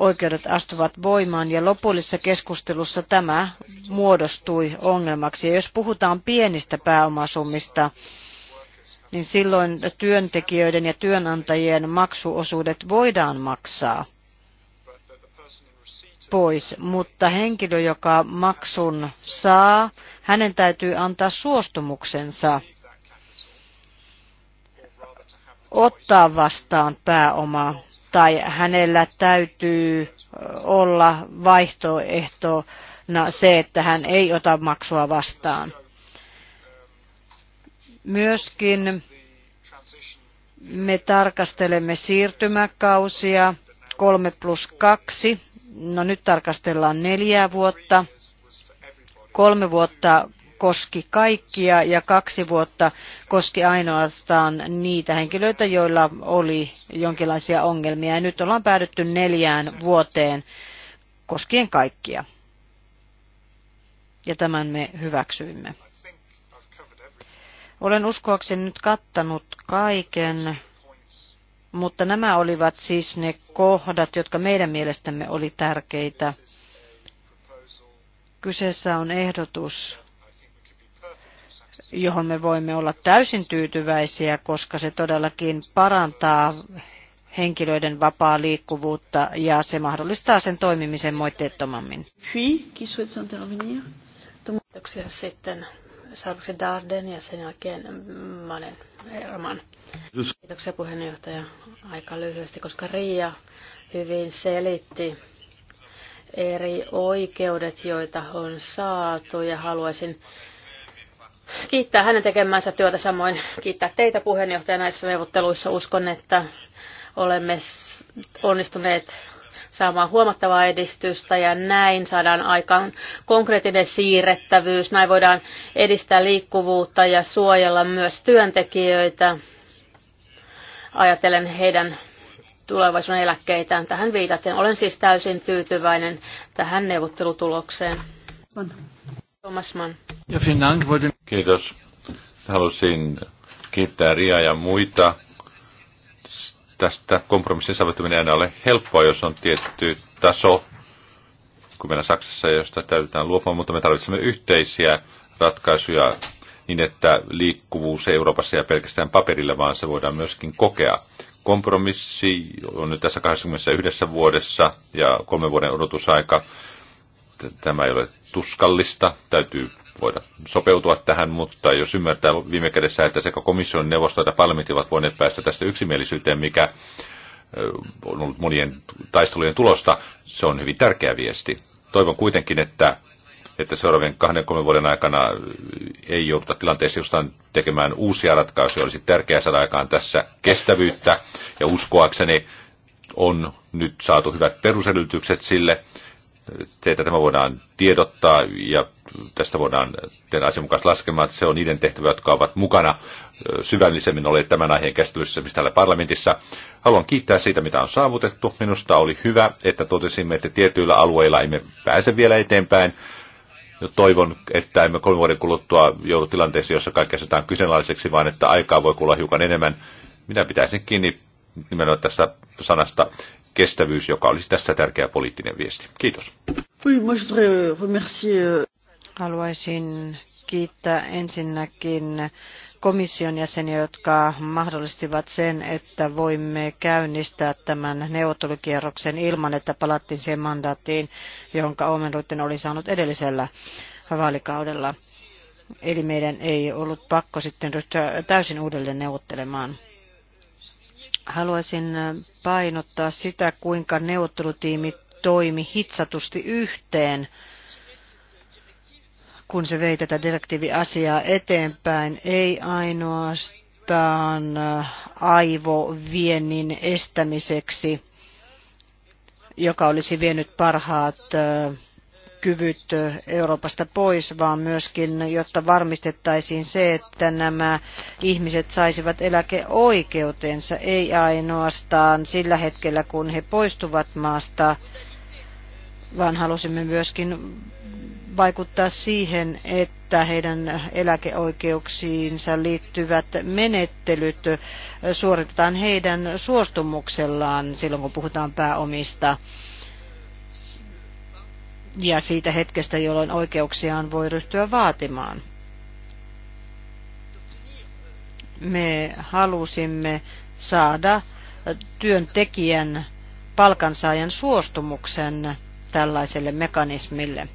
oikeudet astuvat voimaan ja lopullisessa keskustelussa tämä muodostui ongelmaksi. Ja jos puhutaan pienistä pääomasummista, niin silloin työntekijöiden ja työnantajien maksuosuudet voidaan maksaa pois, mutta henkilö, joka maksun saa, hänen täytyy antaa suostumuksensa ottaa vastaan pääomaa tai hänellä täytyy olla vaihtoehtona se, että hän ei ota maksua vastaan. Myöskin me tarkastelemme siirtymäkausia 3 plus 2. No nyt tarkastellaan neljää vuotta. Kolme vuotta koski kaikkia ja kaksi vuotta koski ainoastaan niitä henkilöitä, joilla oli jonkinlaisia ongelmia. Ja nyt ollaan päädytty neljään vuoteen koskien kaikkia. Ja tämän me hyväksyimme. Olen uskoakseni nyt kattanut kaiken, mutta nämä olivat siis ne kohdat, jotka meidän mielestämme oli tärkeitä. Kyseessä on ehdotus, johon me voimme olla täysin tyytyväisiä, koska se todellakin parantaa henkilöiden vapaa liikkuvuutta ja se mahdollistaa sen toimimisen moitteettomammin. Kiitoksia sitten Sarkse Darden ja sen jälkeen Manen Herman. Kiitoksia puheenjohtaja aika lyhyesti, koska Riia hyvin selitti eri oikeudet, joita on saatu ja haluaisin kiittää hänen tekemänsä työtä, samoin kiittää teitä puheenjohtaja näissä neuvotteluissa. Uskon, että olemme onnistuneet saamaan huomattavaa edistystä ja näin saadaan aikaan konkreettinen siirrettävyys. Näin voidaan edistää liikkuvuutta ja suojella myös työntekijöitä. Ajatellen heidän tulevaisuuden eläkkeitään tähän viitaten. Olen siis täysin tyytyväinen tähän neuvottelutulokseen. Thomas Mann. Ja, vielen Dank. Wollte Kiitos. Halusin kiittää Ria ja muita. Tästä kompromissin saavuttaminen aina ole helppoa, jos on tietty taso, kun meillä Saksassa, josta täytetään luopua, mutta me tarvitsemme yhteisiä ratkaisuja niin, että liikkuvuus Euroopassa ja pelkästään paperille vaan se voidaan myöskin kokea. Kompromissi on nyt tässä 21 vuodessa ja kolmen vuoden odotusaika. Tämä ei ole tuskallista, täytyy voida sopeutua tähän, mutta jos ymmärtää viime kädessä, että sekä komission neuvosto että parlamentti ovat voineet päästä tästä yksimielisyyteen, mikä on ollut monien taistelujen tulosta, se on hyvin tärkeä viesti. Toivon kuitenkin, että, että seuraavien kahden kolmen vuoden aikana ei jouduta tilanteeseen, josta tekemään uusia ratkaisuja. Olisi tärkeää saada aikaan tässä kestävyyttä ja uskoakseni on nyt saatu hyvät perusedellytykset sille, teitä tämä voidaan tiedottaa ja tästä voidaan tehdä laskemaan, että Se on niiden tehtävä, jotka ovat mukana syvällisemmin olleet tämän aiheen käsittelyssä missä täällä parlamentissa. Haluan kiittää siitä, mitä on saavutettu. Minusta oli hyvä, että totesimme, että tietyillä alueilla emme pääse vielä eteenpäin. toivon, että emme kolme vuoden kuluttua joudu tilanteeseen, jossa kaikki asetaan kyseenalaiseksi, vaan että aikaa voi kulua hiukan enemmän. Minä pitäisin kiinni nimenomaan tästä sanasta kestävyys, joka olisi tässä tärkeä poliittinen viesti. Kiitos. Euh, euh, Haluaisin kiittää ensinnäkin komission jäseniä, jotka mahdollistivat sen, että voimme käynnistää tämän neuvottelukierroksen ilman, että palattiin siihen mandaattiin, jonka Omenruitten oli saanut edellisellä vaalikaudella. Eli meidän ei ollut pakko sitten ryhtyä täysin uudelleen neuvottelemaan. Haluaisin äh, painottaa sitä, kuinka neuvottelutiimi toimi hitsatusti yhteen, kun se vei tätä direktiiviasiaa eteenpäin, ei ainoastaan äh, aivoviennin estämiseksi, joka olisi vienyt parhaat äh, kyvyt Euroopasta pois, vaan myöskin, jotta varmistettaisiin se, että nämä ihmiset saisivat eläkeoikeutensa, ei ainoastaan sillä hetkellä, kun he poistuvat maasta, vaan halusimme myöskin vaikuttaa siihen, että heidän eläkeoikeuksiinsa liittyvät menettelyt suoritetaan heidän suostumuksellaan silloin, kun puhutaan pääomista ja siitä hetkestä, jolloin oikeuksiaan voi ryhtyä vaatimaan. Me halusimme saada työntekijän palkansaajan suostumuksen tällaiselle mekanismille.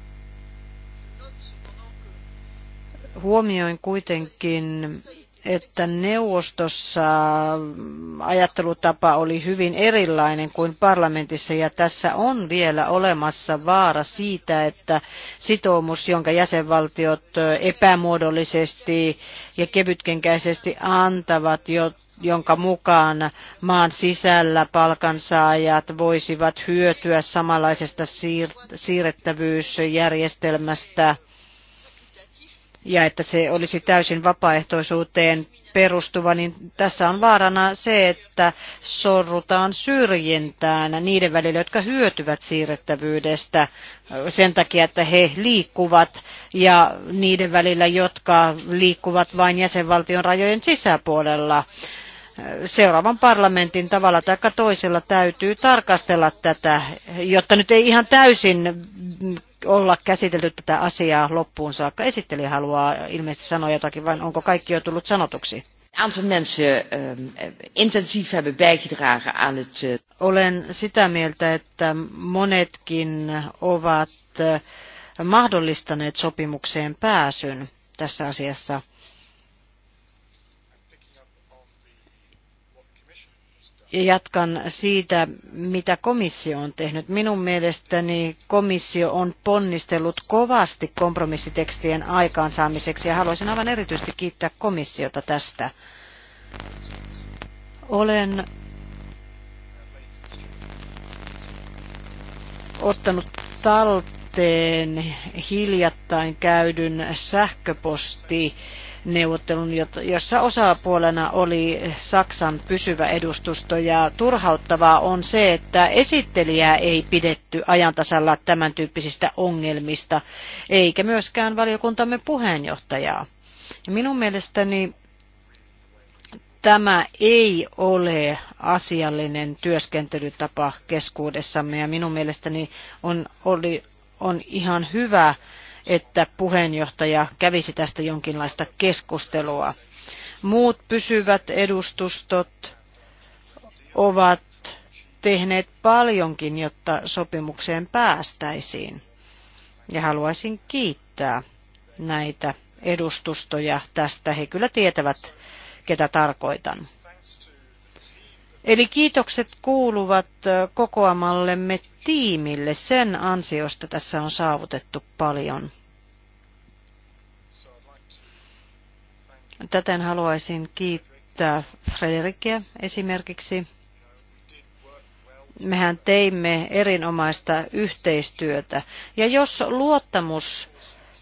Huomioin kuitenkin että neuvostossa ajattelutapa oli hyvin erilainen kuin parlamentissa ja tässä on vielä olemassa vaara siitä, että sitoumus, jonka jäsenvaltiot epämuodollisesti ja kevytkenkäisesti antavat, jonka mukaan maan sisällä palkansaajat voisivat hyötyä samanlaisesta siir- siirrettävyysjärjestelmästä ja että se olisi täysin vapaaehtoisuuteen perustuva, niin tässä on vaarana se, että sorrutaan syrjintään niiden välillä, jotka hyötyvät siirrettävyydestä sen takia, että he liikkuvat ja niiden välillä, jotka liikkuvat vain jäsenvaltion rajojen sisäpuolella seuraavan parlamentin tavalla tai toisella täytyy tarkastella tätä, jotta nyt ei ihan täysin olla käsitelty tätä asiaa loppuun saakka. Esittelijä haluaa ilmeisesti sanoa jotakin, vai onko kaikki jo tullut sanotuksi? Ehm, eh, Olen sitä mieltä, että monetkin ovat eh, mahdollistaneet sopimukseen pääsyn tässä asiassa. ja jatkan siitä, mitä komissio on tehnyt. Minun mielestäni komissio on ponnistellut kovasti kompromissitekstien aikaansaamiseksi ja haluaisin aivan erityisesti kiittää komissiota tästä. Olen ottanut talteen hiljattain käydyn sähköposti neuvottelun, jossa osapuolena oli Saksan pysyvä edustusto. Ja turhauttavaa on se, että esittelijää ei pidetty ajantasalla tämän tyyppisistä ongelmista, eikä myöskään valiokuntamme puheenjohtajaa. Ja minun mielestäni tämä ei ole asiallinen työskentelytapa keskuudessamme ja minun mielestäni on, oli, on ihan hyvä että puheenjohtaja kävisi tästä jonkinlaista keskustelua. Muut pysyvät edustustot ovat tehneet paljonkin, jotta sopimukseen päästäisiin. Ja haluaisin kiittää näitä edustustoja tästä. He kyllä tietävät, ketä tarkoitan. Eli kiitokset kuuluvat kokoamallemme tiimille. Sen ansiosta tässä on saavutettu paljon. Täten haluaisin kiittää Frederikia esimerkiksi. Mehän teimme erinomaista yhteistyötä. Ja jos luottamus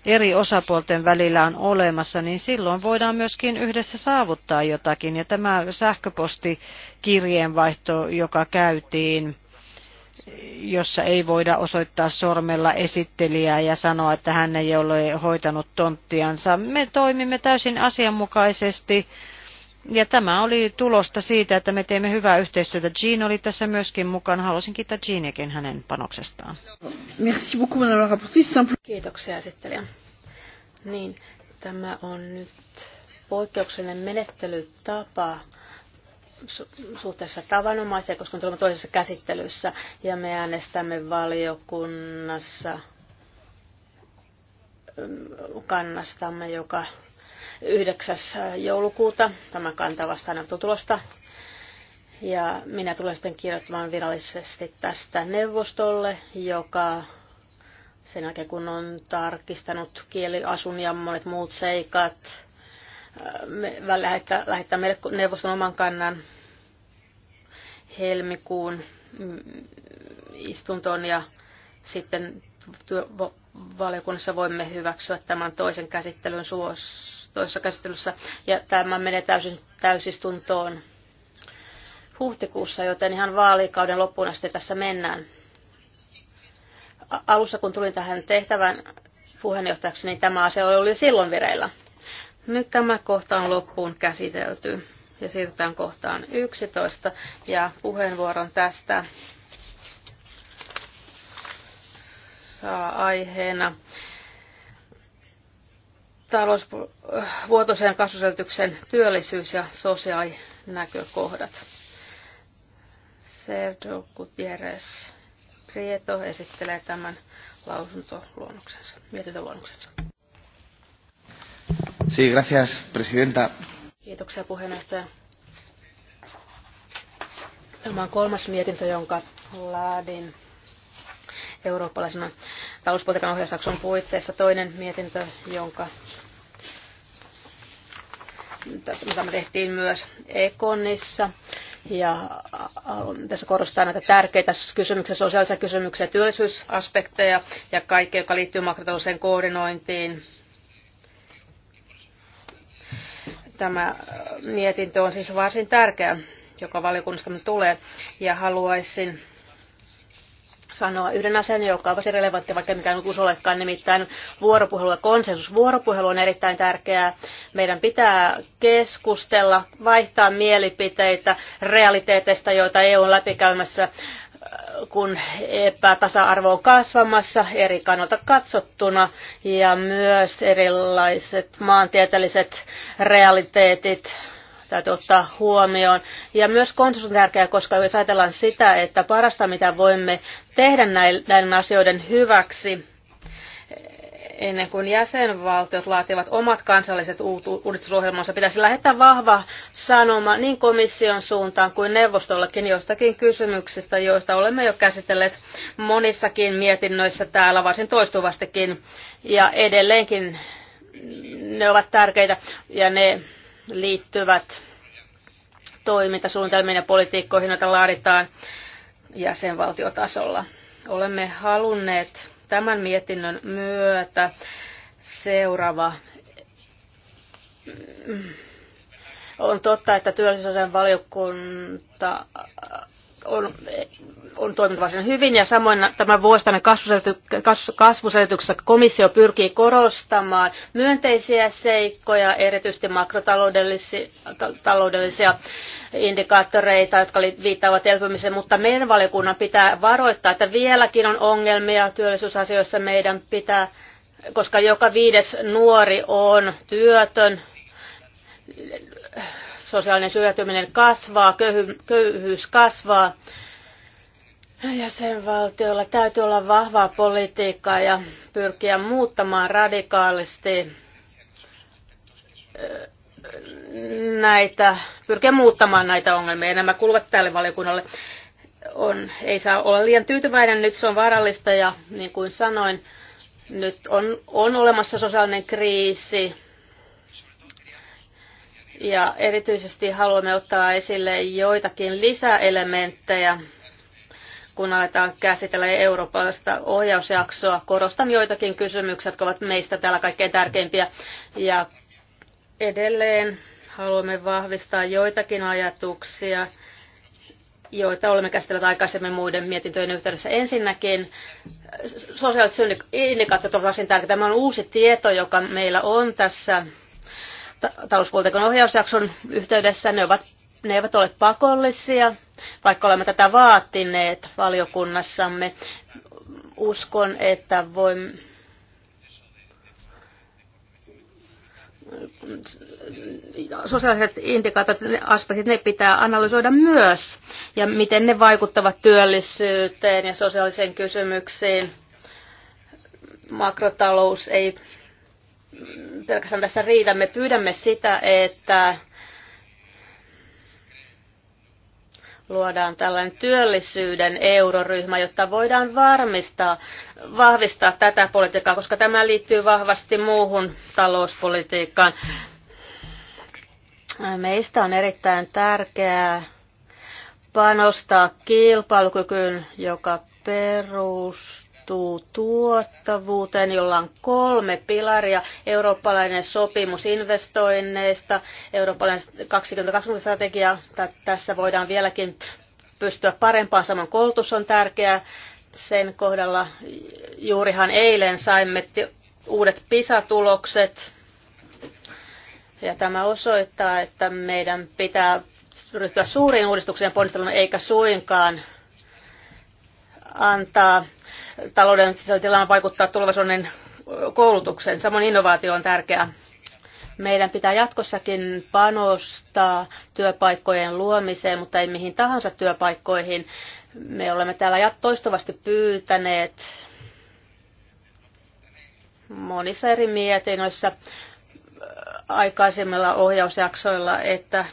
eri osapuolten välillä on olemassa, niin silloin voidaan myöskin yhdessä saavuttaa jotakin. Ja tämä sähköpostikirjeenvaihto, joka käytiin, jossa ei voida osoittaa sormella esittelijää ja sanoa, että hän ei ole hoitanut tonttiansa. Me toimimme täysin asianmukaisesti ja tämä oli tulosta siitä, että me teemme hyvää yhteistyötä. Jean oli tässä myöskin mukaan Haluaisin kiittää Jeaniakin hänen panoksestaan. Merci beaucoup, Kiitoksia esittelijä. Niin, tämä on nyt poikkeuksellinen menettelytapa suhteessa tavanomaisia, koska me toisessa käsittelyssä ja me äänestämme valiokunnassa mm, kannastamme joka 9. joulukuuta. Tämä kanta vastaanottotulosta ja minä tulen sitten kirjoittamaan virallisesti tästä neuvostolle, joka sen jälkeen kun on tarkistanut kieliasun ja monet muut seikat, me lähettää, lähettää meille neuvoston oman kannan helmikuun mm, istuntoon ja sitten valiokunnassa voimme hyväksyä tämän toisen käsittelyn suos, toisessa käsittelyssä ja tämä menee täysin, täysistuntoon huhtikuussa, joten ihan vaalikauden loppuun asti tässä mennään. Alussa kun tulin tähän tehtävän puheenjohtajaksi, niin tämä asia oli silloin vireillä. Nyt tämä kohta on loppuun käsitelty ja siirrytään kohtaan 11 ja puheenvuoron tästä saa aiheena talousvuotoisen kasvuselityksen työllisyys- ja sosiaalinäkökohdat. Sergio Gutierrez Prieto esittelee tämän lausuntoluonnoksensa, mietintöluonnoksensa. Sí, gracias, presidenta. Kiitoksia puheenjohtaja. Tämä on kolmas mietintö, jonka laadin eurooppalaisena talouspolitiikan ohjausjakson puitteissa. Toinen mietintö, jonka tämä me tehtiin myös Ekonissa. Ja tässä korostaa näitä tärkeitä kysymyksiä, sosiaalisia kysymyksiä, työllisyysaspekteja ja kaikkea, joka liittyy makrotalouden koordinointiin, Tämä mietintö on siis varsin tärkeä, joka valiokunnastamme tulee, ja haluaisin sanoa yhden asian, joka on varsin relevantti, vaikka mikään uusi olekaan, nimittäin vuoropuhelu ja konsensus. Vuoropuhelu on erittäin tärkeää. Meidän pitää keskustella, vaihtaa mielipiteitä realiteeteista, joita EU on läpikäymässä kun epätasa-arvo on kasvamassa eri kannalta katsottuna ja myös erilaiset maantieteelliset realiteetit täytyy ottaa huomioon. Ja myös konsensus on tärkeää, koska jos ajatellaan sitä, että parasta mitä voimme tehdä näiden asioiden hyväksi, ennen kuin jäsenvaltiot laativat omat kansalliset uudistusohjelmansa, pitäisi lähettää vahva sanoma niin komission suuntaan kuin neuvostollekin jostakin kysymyksistä, joista olemme jo käsitelleet monissakin mietinnöissä täällä varsin toistuvastikin. Ja edelleenkin ne ovat tärkeitä ja ne liittyvät toimintasuunnitelmiin ja politiikkoihin, joita laaditaan jäsenvaltiotasolla. Olemme halunneet Tämän mietinnön myötä seuraava on totta, että työllisyysosan valiokunta on, on toiminut varsin hyvin ja samoin tämän vuosittain kasvuselityksessä komissio pyrkii korostamaan myönteisiä seikkoja, erityisesti makrotaloudellisia indikaattoreita, jotka viittaavat elpymiseen, mutta meidän valiokunnan pitää varoittaa, että vieläkin on ongelmia työllisyysasioissa meidän pitää, koska joka viides nuori on työtön, sosiaalinen syrjäytyminen kasvaa, köyhy, köyhyys kasvaa. Jäsenvaltioilla täytyy olla vahvaa politiikkaa ja pyrkiä muuttamaan radikaalisti eh, näitä, pyrkiä muuttamaan näitä ongelmia. Ja nämä kuuluvat tälle valiokunnalle. On, ei saa olla liian tyytyväinen, nyt se on vaarallista ja niin kuin sanoin, nyt on, on olemassa sosiaalinen kriisi, ja erityisesti haluamme ottaa esille joitakin lisäelementtejä, kun aletaan käsitellä eurooppalaista ohjausjaksoa. Korostan joitakin kysymyksiä, jotka ovat meistä täällä kaikkein tärkeimpiä. Ja edelleen haluamme vahvistaa joitakin ajatuksia, joita olemme käsitelleet aikaisemmin muiden mietintöjen yhteydessä. Ensinnäkin sosiaaliset indikaattorit ovat varsin tärkeitä. Tämä on uusi tieto, joka meillä on tässä talouspolitiikan ohjausjakson yhteydessä. Ne, ovat, ne eivät ole pakollisia, vaikka olemme tätä vaatineet valiokunnassamme. Uskon, että voimme sosiaaliset indikaattorit, aspektit, ne pitää analysoida myös, ja miten ne vaikuttavat työllisyyteen ja sosiaalisiin kysymyksiin. Makrotalous ei pelkästään tässä riitä. Me pyydämme sitä, että luodaan tällainen työllisyyden euroryhmä, jotta voidaan varmistaa, vahvistaa tätä politiikkaa, koska tämä liittyy vahvasti muuhun talouspolitiikkaan. Meistä on erittäin tärkeää panostaa kilpailukykyyn, joka perustuu perustuu tuottavuuteen, jolla on kolme pilaria. Eurooppalainen sopimus investoinneista, eurooppalainen 2020-strategia, tässä voidaan vieläkin pystyä parempaan, saman koulutus on tärkeää. Sen kohdalla juurihan eilen saimme uudet PISA-tulokset, ja tämä osoittaa, että meidän pitää ryhtyä suuriin uudistukseen ponnistelun eikä suinkaan antaa talouden tilanne vaikuttaa tulevaisuuden koulutukseen. Samoin innovaatio on tärkeää. Meidän pitää jatkossakin panostaa työpaikkojen luomiseen, mutta ei mihin tahansa työpaikkoihin. Me olemme täällä toistuvasti pyytäneet monissa eri mietinnöissä aikaisemmilla ohjausjaksoilla, että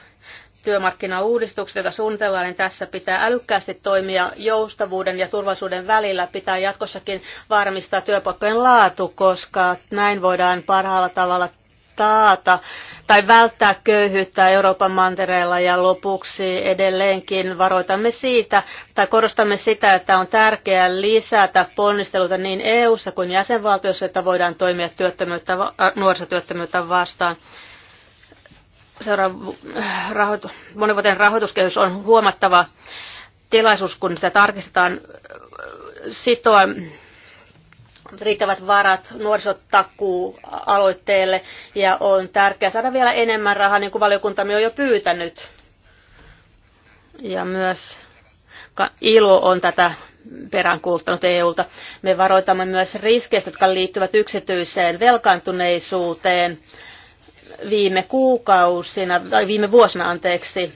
työmarkkinauudistukset, joita suunnitellaan, niin tässä pitää älykkäästi toimia joustavuuden ja turvallisuuden välillä. Pitää jatkossakin varmistaa työpaikkojen laatu, koska näin voidaan parhaalla tavalla taata tai välttää köyhyyttä Euroopan mantereella ja lopuksi edelleenkin varoitamme siitä tai korostamme sitä, että on tärkeää lisätä ponnisteluita niin EU-ssa kuin jäsenvaltiossa, että voidaan toimia työttömyyttä, nuorisotyöttömyyttä vastaan. Äh, monivuotinen rahoituskehys on huomattava tilaisuus, kun sitä tarkistetaan äh, sitoa riittävät varat nuorisotakuu aloitteelle ja on tärkeää saada vielä enemmän rahaa, niin kuin valiokuntamme on jo pyytänyt. Ja myös ILO on tätä peräänkuuluttanut EUlta. Me varoitamme myös riskeistä, jotka liittyvät yksityiseen velkaantuneisuuteen viime kuukausina tai viime vuosina anteeksi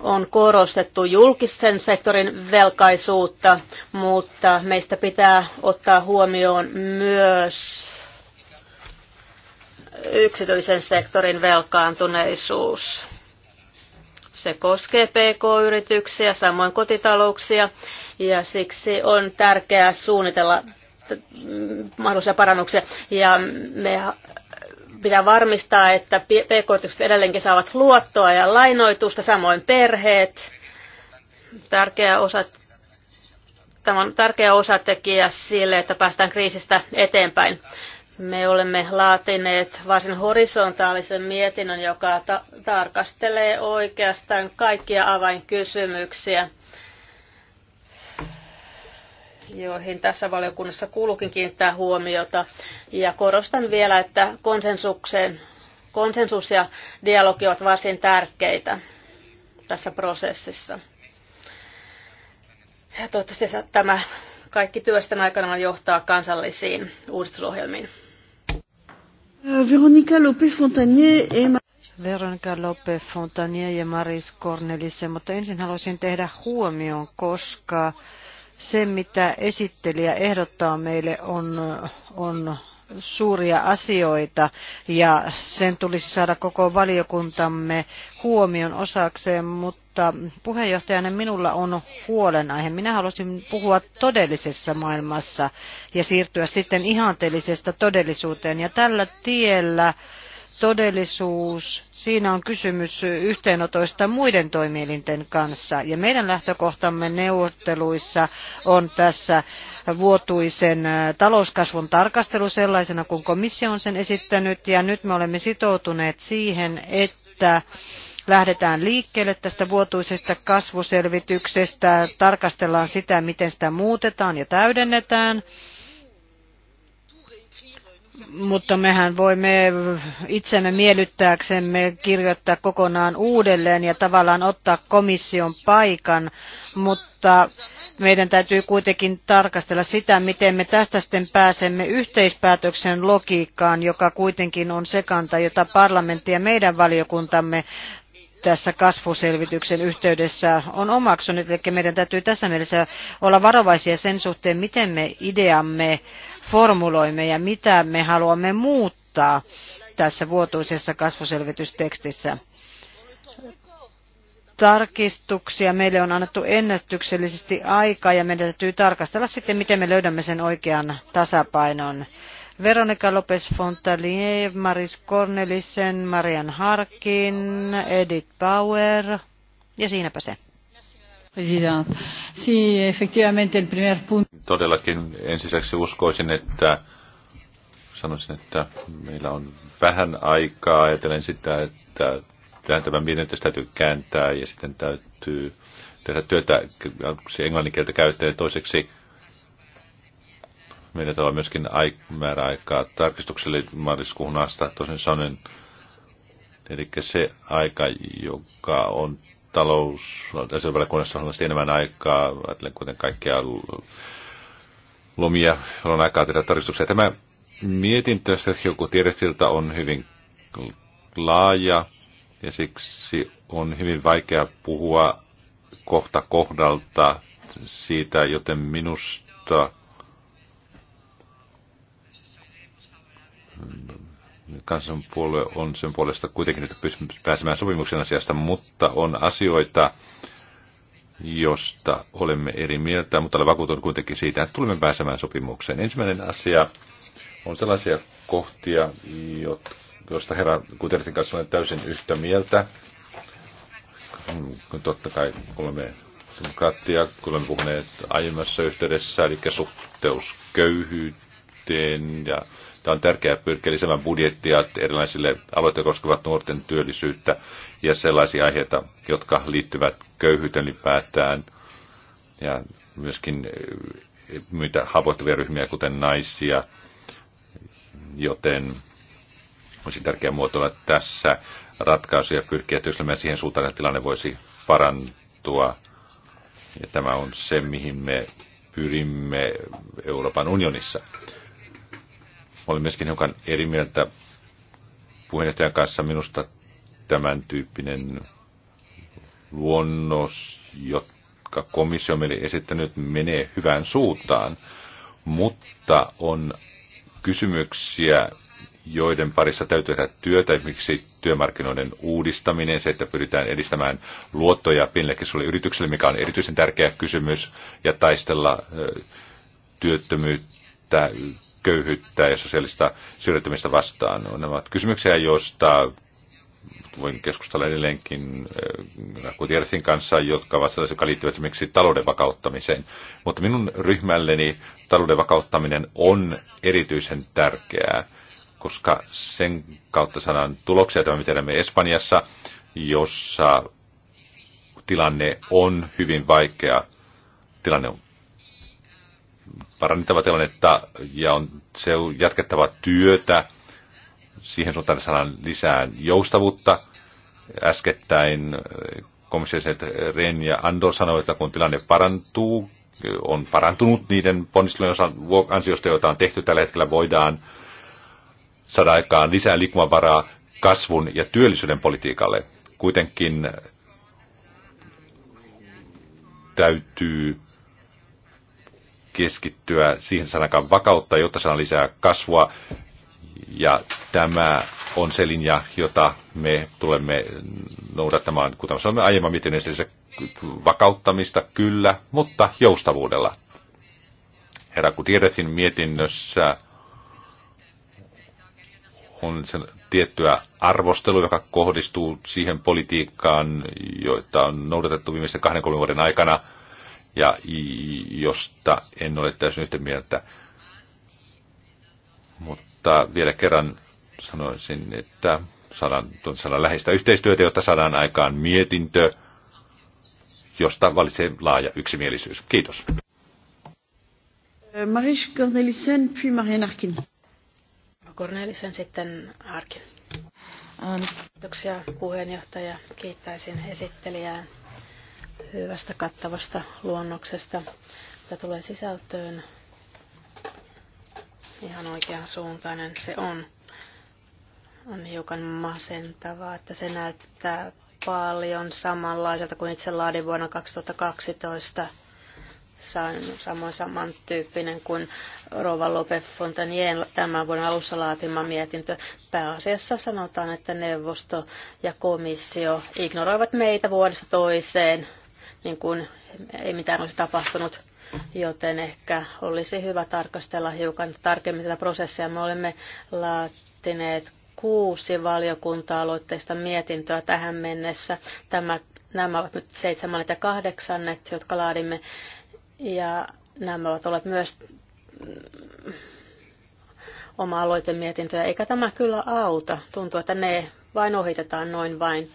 on korostettu julkisen sektorin velkaisuutta, mutta meistä pitää ottaa huomioon myös yksityisen sektorin velkaantuneisuus. Se koskee pk-yrityksiä, samoin kotitalouksia, ja siksi on tärkeää suunnitella mahdollisia parannuksia. Ja me pitää varmistaa, että pk-yritykset edelleenkin saavat luottoa ja lainoitusta, samoin perheet. Tärkeä osa, tämä on tärkeä osatekijä sille, että päästään kriisistä eteenpäin. Me olemme laatineet varsin horisontaalisen mietinnön, joka ta- tarkastelee oikeastaan kaikkia avainkysymyksiä joihin tässä valiokunnassa kuuluukin kiinnittää huomiota. Ja korostan vielä, että konsensukseen, konsensus ja dialogi ovat varsin tärkeitä tässä prosessissa. Ja toivottavasti tämä kaikki työstä aikana johtaa kansallisiin uudistusohjelmiin. Euh, Veronica Lopé-Fontanier ja Veronica Lope-Fontanier ja Maris Cornelisse, mutta ensin haluaisin tehdä huomion, koska se, mitä esittelijä ehdottaa meille, on, on suuria asioita ja sen tulisi saada koko valiokuntamme huomion osakseen, mutta puheenjohtajana minulla on huolenaihe. Minä haluaisin puhua todellisessa maailmassa ja siirtyä sitten ihanteellisesta todellisuuteen ja tällä tiellä todellisuus, siinä on kysymys yhteenotoista muiden toimielinten kanssa. Ja meidän lähtökohtamme neuvotteluissa on tässä vuotuisen talouskasvun tarkastelu sellaisena kuin komissio on sen esittänyt. Ja nyt me olemme sitoutuneet siihen, että lähdetään liikkeelle tästä vuotuisesta kasvuselvityksestä, tarkastellaan sitä, miten sitä muutetaan ja täydennetään – mutta mehän voimme itsemme miellyttääksemme kirjoittaa kokonaan uudelleen ja tavallaan ottaa komission paikan, mutta meidän täytyy kuitenkin tarkastella sitä, miten me tästä sitten pääsemme yhteispäätöksen logiikkaan, joka kuitenkin on sekanta, jota parlamentti ja meidän valiokuntamme tässä kasvuselvityksen yhteydessä on omaksunut. Eli meidän täytyy tässä mielessä olla varovaisia sen suhteen, miten me ideamme äh, formuloimme ja mitä me haluamme muuttaa tässä vuotuisessa kasvuselvitystekstissä. Tarkistuksia meille on annettu ennätyksellisesti aikaa ja meidän täytyy tarkastella sitten, miten me löydämme sen oikean tasapainon. Veronika Lopez Fontalier, Maris Cornelissen, Marian Harkin, Edith Bauer ja siinäpä se. Todellakin ensiseksi uskoisin, että sanoisin, että meillä on vähän aikaa. Ajatelen sitä, että tämä mietintö täytyy kääntää ja sitten täytyy tehdä työtä kieltä käyttäen. Toiseksi meillä on myöskin aik- määräaikaa tarkistukselle maaliskuuhun asti, tosin sanon, eli se aika, joka on talous, asioiden haluaisin enemmän aikaa, ajattelen kuten kaikkia lomia, on aikaa tehdä tarkistuksia. Tämä mietintö joku tiedesilta on hyvin laaja ja siksi on hyvin vaikea puhua kohta kohdalta siitä, joten minusta kansanpuolue on sen puolesta kuitenkin nyt pääsemään sopimuksen asiasta, mutta on asioita, josta olemme eri mieltä, mutta olen vakuutunut kuitenkin siitä, että tulemme pääsemään sopimukseen. Ensimmäinen asia on sellaisia kohtia, joista herra Kuterin kanssa olen täysin yhtä mieltä. Mm, totta kai olemme demokraattia, kun olemme puhuneet aiemmassa yhteydessä, eli suhteus köyhyyteen ja Tämä on tärkeää pyrkiä lisäämään budjettia erilaisille aloitteille koskevat nuorten työllisyyttä ja sellaisia aiheita, jotka liittyvät köyhyyteen ylipäätään ja myöskin eh, myitä haavoittuvia ryhmiä, kuten naisia, joten olisi tärkeää muotoilla tässä ratkaisuja pyrkiä työskentelemään siihen suuntaan, että tilanne voisi parantua. Ja tämä on se, mihin me pyrimme Euroopan unionissa. Olen myöskin hiukan eri mieltä puheenjohtajan kanssa minusta tämän tyyppinen luonnos, jotka komissio meille esittänyt, menee hyvään suuntaan, mutta on kysymyksiä, joiden parissa täytyy tehdä työtä, esimerkiksi työmarkkinoiden uudistaminen, se, että pyritään edistämään luottoja pienellekin sulle yritykselle, mikä on erityisen tärkeä kysymys, ja taistella työttömyyttä köyhyyttä ja sosiaalista syrjäytymistä vastaan. Nämä ovat kysymyksiä, joista voin keskustella edelleenkin Gutierrezin äh, kanssa, jotka ovat sellaisia, jotka liittyvät esimerkiksi talouden vakauttamiseen. Mutta minun ryhmälleni talouden vakauttaminen on erityisen tärkeää, koska sen kautta saadaan tuloksia, tämä me tiedämme Espanjassa, jossa tilanne on hyvin vaikea. Tilanne on parannettava tilannetta ja on se jatkettava työtä. Siihen suuntaan saadaan lisää joustavuutta. Äskettäin eh, komissioset Ren ja Andor sanoivat, että kun tilanne parantuu, on parantunut niiden ponnistelujen ansiosta, joita on tehty tällä hetkellä, voidaan saada aikaan lisää liikkumavaraa kasvun ja työllisyyden politiikalle. Kuitenkin täytyy keskittyä siihen sanakaan vakautta, jotta saadaan lisää kasvua. Ja tämä on se linja, jota me tulemme noudattamaan, kuten sanoimme aiemmin, miten vakauttamista kyllä, mutta joustavuudella. Herra tiedetin mietinnössä on se tiettyä arvostelu, joka kohdistuu siihen politiikkaan, joita on noudatettu viimeisen kahden kolmen vuoden aikana – ja josta en ole täysin yhtä mieltä. Mutta vielä kerran sanoisin, että saadaan, saadaan läheistä yhteistyötä, jotta saadaan aikaan mietintö, josta valitsee laaja yksimielisyys. Kiitos. Äh, Maris Cornelissen, puis Marianne Arkin. Cornelissen sitten Arkin. Ähm. Kiitoksia puheenjohtaja. Kiittäisin esittelijää hyvästä kattavasta luonnoksesta, mitä tulee sisältöön. Ihan oikean suuntainen se on. On hiukan masentavaa, että se näyttää paljon samanlaiselta kuin itse laadin vuonna 2012. Samoin samantyyppinen kuin Rova Lope Fontanien tämän vuoden alussa laatima mietintö. Pääasiassa sanotaan, että neuvosto ja komissio ignoroivat meitä vuodesta toiseen niin kuin ei mitään olisi tapahtunut. Joten ehkä olisi hyvä tarkastella hiukan tarkemmin tätä prosessia. Me olemme laatineet kuusi valiokunta-aloitteista mietintöä tähän mennessä. Tämä, nämä ovat nyt seitsemännet ja kahdeksannet, jotka laadimme. Ja nämä ovat olleet myös oma aloitemietintöjä, eikä tämä kyllä auta. Tuntuu, että ne vain ohitetaan noin vain.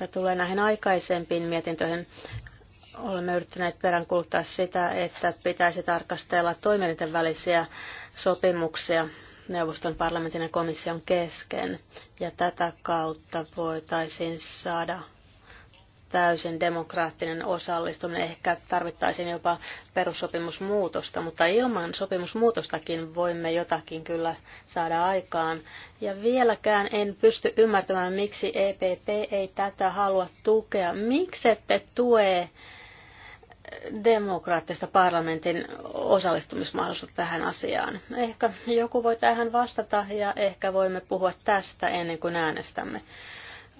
Mitä tulee näihin aikaisempiin mietintöihin, olemme yrittäneet peräänkuluttaa sitä, että pitäisi tarkastella toimijoiden välisiä sopimuksia neuvoston parlamentin ja komission kesken. Ja tätä kautta voitaisiin saada täysin demokraattinen osallistuminen. Ehkä tarvittaisiin jopa perussopimusmuutosta, mutta ilman sopimusmuutostakin voimme jotakin kyllä saada aikaan. Ja vieläkään en pysty ymmärtämään, miksi EPP ei tätä halua tukea. ette tue demokraattista parlamentin osallistumismahdollisuutta tähän asiaan. Ehkä joku voi tähän vastata ja ehkä voimme puhua tästä ennen kuin äänestämme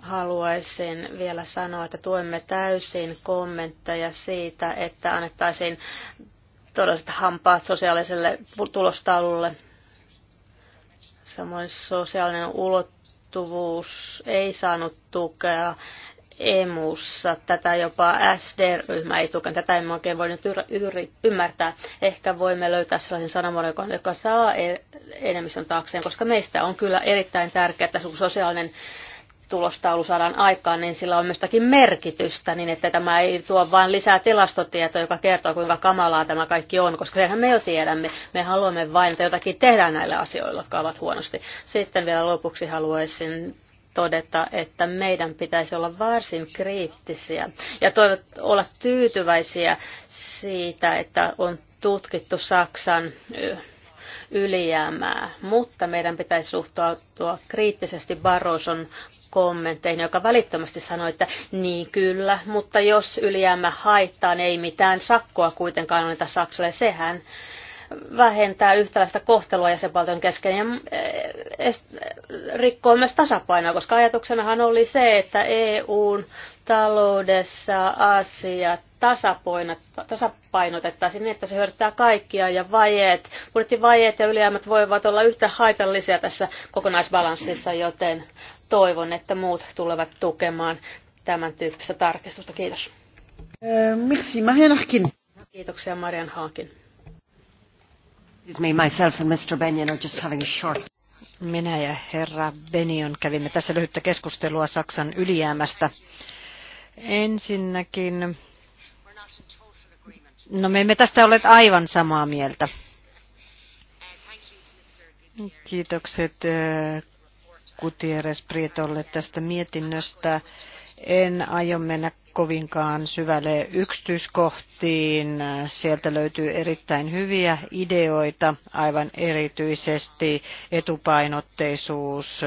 haluaisin vielä sanoa, että tuemme täysin kommentteja siitä, että annettaisiin todelliset hampaat sosiaaliselle tulostaululle. Samoin sosiaalinen ulottuvuus ei saanut tukea emussa. Tätä jopa SD-ryhmä ei tukea. Tätä emme oikein voi nyt ymmärtää. Ehkä voimme löytää sellaisen sanamuodon, joka, joka saa e-, enemmistön taakseen, koska meistä on kyllä erittäin tärkeää, että sosiaalinen tulostaulu saadaan aikaan, niin sillä on myöskin merkitystä, niin että tämä ei tuo vain lisää tilastotietoa, joka kertoo, kuinka kamalaa tämä kaikki on, koska sehän me jo tiedämme. Me haluamme vain, että jotakin tehdään näillä asioilla, jotka ovat huonosti. Sitten vielä lopuksi haluaisin todeta, että meidän pitäisi olla varsin kriittisiä ja toivot, olla tyytyväisiä siitä, että on tutkittu Saksan ylijäämää, mutta meidän pitäisi suhtautua kriittisesti Barroson kommentteihin, joka välittömästi sanoi, että niin kyllä, mutta jos ylijäämä haittaa, niin ei mitään sakkoa kuitenkaan anneta Saksalle. Sehän vähentää yhtäläistä kohtelua jäsenvaltion kesken ja eh, eh, rikkoo myös tasapainoa, koska ajatuksenahan oli se, että EUn taloudessa asiat tasapainotettaisiin niin, että se hyödyttää kaikkia ja vajeet, budjettivajeet ja ylijäämät voivat olla yhtä haitallisia tässä kokonaisbalanssissa, joten toivon, että muut tulevat tukemaan tämän tyyppistä tarkistusta. Kiitos. Merci, Marianne Kiitoksia, Marian Haakin. Minä ja herra Benion kävimme tässä lyhyttä keskustelua Saksan ylijäämästä. Ensinnäkin, no me emme tästä ole aivan samaa mieltä. Kiitokset Gutierrez Prietolle tästä mietinnöstä. En aio mennä kovinkaan syvälle yksityiskohtiin. Sieltä löytyy erittäin hyviä ideoita, aivan erityisesti etupainotteisuus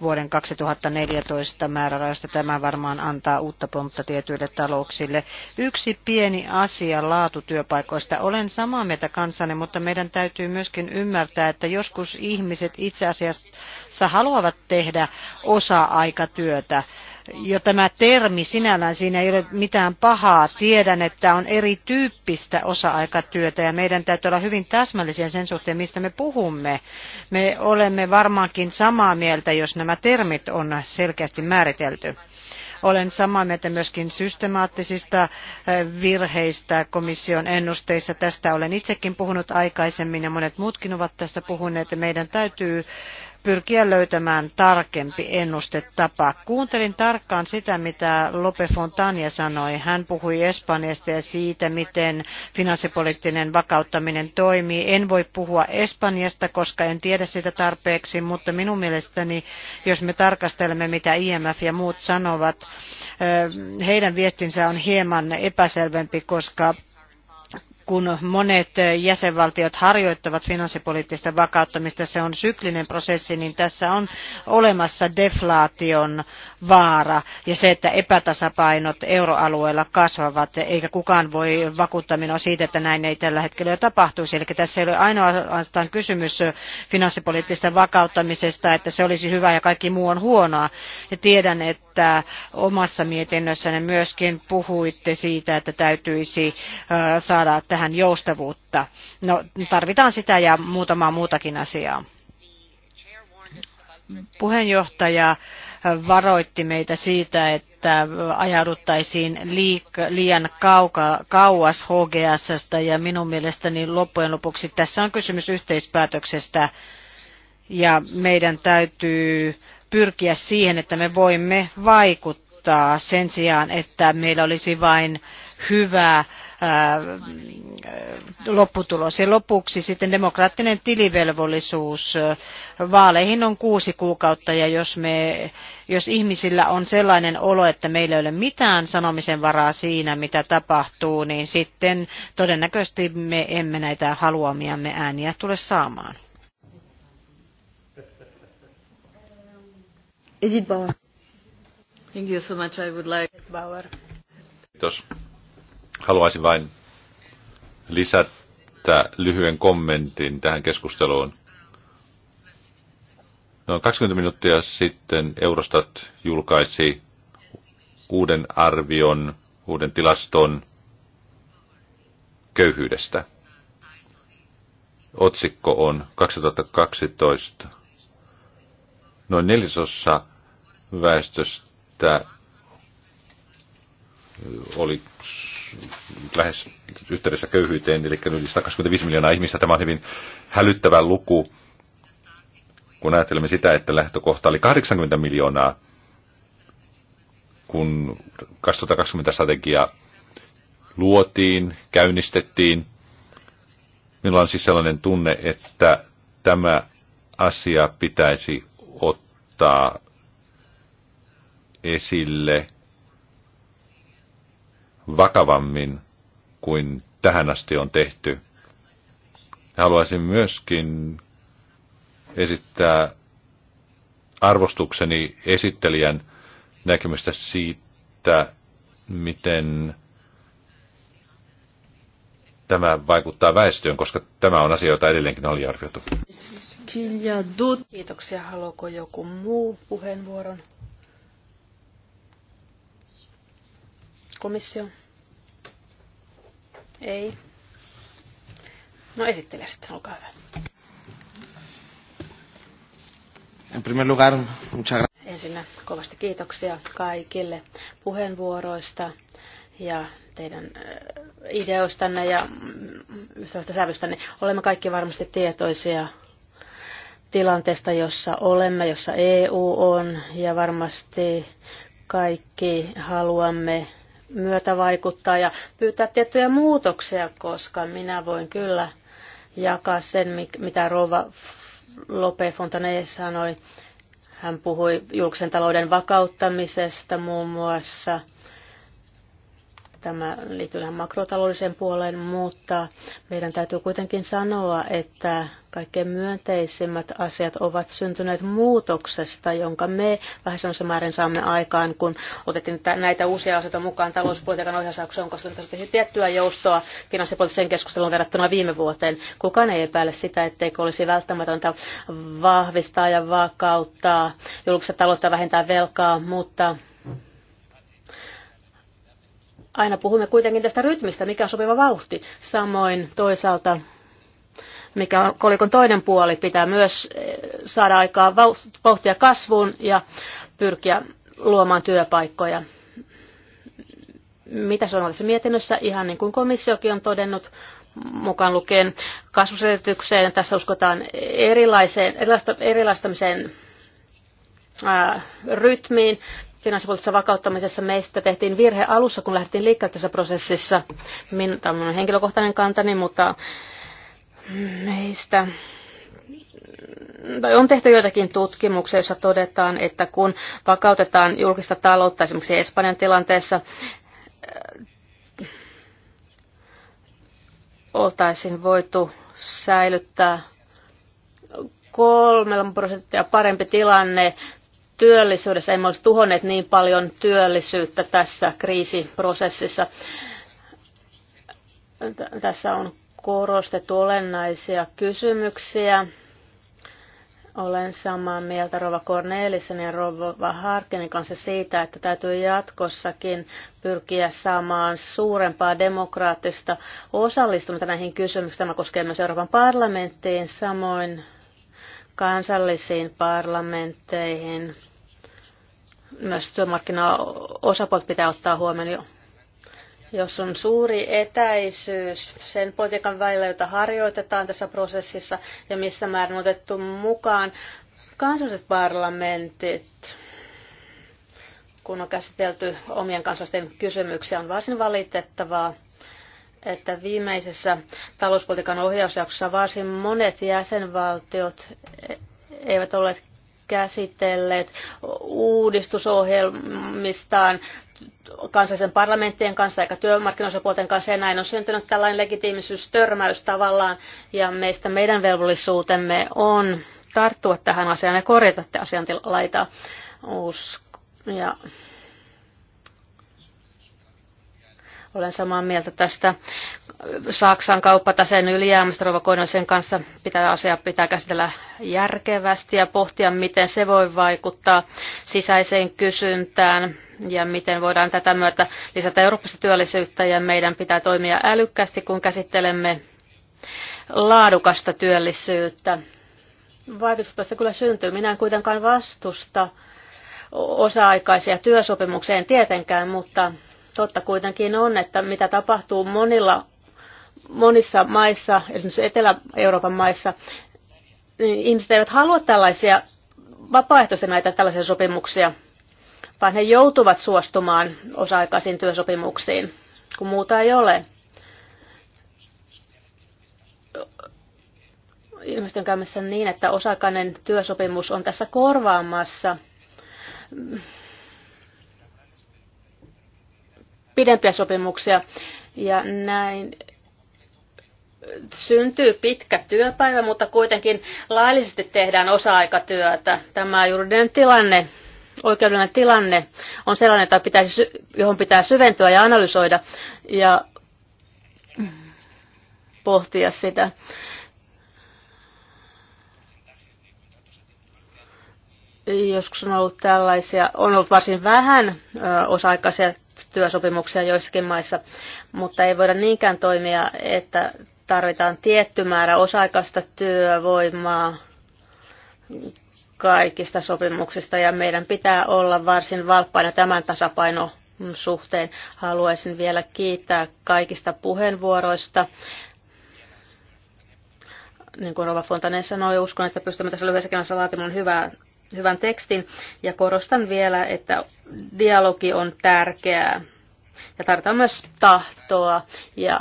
vuoden 2014 määräraista. Tämä varmaan antaa uutta pontta tietyille talouksille. Yksi pieni asia laatutyöpaikoista. Olen samaa mieltä kanssanne, mutta meidän täytyy myöskin ymmärtää, että joskus ihmiset itse asiassa haluavat tehdä osa-aikatyötä jo tämä termi sinällään, siinä ei ole mitään pahaa. Tiedän, että on erityyppistä osa-aikatyötä ja meidän täytyy olla hyvin täsmällisiä sen suhteen, mistä me puhumme. Me olemme varmaankin samaa mieltä, jos nämä termit on selkeästi määritelty. Olen samaa mieltä myöskin systemaattisista äh, virheistä komission ennusteissa. Tästä olen itsekin puhunut aikaisemmin ja monet muutkin ovat tästä puhuneet. Meidän täytyy pyrkiä löytämään tarkempi ennustetapa. Kuuntelin tarkkaan sitä, mitä Lope Fontania sanoi. Hän puhui Espanjasta ja siitä, miten finanssipoliittinen vakauttaminen toimii. En voi puhua Espanjasta, koska en tiedä sitä tarpeeksi, mutta minun mielestäni, jos me tarkastelemme, mitä IMF ja muut sanovat, heidän viestinsä on hieman epäselvempi, koska kun monet jäsenvaltiot harjoittavat finanssipoliittista vakauttamista, se on syklinen prosessi, niin tässä on olemassa deflaation vaara ja se, että epätasapainot euroalueella kasvavat, eikä kukaan voi vakuuttaa minua siitä, että näin ei tällä hetkellä jo tapahtuisi. Eli tässä ei ole ainoastaan kysymys finanssipoliittisesta vakauttamisesta, että se olisi hyvä ja kaikki muu on huonoa. Ja tiedän, että että omassa mietinnössänne myöskin puhuitte siitä, että täytyisi saada tähän joustavuutta. No, tarvitaan sitä ja muutamaa muutakin asiaa. Puheenjohtaja varoitti meitä siitä, että ajauduttaisiin liian kauka, kauas HGSstä ja minun mielestäni loppujen lopuksi tässä on kysymys yhteispäätöksestä ja meidän täytyy pyrkiä siihen, että me voimme vaikuttaa sen sijaan, että meillä olisi vain hyvä lopputulos. Ja lopuksi sitten demokraattinen tilivelvollisuus. Vaaleihin on kuusi kuukautta ja jos, me, jos ihmisillä on sellainen olo, että meillä ei ole mitään sanomisen varaa siinä, mitä tapahtuu, niin sitten todennäköisesti me emme näitä haluamiamme ääniä tule saamaan. Edith Bauer. Thank you so much. I would like... Bauer. Haluaisin vain lisätä lyhyen kommentin tähän keskusteluun. Noin 20 minuuttia sitten Eurostat julkaisi uuden arvion, uuden tilaston köyhyydestä. Otsikko on 2012 noin neljäsosa väestöstä oli lähes yhteydessä köyhyyteen, eli yli 125 miljoonaa ihmistä. Tämä on hyvin hälyttävä luku, kun ajattelemme sitä, että lähtökohta oli 80 miljoonaa, kun 2020 strategia luotiin, käynnistettiin. Minulla on siis sellainen tunne, että tämä asia pitäisi ottaa esille vakavammin kuin tähän asti on tehty. Haluaisin myöskin esittää arvostukseni esittelijän näkemystä siitä, miten tämä vaikuttaa väestöön, koska tämä on asia, jota edelleenkin oli arvioitu. Kiitoksia. Haluaako joku muu puheenvuoron? Komissio? Ei. No esittele sitten, olkaa hyvä. En primer lugar, muchas Ensinnä kovasti kiitoksia kaikille puheenvuoroista ja teidän ideoistanne ja ystävästä sävystänne. Olemme kaikki varmasti tietoisia tilanteesta, jossa olemme, jossa EU on ja varmasti kaikki haluamme myötä vaikuttaa ja pyytää tiettyjä muutoksia, koska minä voin kyllä jakaa sen, mitä Rova Lope Fontane sanoi. Hän puhui julkisen talouden vakauttamisesta muun muassa – Tämä liittyy tähän makrotaloudelliseen puoleen, mutta meidän täytyy kuitenkin sanoa, että kaikkein myönteisimmät asiat ovat syntyneet muutoksesta, jonka me vähän sellaisen määrin saamme aikaan, kun otettiin näitä uusia asioita mukaan talouspolitiikan ohjausjaksoon, koska tässä on tiettyä joustoa finanssipoliittiseen keskusteluun verrattuna viime vuoteen. Kukaan ei epäile sitä, etteikö olisi välttämätöntä vahvistaa ja vakauttaa julkista taloutta vähentää velkaa, mutta aina puhumme kuitenkin tästä rytmistä, mikä on sopiva vauhti. Samoin toisaalta, mikä on kolikon toinen puoli, pitää myös eh, saada aikaa vauhtia kasvuun ja pyrkiä luomaan työpaikkoja. Mitä se on tässä mietinnössä, ihan niin kuin komissiokin on todennut, mukaan lukien kasvuselitykseen, tässä uskotaan erilaiseen, erilaista, erilaistamiseen ää, rytmiin finanssipoliittisessa vakauttamisessa meistä tehtiin virhe alussa, kun lähdettiin liikkeelle tässä prosessissa. Minä, tämä on henkilökohtainen kantani, mutta meistä tai on tehty joitakin tutkimuksia, joissa todetaan, että kun vakautetaan julkista taloutta esimerkiksi Espanjan tilanteessa, äh, oltaisiin voitu säilyttää kolmella prosenttia parempi tilanne työllisyydessä, emme olisi tuhonneet niin paljon työllisyyttä tässä kriisiprosessissa. Tässä on korostettu olennaisia kysymyksiä. Olen samaa mieltä Rova Cornelissen ja Rova Harkinin kanssa siitä, että täytyy jatkossakin pyrkiä saamaan suurempaa demokraattista osallistumista näihin kysymyksiin. Tämä koskee myös Euroopan parlamenttiin, samoin kansallisiin parlamentteihin myös työmarkkinaosapuolet pitää ottaa huomioon. Jos on suuri etäisyys sen politiikan välillä, jota harjoitetaan tässä prosessissa ja missä määrin otettu mukaan kansalliset parlamentit, kun on käsitelty omien kansallisten kysymyksiä, on varsin valitettavaa, että viimeisessä talouspolitiikan ohjausjaksossa varsin monet jäsenvaltiot e- eivät olleet käsitelleet uudistusohjelmistaan kansallisen parlamenttien kanssa eikä työmarkkinoisapuolten kanssa ja näin on syntynyt tällainen legitiimisyystörmäys tavallaan ja meistä meidän velvollisuutemme on tarttua tähän asiaan ja korjata asiantilaitaa. Ja olen samaa mieltä tästä Saksan kauppataseen ylijäämästä sen kanssa pitää asiaa pitää käsitellä järkevästi ja pohtia, miten se voi vaikuttaa sisäiseen kysyntään ja miten voidaan tätä myötä lisätä Euroopasta työllisyyttä ja meidän pitää toimia älykkästi, kun käsittelemme laadukasta työllisyyttä. Vaikutusta se kyllä syntyy. Minä en kuitenkaan vastusta osa-aikaisia työsopimukseen tietenkään, mutta totta kuitenkin on, että mitä tapahtuu monilla monissa maissa, esimerkiksi Etelä-Euroopan maissa, niin ihmiset eivät halua tällaisia vapaaehtoisia näitä tällaisia sopimuksia, vaan he joutuvat suostumaan osa-aikaisiin työsopimuksiin, kun muuta ei ole. Ilmeisesti on käymässä niin, että osakainen työsopimus on tässä korvaamassa pidempiä sopimuksia ja näin syntyy pitkä työpäivä, mutta kuitenkin laillisesti tehdään osa-aikatyötä. Tämä juridinen tilanne, oikeudellinen tilanne on sellainen, jota pitäisi, johon pitää syventyä ja analysoida ja pohtia sitä. Joskus on ollut tällaisia, on ollut varsin vähän osa-aikaisia työsopimuksia joissakin maissa, mutta ei voida niinkään toimia, että tarvitaan tietty määrä osa-aikaista työvoimaa kaikista sopimuksista ja meidän pitää olla varsin valppaina tämän tasapainon suhteen. Haluaisin vielä kiittää kaikista puheenvuoroista. Niin kuin Rova Fontanen sanoi, uskon, että pystymme tässä lyhyessä ajassa laatimaan hyvää, hyvän tekstin. Ja korostan vielä, että dialogi on tärkeää ja tarvitaan myös tahtoa ja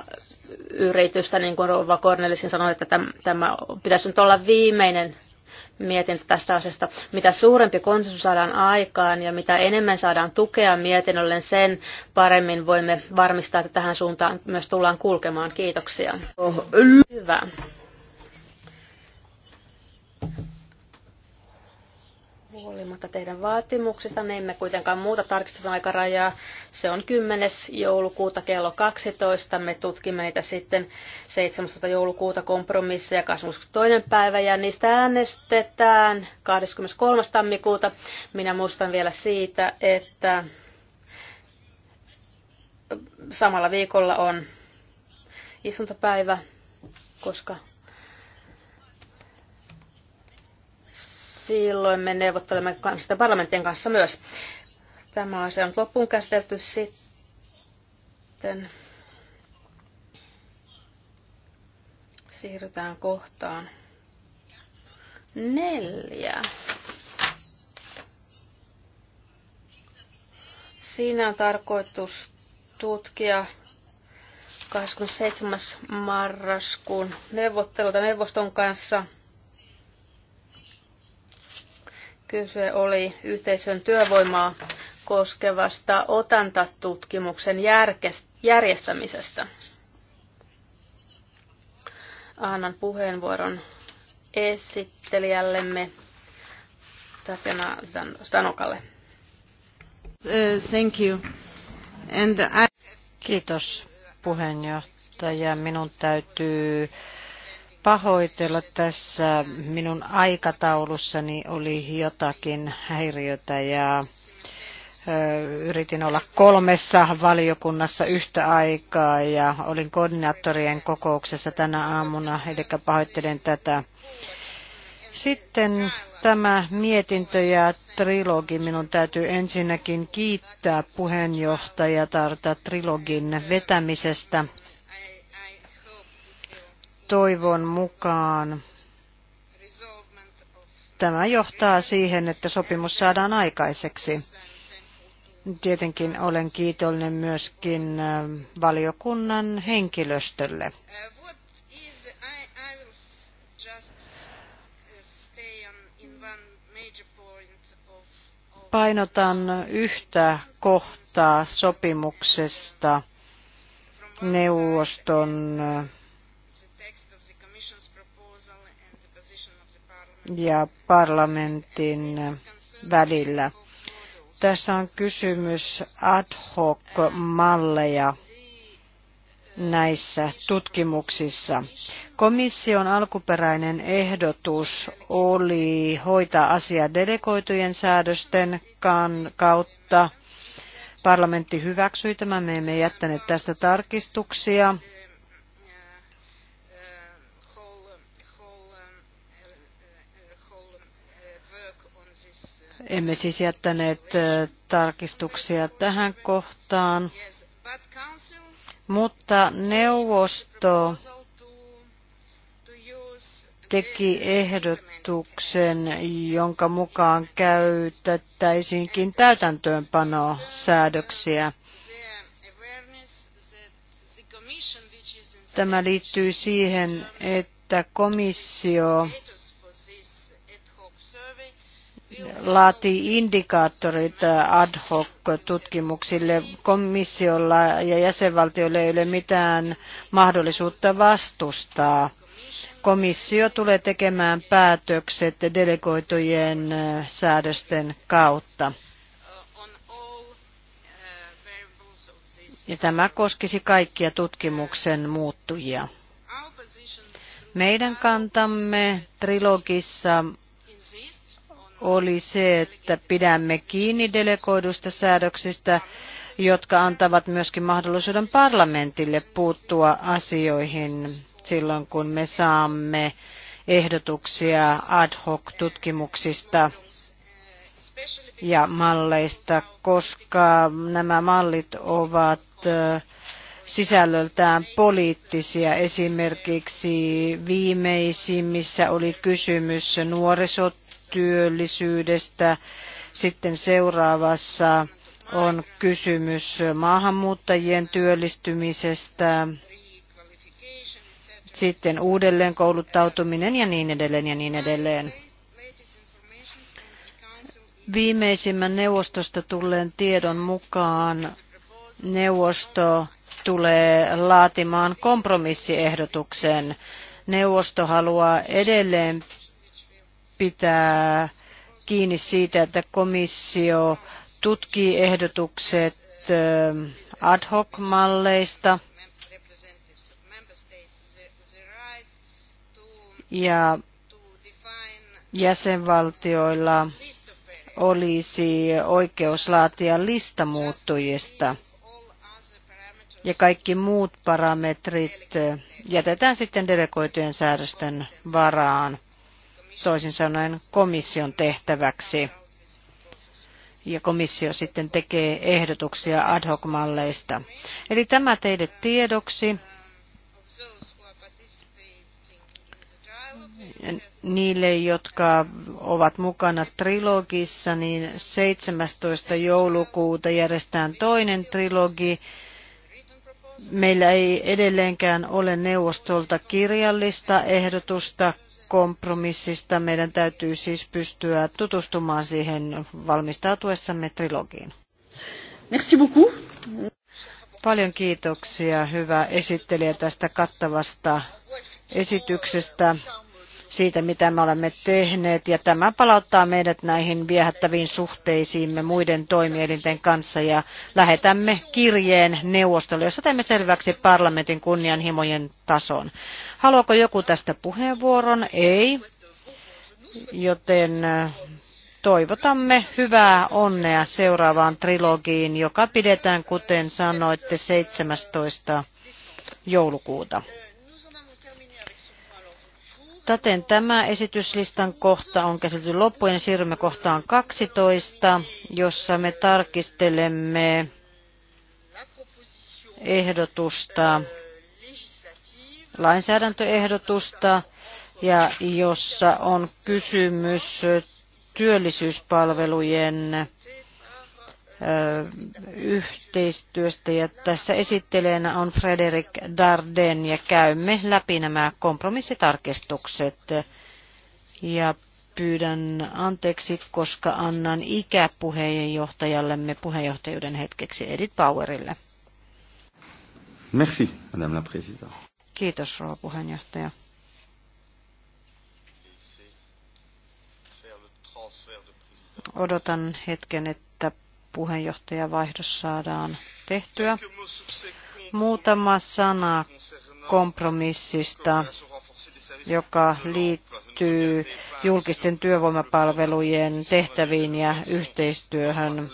yritystä, niin kuin Rova Cornelisin sanoi, että tämä pitäisi nyt olla viimeinen mietintö tästä asiasta. Mitä suurempi konsensus saadaan aikaan ja mitä enemmän saadaan tukea mietinnölle, sen paremmin voimme varmistaa, että tähän suuntaan myös tullaan kulkemaan. Kiitoksia. Oh, Hyvä. Huolimatta teidän vaatimuksista ne emme kuitenkaan muuta tarkistusaikarajaa. aikarajaa. Se on 10. joulukuuta kello 12. Me tutkimme niitä sitten 17. joulukuuta kompromisseja 22. päivä ja niistä äänestetään 23. tammikuuta. Minä muistan vielä siitä, että samalla viikolla on istuntopäivä, koska silloin me neuvottelemme kanssa, parlamentin kanssa myös. Tämä asia on loppuun käsitelty sitten. Siirrytään kohtaan neljä. Siinä on tarkoitus tutkia 27. marraskuun neuvotteluta neuvoston kanssa – Kyse oli yhteisön työvoimaa koskevasta otantatutkimuksen järjestämisestä. Annan puheenvuoron esittelijällemme Tatjana Stanokalle. Uh, thank you. And I... Kiitos puheenjohtaja. Minun täytyy pahoitella tässä minun aikataulussani oli jotakin häiriötä ja yritin olla kolmessa valiokunnassa yhtä aikaa ja olin koordinaattorien kokouksessa tänä aamuna, eli pahoittelen tätä. Sitten tämä mietintö ja trilogi. Minun täytyy ensinnäkin kiittää puheenjohtajatarta trilogin vetämisestä toivon mukaan tämä johtaa siihen, että sopimus saadaan aikaiseksi. Tietenkin olen kiitollinen myöskin äh, valiokunnan henkilöstölle. Painotan yhtä kohtaa sopimuksesta neuvoston äh, ja parlamentin välillä. Tässä on kysymys ad hoc malleja näissä tutkimuksissa. Komission alkuperäinen ehdotus oli hoitaa asia delegoitujen säädösten kautta. Parlamentti hyväksyi tämän, me emme jättäneet tästä tarkistuksia. Emme siis jättäneet tarkistuksia tähän kohtaan. Mutta neuvosto teki ehdotuksen, jonka mukaan käytettäisiinkin täytäntöönpanosäädöksiä. Tämä liittyy siihen, että komissio laatii indikaattorit äh, ad hoc tutkimuksille. Komissiolla ja jäsenvaltioille ei ole mitään mahdollisuutta vastustaa. Komissio tulee tekemään päätökset delegoitujen äh, säädösten kautta. Ja tämä koskisi kaikkia tutkimuksen muuttujia. Meidän kantamme trilogissa oli se, että pidämme kiinni delegoidusta säädöksistä, jotka antavat myöskin mahdollisuuden parlamentille puuttua asioihin silloin, kun me saamme ehdotuksia ad hoc tutkimuksista ja malleista, koska nämä mallit ovat sisällöltään poliittisia. Esimerkiksi viimeisimmissä oli kysymys nuorisot työllisyydestä. Sitten seuraavassa on kysymys maahanmuuttajien työllistymisestä, sitten uudelleen kouluttautuminen ja niin edelleen ja niin edelleen. Viimeisimmän neuvostosta tulleen tiedon mukaan neuvosto tulee laatimaan kompromissiehdotuksen. Neuvosto haluaa edelleen pitää kiinni siitä, että komissio tutkii ehdotukset ähm, ad hoc-malleista ja jäsenvaltioilla olisi oikeus laatia lista muuttujista. Ja kaikki muut parametrit jätetään sitten delegoitujen säädösten varaan toisin sanoen komission tehtäväksi. Ja komissio sitten tekee ehdotuksia ad hoc-malleista. Eli tämä teille tiedoksi. niille, jotka ovat mukana trilogissa, niin 17. joulukuuta järjestetään toinen trilogi. Meillä ei edelleenkään ole neuvostolta kirjallista ehdotusta kompromissista. Meidän täytyy siis pystyä tutustumaan siihen valmistautuessamme trilogiin. Merci beaucoup. Paljon kiitoksia, hyvä esittelijä, tästä kattavasta esityksestä siitä, mitä me olemme tehneet. Ja tämä palauttaa meidät näihin viehättäviin suhteisiimme muiden toimielinten kanssa ja lähetämme kirjeen neuvostolle, jossa teemme selväksi parlamentin kunnianhimojen tason. Haluaako joku tästä puheenvuoron? Ei. Joten äh, toivotamme hyvää onnea seuraavaan trilogiin, joka pidetään, kuten sanoitte, 17. joulukuuta. Täten tämä esityslistan kohta on käsitelty loppuun ja siirrymme kohtaan 12, jossa me tarkistelemme ehdotusta, lainsäädäntöehdotusta, ja jossa on kysymys työllisyyspalvelujen yhteistyöstä. Ja tässä esittelijänä on Frederik Darden ja käymme läpi nämä kompromissitarkistukset. Ja pyydän anteeksi, koska annan ikäpuheenjohtajallemme puheenjohtajuuden hetkeksi Edith Powerille. Merci, Madame la Présidente. Kiitos, rouva puheenjohtaja. Odotan hetken, että puheenjohtajavaihdos saadaan tehtyä. Muutama sana kompromissista, joka liittyy julkisten työvoimapalvelujen tehtäviin ja yhteistyöhön.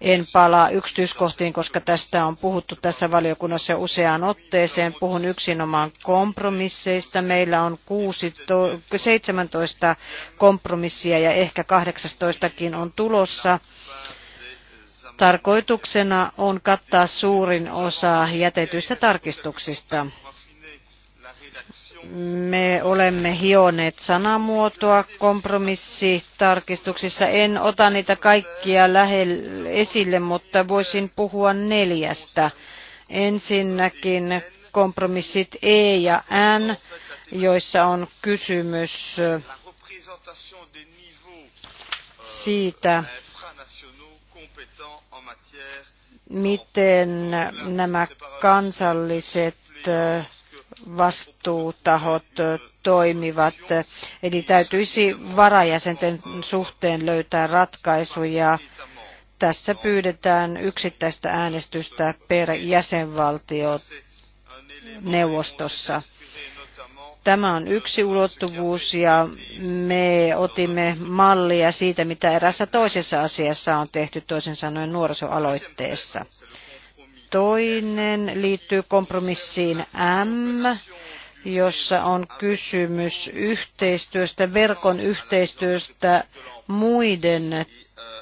En palaa yksityiskohtiin, koska tästä on puhuttu tässä valiokunnassa useaan otteeseen. Puhun yksinomaan kompromisseista. Meillä on 16, 17 kompromissia ja ehkä 18kin on tulossa. Tarkoituksena on kattaa suurin osa jätetyistä tarkistuksista. Me olemme hioneet sanamuotoa kompromissitarkistuksissa. En ota niitä kaikkia lähelle esille, mutta voisin puhua neljästä. Ensinnäkin kompromissit E ja N, joissa on kysymys siitä, miten nämä kansalliset vastuutahot toimivat. Eli täytyisi varajäsenten suhteen löytää ratkaisuja. Tässä pyydetään yksittäistä äänestystä per jäsenvaltio neuvostossa. Tämä on yksi ulottuvuus ja me otimme mallia siitä, mitä erässä toisessa asiassa on tehty, toisin sanoen nuorisoaloitteessa. Toinen liittyy kompromissiin M, jossa on kysymys yhteistyöstä, verkon yhteistyöstä muiden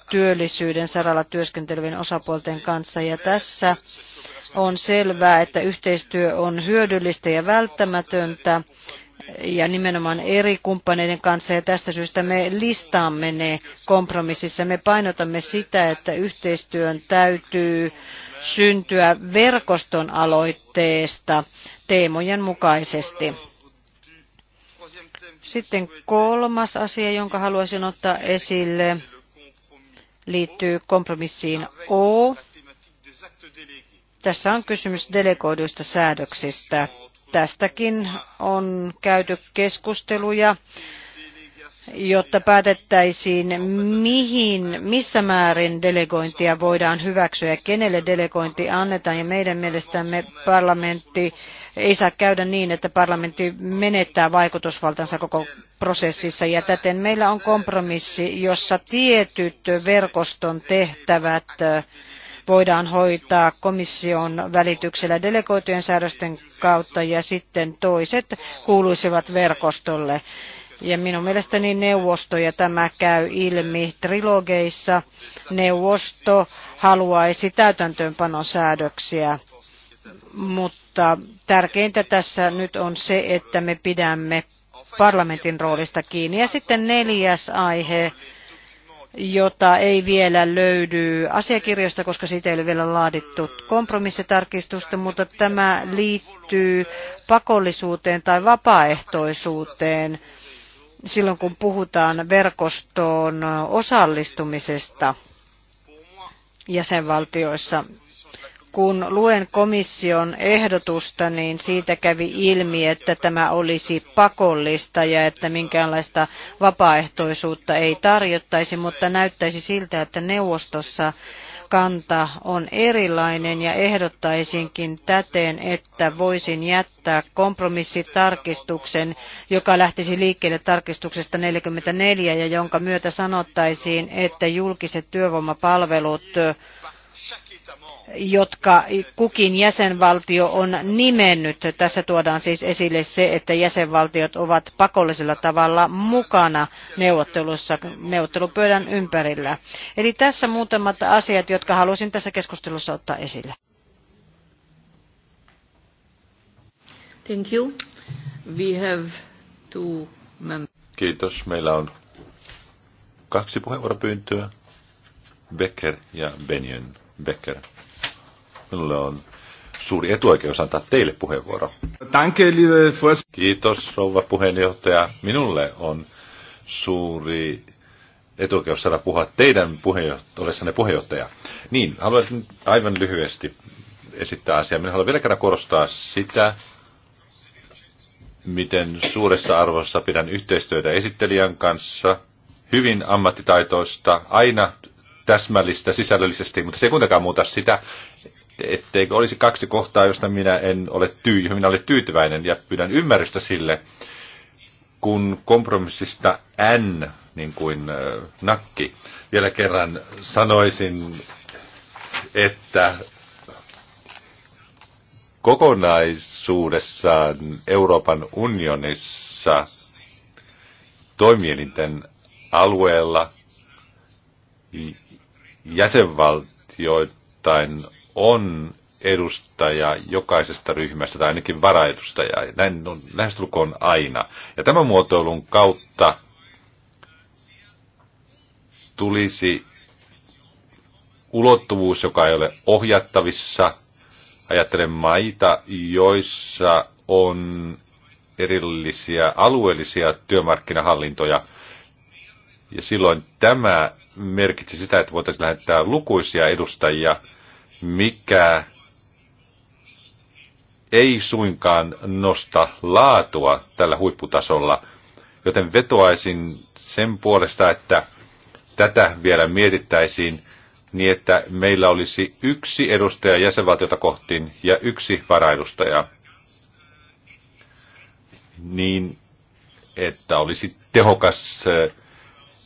työllisyyden saralla työskentelevien osapuolten kanssa. Ja tässä on selvää, että yhteistyö on hyödyllistä ja välttämätöntä ja nimenomaan eri kumppaneiden kanssa ja tästä syystä me listaamme ne kompromississa. Me painotamme sitä, että yhteistyön täytyy syntyä verkoston aloitteesta teemojen mukaisesti. Sitten kolmas asia, jonka haluaisin ottaa esille, liittyy kompromissiin O. Tässä on kysymys delegoiduista säädöksistä. Tästäkin on käyty keskusteluja jotta päätettäisiin, mihin, missä määrin delegointia voidaan hyväksyä ja kenelle delegointi annetaan. Ja meidän mielestämme parlamentti ei saa käydä niin, että parlamentti menettää vaikutusvaltansa koko prosessissa. Ja täten meillä on kompromissi, jossa tietyt verkoston tehtävät voidaan hoitaa komission välityksellä delegoitujen säädösten kautta ja sitten toiset kuuluisivat verkostolle. Ja minun mielestäni neuvosto, ja tämä käy ilmi trilogeissa, neuvosto haluaisi täytäntöönpanosäädöksiä, mutta tärkeintä tässä nyt on se, että me pidämme parlamentin roolista kiinni. Ja sitten neljäs aihe, jota ei vielä löydy asiakirjoista, koska siitä ei ole vielä laadittu kompromissitarkistusta, mutta tämä liittyy pakollisuuteen tai vapaaehtoisuuteen silloin kun puhutaan verkostoon osallistumisesta jäsenvaltioissa. Kun luen komission ehdotusta, niin siitä kävi ilmi, että tämä olisi pakollista ja että minkäänlaista vapaaehtoisuutta ei tarjottaisi, mutta näyttäisi siltä, että neuvostossa kanta on erilainen ja ehdottaisinkin täten, että voisin jättää kompromissitarkistuksen, joka lähtisi liikkeelle tarkistuksesta 44 ja jonka myötä sanottaisiin, että julkiset työvoimapalvelut jotka kukin jäsenvaltio on nimennyt. Tässä tuodaan siis esille se, että jäsenvaltiot ovat pakollisella tavalla mukana neuvottelussa, neuvottelupöydän ympärillä. Eli tässä muutamat asiat, jotka halusin tässä keskustelussa ottaa esille. Thank you. We have two members. Kiitos. Meillä on kaksi puheenvuoropyyntöä. Becker ja Benjen Becker. Minulle on suuri etuoikeus antaa teille puheenvuoro. Kiitos, rouva puheenjohtaja. Minulle on suuri etuoikeus saada puhua teidän puheenjohtaja, olessanne puheenjohtaja. Niin, haluaisin aivan lyhyesti esittää asiaa. Minä haluan vielä kerran korostaa sitä, miten suuressa arvossa pidän yhteistyötä esittelijän kanssa. Hyvin ammattitaitoista, aina täsmällistä sisällöllisesti, mutta se ei kuitenkaan muuta sitä, etteikö olisi kaksi kohtaa, josta minä en ole tyy, johon minä olen tyytyväinen ja pyydän ymmärrystä sille, kun kompromissista N, niin kuin äh, nakki, vielä kerran sanoisin, että kokonaisuudessaan Euroopan unionissa toimielinten alueella jäsenvaltioiden on edustaja jokaisesta ryhmästä, tai ainakin varaedustaja. Näin on lähestulkoon aina. Ja tämän muotoilun kautta tulisi ulottuvuus, joka ei ole ohjattavissa. Ajattelen maita, joissa on erillisiä alueellisia työmarkkinahallintoja. Ja silloin tämä merkitsi sitä, että voitaisiin lähettää lukuisia edustajia – mikä ei suinkaan nosta laatua tällä huipputasolla, joten vetoaisin sen puolesta, että tätä vielä mietittäisiin niin, että meillä olisi yksi edustaja jäsenvaltiota kohtiin ja yksi varaedustaja, niin että olisi tehokas eh,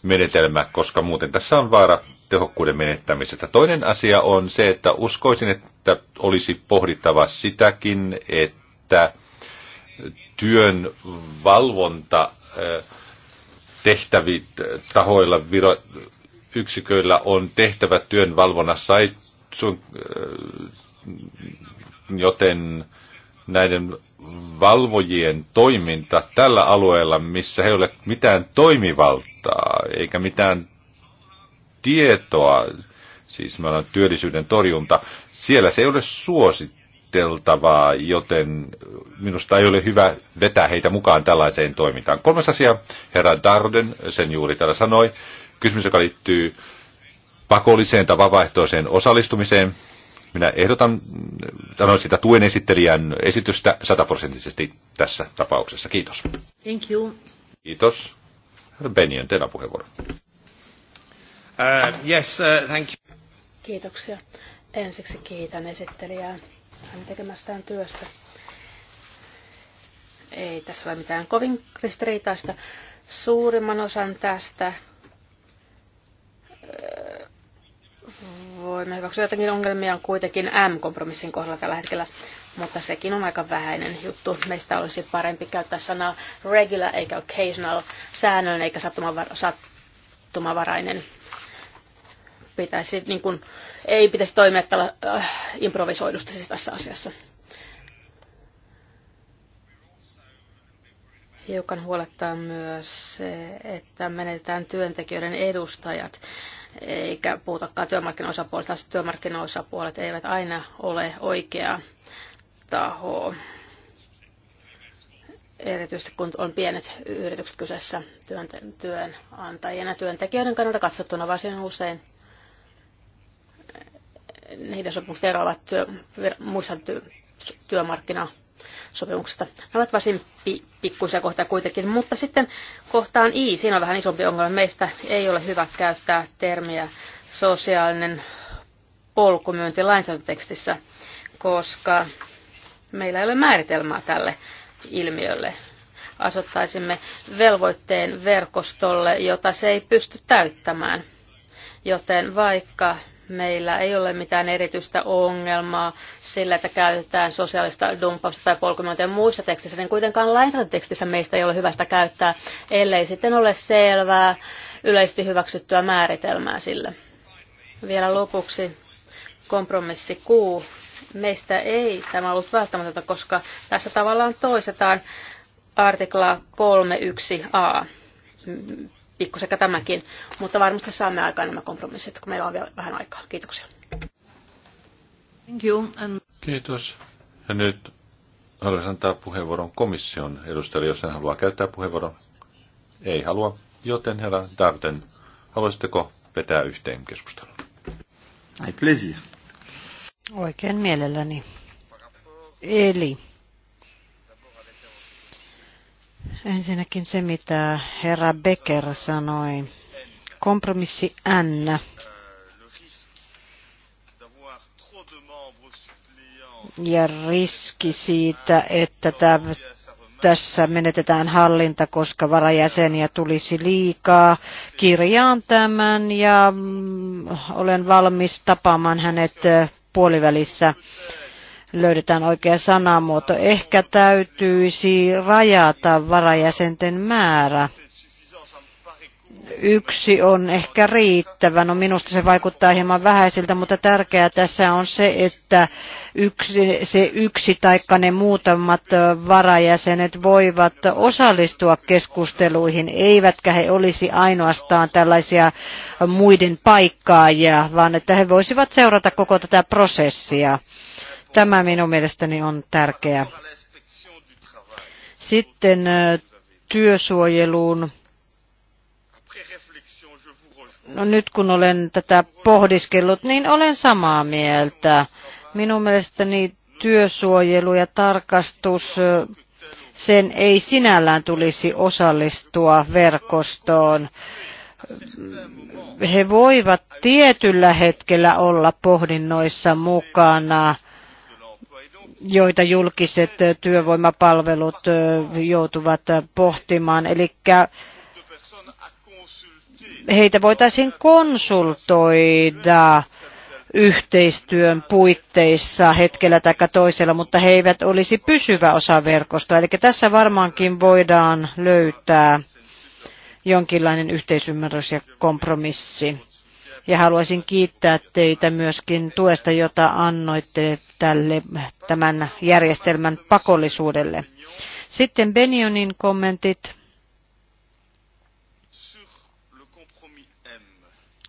menetelmä, koska muuten tässä on vaara tehokkuuden menettämisestä. Toinen asia on se, että uskoisin, että olisi pohdittava sitäkin, että työn valvonta tehtävit tahoilla viro, yksiköillä on tehtävä työn valvonnassa, joten näiden valvojien toiminta tällä alueella, missä he ei ole mitään toimivaltaa eikä mitään tietoa, siis meillä on työllisyyden torjunta, siellä se ei ole suositeltavaa, joten minusta ei ole hyvä vetää heitä mukaan tällaiseen toimintaan. Kolmas asia, herra Darden, sen juuri täällä sanoi, kysymys, joka liittyy pakolliseen tai vapaaehtoiseen osallistumiseen. Minä ehdotan, sanoin sitä tuen esittelijän esitystä sataprosenttisesti tässä tapauksessa. Kiitos. Thank you. Kiitos. Benjen, teillä on puheenvuoro. Uh, yes, uh, thank you. Kiitoksia. Ensiksi kiitän esittelijää hänen tekemästään työstä. Ei tässä ole mitään kovin ristiriitaista. Suurimman osan tästä uh, voimme hyväksyä jotakin ongelmia on kuitenkin M-kompromissin kohdalla tällä hetkellä, mutta sekin on aika vähäinen juttu. Meistä olisi parempi käyttää sanaa regular eikä occasional, säännöllinen eikä sattumavarainen pitäisi, niin kuin, ei pitäisi toimia tällä äh, improvisoidusta siis tässä asiassa. Hiukan huolettaa myös se, että menetetään työntekijöiden edustajat, eikä puhutakaan työmarkkinaosapuolista. Työmarkkinoisapuolet eivät aina ole oikea taho erityisesti kun on pienet yritykset kyseessä työnantajien ja työntekijöiden kannalta katsottuna varsin usein niiden sopimukset eroavat työ, muissa työ, työmarkkinasopimuksista. Ne ovat varsin pi, pikkuisia kohtia kuitenkin, mutta sitten kohtaan I, siinä on vähän isompi ongelma. Meistä ei ole hyvä käyttää termiä sosiaalinen polkumyynti lainsäädäntötekstissä, koska meillä ei ole määritelmää tälle ilmiölle. Asottaisimme velvoitteen verkostolle, jota se ei pysty täyttämään. Joten vaikka Meillä ei ole mitään erityistä ongelmaa sillä, että käytetään sosiaalista dumpausta tai polkumointia muissa tekstissä, niin kuitenkaan lainsäädäntötekstissä meistä ei ole hyvästä käyttää, ellei sitten ole selvää yleisesti hyväksyttyä määritelmää sille. Vielä lopuksi kompromissi Q. Meistä ei tämä ollut välttämätöntä, koska tässä tavallaan toisetaan artiklaa 31a pikkusekä tämäkin, mutta varmasti saamme aikaan nämä kompromissit, kun meillä on vielä vähän aikaa. Kiitoksia. Thank you. And... Kiitos. Ja nyt haluaisin antaa puheenvuoron komission edustajalle, jos hän haluaa käyttää puheenvuoron. Ei halua, joten herra Darden, haluaisitteko vetää yhteen keskustelun? Ai plaisir. Oikein mielelläni. Eli Ensinnäkin se, mitä herra Becker sanoi. Kompromissi N. Ja riski siitä, että tämä tässä menetetään hallinta, koska varajäseniä tulisi liikaa. Kirjaan tämän ja mm, olen valmis tapaamaan hänet äh, puolivälissä löydetään oikea sanamuoto. Ehkä täytyisi rajata varajäsenten määrä. Yksi on ehkä riittävä. No minusta se vaikuttaa hieman vähäisiltä, mutta tärkeää tässä on se, että yksi, se yksi tai ne muutamat varajäsenet voivat osallistua keskusteluihin, eivätkä he olisi ainoastaan tällaisia muiden paikkaajia, vaan että he voisivat seurata koko tätä prosessia. Tämä minun mielestäni on tärkeää. Sitten työsuojeluun. No nyt kun olen tätä pohdiskellut, niin olen samaa mieltä. Minun mielestäni työsuojelu ja tarkastus, sen ei sinällään tulisi osallistua verkostoon. He voivat tietyllä hetkellä olla pohdinnoissa mukana joita julkiset työvoimapalvelut joutuvat pohtimaan. Eli heitä voitaisiin konsultoida yhteistyön puitteissa hetkellä tai toisella, mutta he eivät olisi pysyvä osa verkostoa. Eli tässä varmaankin voidaan löytää jonkinlainen yhteisymmärrys ja kompromissi ja haluaisin kiittää teitä myöskin tuesta, jota annoitte tälle tämän järjestelmän pakollisuudelle. Sitten Benionin kommentit.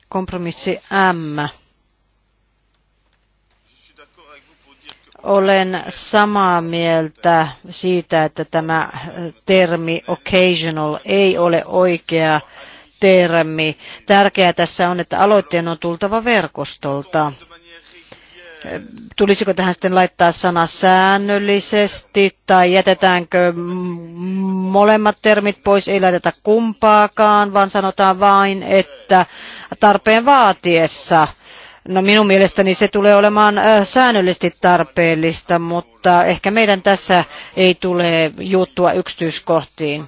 Kompromissi M. Olen samaa mieltä siitä, että tämä termi occasional ei ole oikea termi. Tärkeää tässä on, että aloitteen on tultava verkostolta. Tulisiko tähän sitten laittaa sana säännöllisesti tai jätetäänkö molemmat termit pois, ei laiteta kumpaakaan, vaan sanotaan vain, että tarpeen vaatiessa No minun mielestäni se tulee olemaan äh, säännöllisesti tarpeellista, mutta ehkä meidän tässä ei tule juuttua yksityiskohtiin.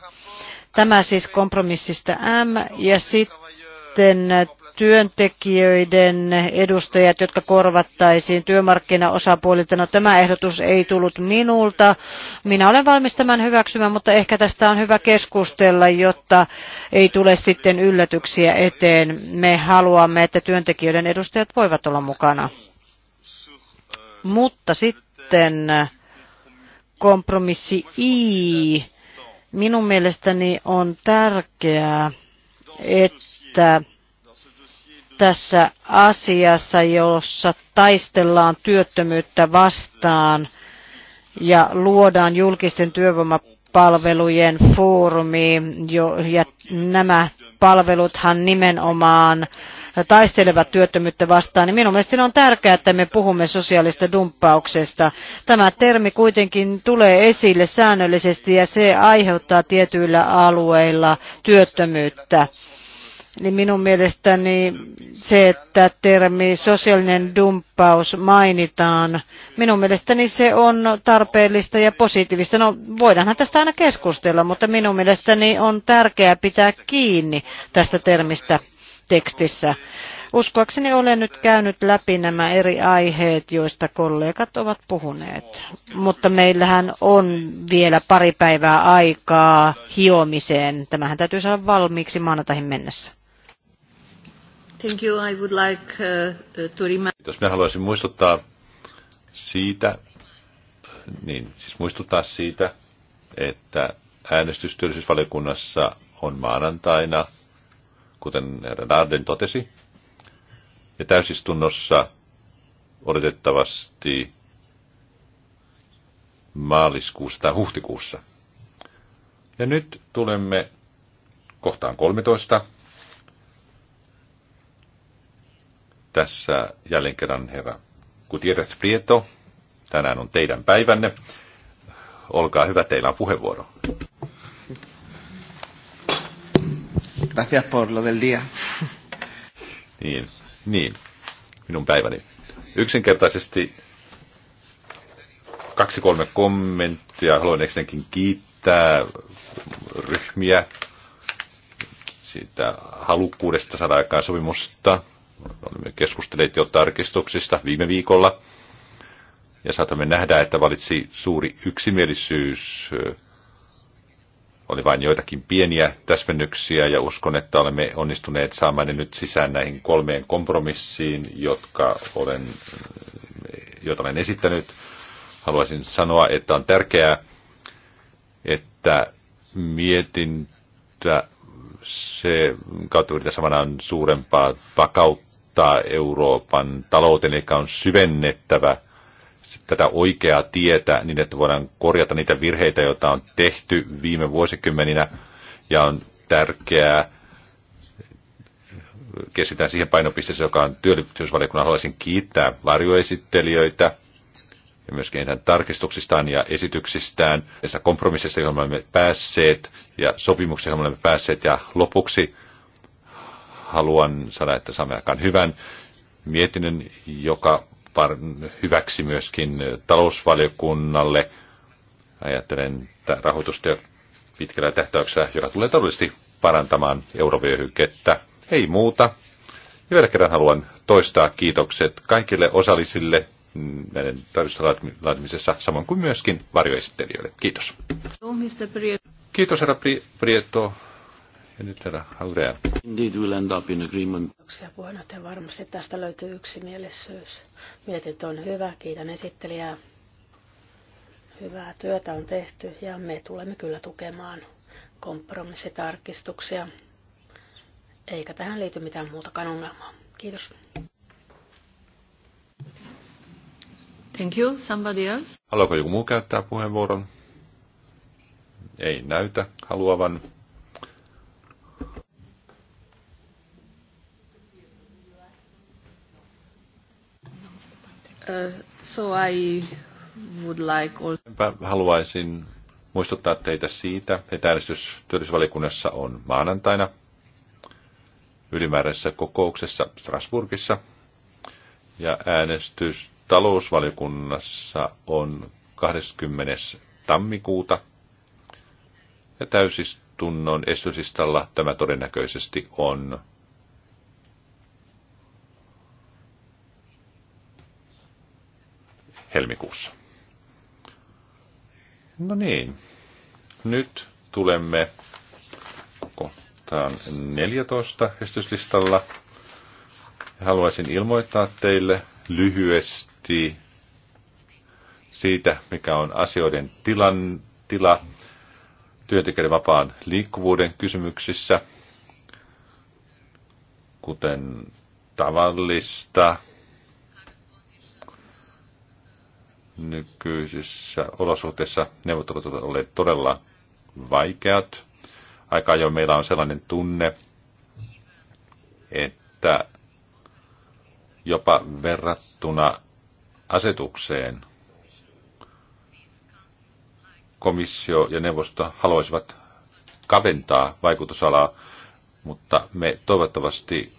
Tämä siis kompromissista M ja sitten työntekijöiden edustajat, jotka korvattaisiin työmarkkinaosapuolilta. No tämä ehdotus ei tullut minulta. Minä olen valmis tämän hyväksymään, mutta ehkä tästä on hyvä keskustella, jotta ei tule sitten yllätyksiä eteen. Me haluamme, että työntekijöiden edustajat voivat olla mukana. Mutta sitten kompromissi I Minun mielestäni on tärkeää, että tässä asiassa, jossa taistellaan työttömyyttä vastaan ja luodaan julkisten työvoimapalvelujen foorumi, jo, ja nämä palveluthan nimenomaan taistelevat työttömyyttä vastaan, niin minun mielestäni on tärkeää, että me puhumme sosiaalista dumppauksesta. Tämä termi kuitenkin tulee esille säännöllisesti ja se aiheuttaa tietyillä alueilla työttömyyttä niin minun mielestäni se, että termi sosiaalinen dumppaus mainitaan, minun mielestäni se on tarpeellista ja positiivista. No voidaanhan tästä aina keskustella, mutta minun mielestäni on tärkeää pitää kiinni tästä termistä tekstissä. Uskoakseni olen nyt käynyt läpi nämä eri aiheet, joista kollegat ovat puhuneet. Mutta meillähän on vielä pari päivää aikaa hiomiseen. Tämähän täytyy saada valmiiksi maanantaihin mennessä. Thank you. I would like, uh, uh, to Minä haluaisin muistuttaa siitä, niin, siis muistuttaa siitä, että äänestystyöllisyysvaliokunnassa on maanantaina kuten Darden totesi. Ja täysistunnossa odotettavasti maaliskuussa tai huhtikuussa. Ja nyt tulemme kohtaan 13. Tässä jälleen kerran herra Gutierrez Prieto. Tänään on teidän päivänne. Olkaa hyvä, teillä on puheenvuoro. Gracias por lo del día. Niin, niin. Minun päiväni. Yksinkertaisesti kaksi kolme kommenttia. Haluan ensinnäkin kiittää ryhmiä siitä halukkuudesta saada aikaan sopimusta. Olemme keskustelleet jo tarkistuksista viime viikolla. Ja saatamme nähdä, että valitsi suuri yksimielisyys oli vain joitakin pieniä täsmennyksiä ja uskon, että olemme onnistuneet saamaan ne nyt sisään näihin kolmeen kompromissiin, jotka olen, joita olen esittänyt. Haluaisin sanoa, että on tärkeää, että mietintä se kautta yritetään samanaan suurempaa vakautta Euroopan talouteen, eikä on syvennettävä – tätä oikeaa tietä niin, että voidaan korjata niitä virheitä, joita on tehty viime vuosikymmeninä. Ja on tärkeää, keskitytään siihen painopisteeseen, joka on työllisyysvaliokunnan. Haluaisin kiittää varjoesittelijöitä ja myöskin heidän tarkistuksistaan ja esityksistään, näistä kompromisseista, joihin olemme päässeet, ja sopimuksista, joihin olemme päässeet. Ja lopuksi haluan sanoa, että saamme aikaan hyvän mietinnön, joka hyväksi myöskin talousvaliokunnalle. Ajattelen rahoitusta pitkällä tähtäyksellä, joka tulee todellisesti parantamaan eurovyöhykettä. Ei muuta. Ja vielä kerran haluan toistaa kiitokset kaikille osallisille näiden tarkistusten laatimisessa, samoin kuin myöskin varjoesittelijöille. Kiitos. Kiitos, herra Prieto. Ja nyt herra Haurea. Indeed we'll end up in agreement. Kiitoksia puheenjohtaja. Varmasti tästä löytyy yksimielisyys. Mietintö on hyvä. Kiitän esittelijää. Hyvää työtä on tehty ja me tulemme kyllä tukemaan kompromissitarkistuksia. Eikä tähän liity mitään muutakaan ongelmaa. Kiitos. Thank you. Somebody else? Haluaako joku muu käyttää puheenvuoron? Ei näytä haluavan. Uh, so I would like Haluaisin muistuttaa teitä siitä, että äänestys työllisyysvaliokunnassa on maanantaina ylimääräisessä kokouksessa Strasburgissa ja äänestys talousvaliokunnassa on 20. tammikuuta ja täysistunnon estysistalla tämä todennäköisesti on helmikuussa. No niin, nyt tulemme kohtaan 14 esityslistalla. Haluaisin ilmoittaa teille lyhyesti siitä, mikä on asioiden tilan, tila työntekijöiden vapaan liikkuvuuden kysymyksissä, kuten tavallista. nykyisissä olosuhteissa neuvottelut ovat olleet todella vaikeat. Aika ajoin meillä on sellainen tunne, että jopa verrattuna asetukseen komissio ja neuvosto haluaisivat kaventaa vaikutusalaa, mutta me toivottavasti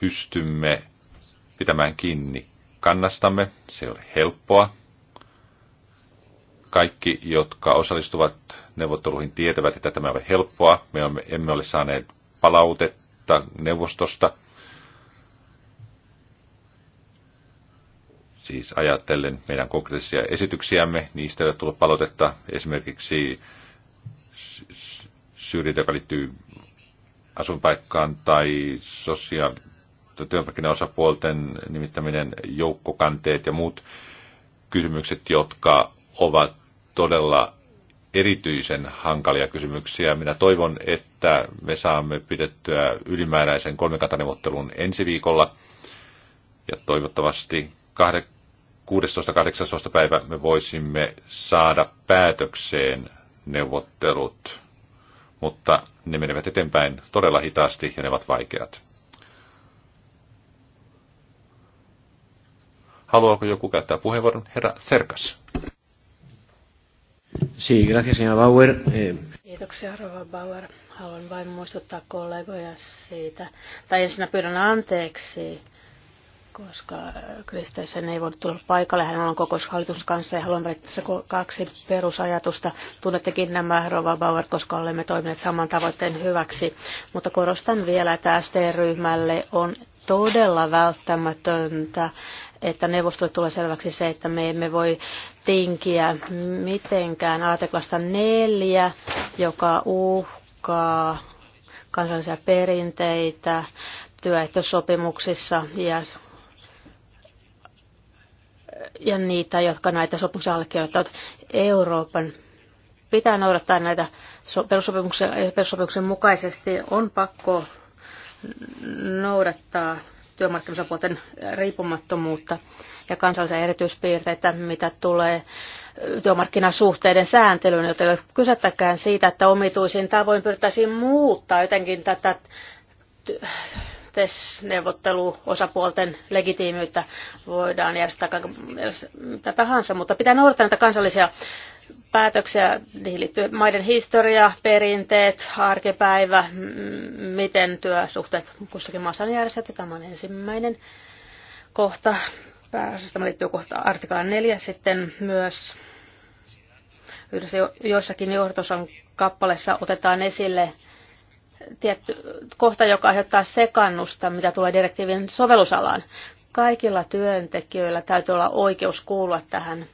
pystymme pitämään kiinni kannastamme. Se oli helppoa. Kaikki, jotka osallistuvat neuvotteluihin, tietävät, että tämä oli helppoa. Me emme ole saaneet palautetta neuvostosta. Siis ajatellen meidän konkreettisia esityksiämme, niistä ei ole tullut palautetta. Esimerkiksi syrjintä, joka liittyy asuinpaikkaan tai sosiaali- työmarkkinaosapuolten nimittäminen, joukkokanteet ja muut kysymykset, jotka ovat todella erityisen hankalia kysymyksiä. Minä toivon, että me saamme pidettyä ylimääräisen kolmikantaneuvottelun ensi viikolla ja toivottavasti 16-18 päivä me voisimme saada päätökseen neuvottelut, mutta ne menevät eteenpäin todella hitaasti ja ne ovat vaikeat. Haluaako joku käyttää puheenvuoron? Herra Serkas. Sí, gracias, señora Bauer. Eh, Kiitoksia, Rova Bauer. Haluan vain muistuttaa kollegoja siitä. Tai ensin pyydän anteeksi, koska Kristeisen ei voinut tulla paikalle. Hän on kokous hallituksen kanssa ja haluan välittää tässä kaksi perusajatusta. Tunnettekin nämä Rova Bauer, koska olemme toimineet saman tavoitteen hyväksi. Mutta korostan vielä, että ST-ryhmälle on todella välttämätöntä, että neuvostolle tulee selväksi se, että me emme voi tinkiä mitenkään artiklasta neljä, joka uhkaa kansallisia perinteitä työehtosopimuksissa ja, ja niitä, jotka näitä sopimuksia allekirjoittavat Euroopan. Pitää noudattaa näitä perussopimuksen, perussopimuksen mukaisesti. On pakko noudattaa työmarkkinosapuolten riippumattomuutta ja kansallisia erityispiirteitä, mitä tulee työmarkkinasuhteiden sääntelyyn, joten ei ole kysyttäkään siitä, että omituisin tavoin pyrittäisiin muuttaa jotenkin tätä TES-neuvotteluosapuolten legitiimiyttä voidaan järjestää mitä tahansa, mutta pitää noudattaa näitä kansallisia päätöksiä, niihin liittyy maiden historia, perinteet, arkipäivä, miten työsuhteet kussakin maassa on järjestetty. Tämä on ensimmäinen kohta. Pääosasta liittyy kohta artikla 4 sitten myös yhdessä joissakin johdotusan kappaleessa otetaan esille tietty kohta, joka aiheuttaa sekannusta, mitä tulee direktiivin sovellusalaan. Kaikilla työntekijöillä täytyy olla oikeus kuulua tähän.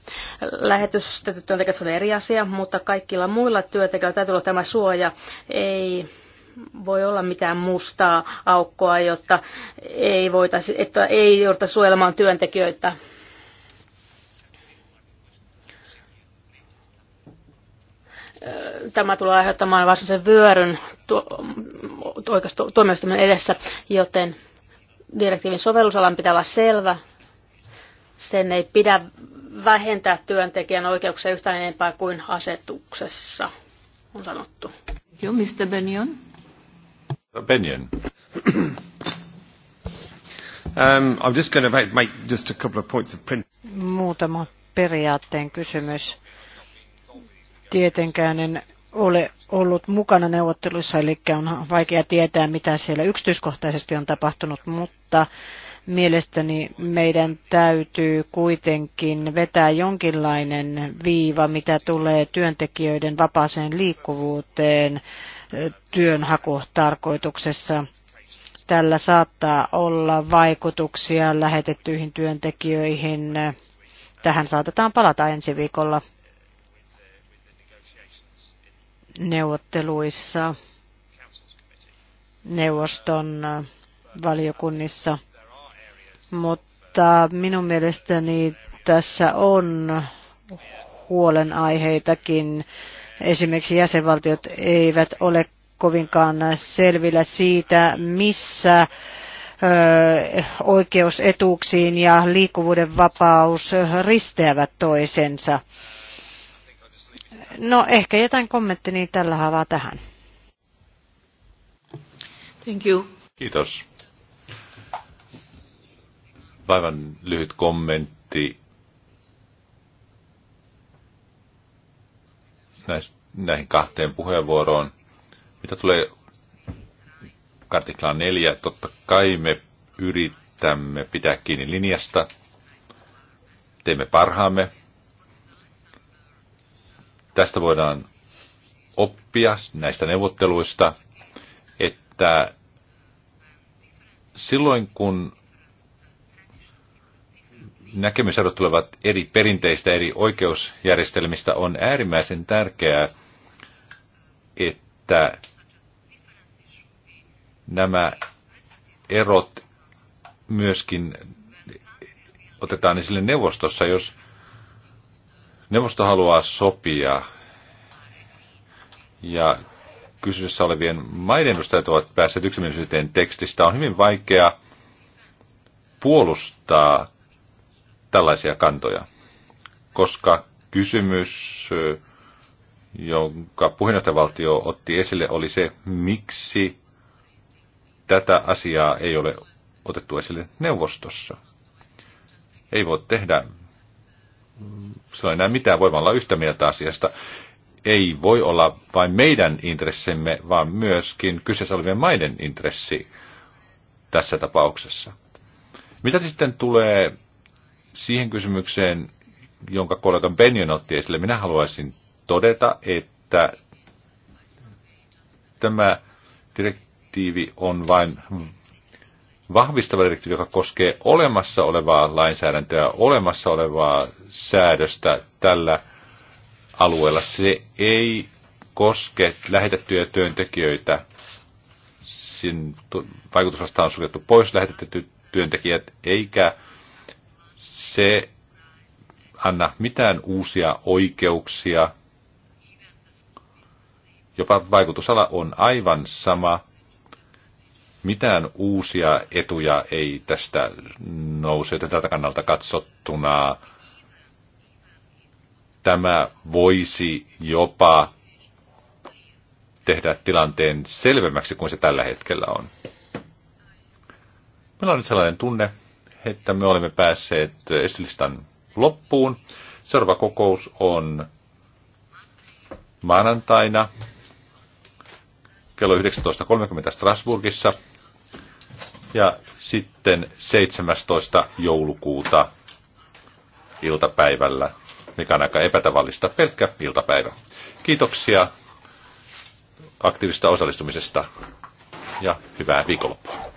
Lähetystyöntekijät on eri asia, mutta kaikilla muilla työntekijöillä täytyy olla tämä suoja. Ei voi olla mitään mustaa aukkoa, jotta ei, voitaisi, että ei jouduta suojelemaan työntekijöitä. Tämä tulee aiheuttamaan varsinaisen vyöryn tuomioistuminen edessä, joten direktiivin sovellusalan pitää olla selvä. Sen ei pidä vähentää työntekijän oikeuksia yhtään enempää kuin asetuksessa on sanottu. Joo, Mr. Benyon. Uh, Benyon. um, I'm just going to make just a couple of points of print. Muutama periaatteen kysymys. Tietenkään en ole ollut mukana neuvotteluissa, eli on vaikea tietää, mitä siellä yksityiskohtaisesti on tapahtunut, mutta mielestäni meidän täytyy kuitenkin vetää jonkinlainen viiva, mitä tulee työntekijöiden vapaaseen liikkuvuuteen työnhakutarkoituksessa. Tällä saattaa olla vaikutuksia lähetettyihin työntekijöihin. Tähän saatetaan palata ensi viikolla neuvotteluissa neuvoston valiokunnissa. Mutta minun mielestäni tässä on huolenaiheitakin. Esimerkiksi jäsenvaltiot eivät ole kovinkaan selvillä siitä, missä oikeusetuuksiin ja liikkuvuuden vapaus risteävät toisensa. No ehkä jätän kommenttini tällä havaa tähän. Thank you. Kiitos. Päivän lyhyt kommentti näihin kahteen puheenvuoroon. Mitä tulee artiklaan neljä, totta kai me yritämme pitää kiinni linjasta. Teemme parhaamme Tästä voidaan oppia näistä neuvotteluista, että silloin kun näkemyserot tulevat eri perinteistä, eri oikeusjärjestelmistä, on äärimmäisen tärkeää, että nämä erot myöskin otetaan esille neuvostossa, jos Neuvosto haluaa sopia ja kyseessä olevien maiden edustajat ovat päässeet yksimielisyyteen tekstistä. On hyvin vaikea puolustaa tällaisia kantoja, koska kysymys, jonka puheenjohtajavaltio otti esille, oli se, miksi tätä asiaa ei ole otettu esille neuvostossa. Ei voi tehdä silloin näe mitään, voi olla yhtä mieltä asiasta. Ei voi olla vain meidän intressimme, vaan myöskin kyseessä olevien maiden intressi tässä tapauksessa. Mitä sitten tulee siihen kysymykseen, jonka kollega Benjon otti esille, minä haluaisin todeta, että tämä direktiivi on vain vahvistava direktiivi, joka koskee olemassa olevaa lainsäädäntöä, olemassa olevaa säädöstä tällä alueella. Se ei koske lähetettyjä työntekijöitä. Sin vaikutusvasta on suljettu pois lähetetty työntekijät, eikä se anna mitään uusia oikeuksia. Jopa vaikutusala on aivan sama – mitään uusia etuja ei tästä nouse, joten tältä kannalta katsottuna tämä voisi jopa tehdä tilanteen selvemmäksi kuin se tällä hetkellä on. Meillä on nyt sellainen tunne, että me olemme päässeet esilistan loppuun. Seuraava kokous on maanantaina kello 19.30 Strasbourgissa ja sitten 17. joulukuuta iltapäivällä, mikä on aika epätavallista, pelkkä iltapäivä. Kiitoksia aktiivista osallistumisesta ja hyvää viikonloppua.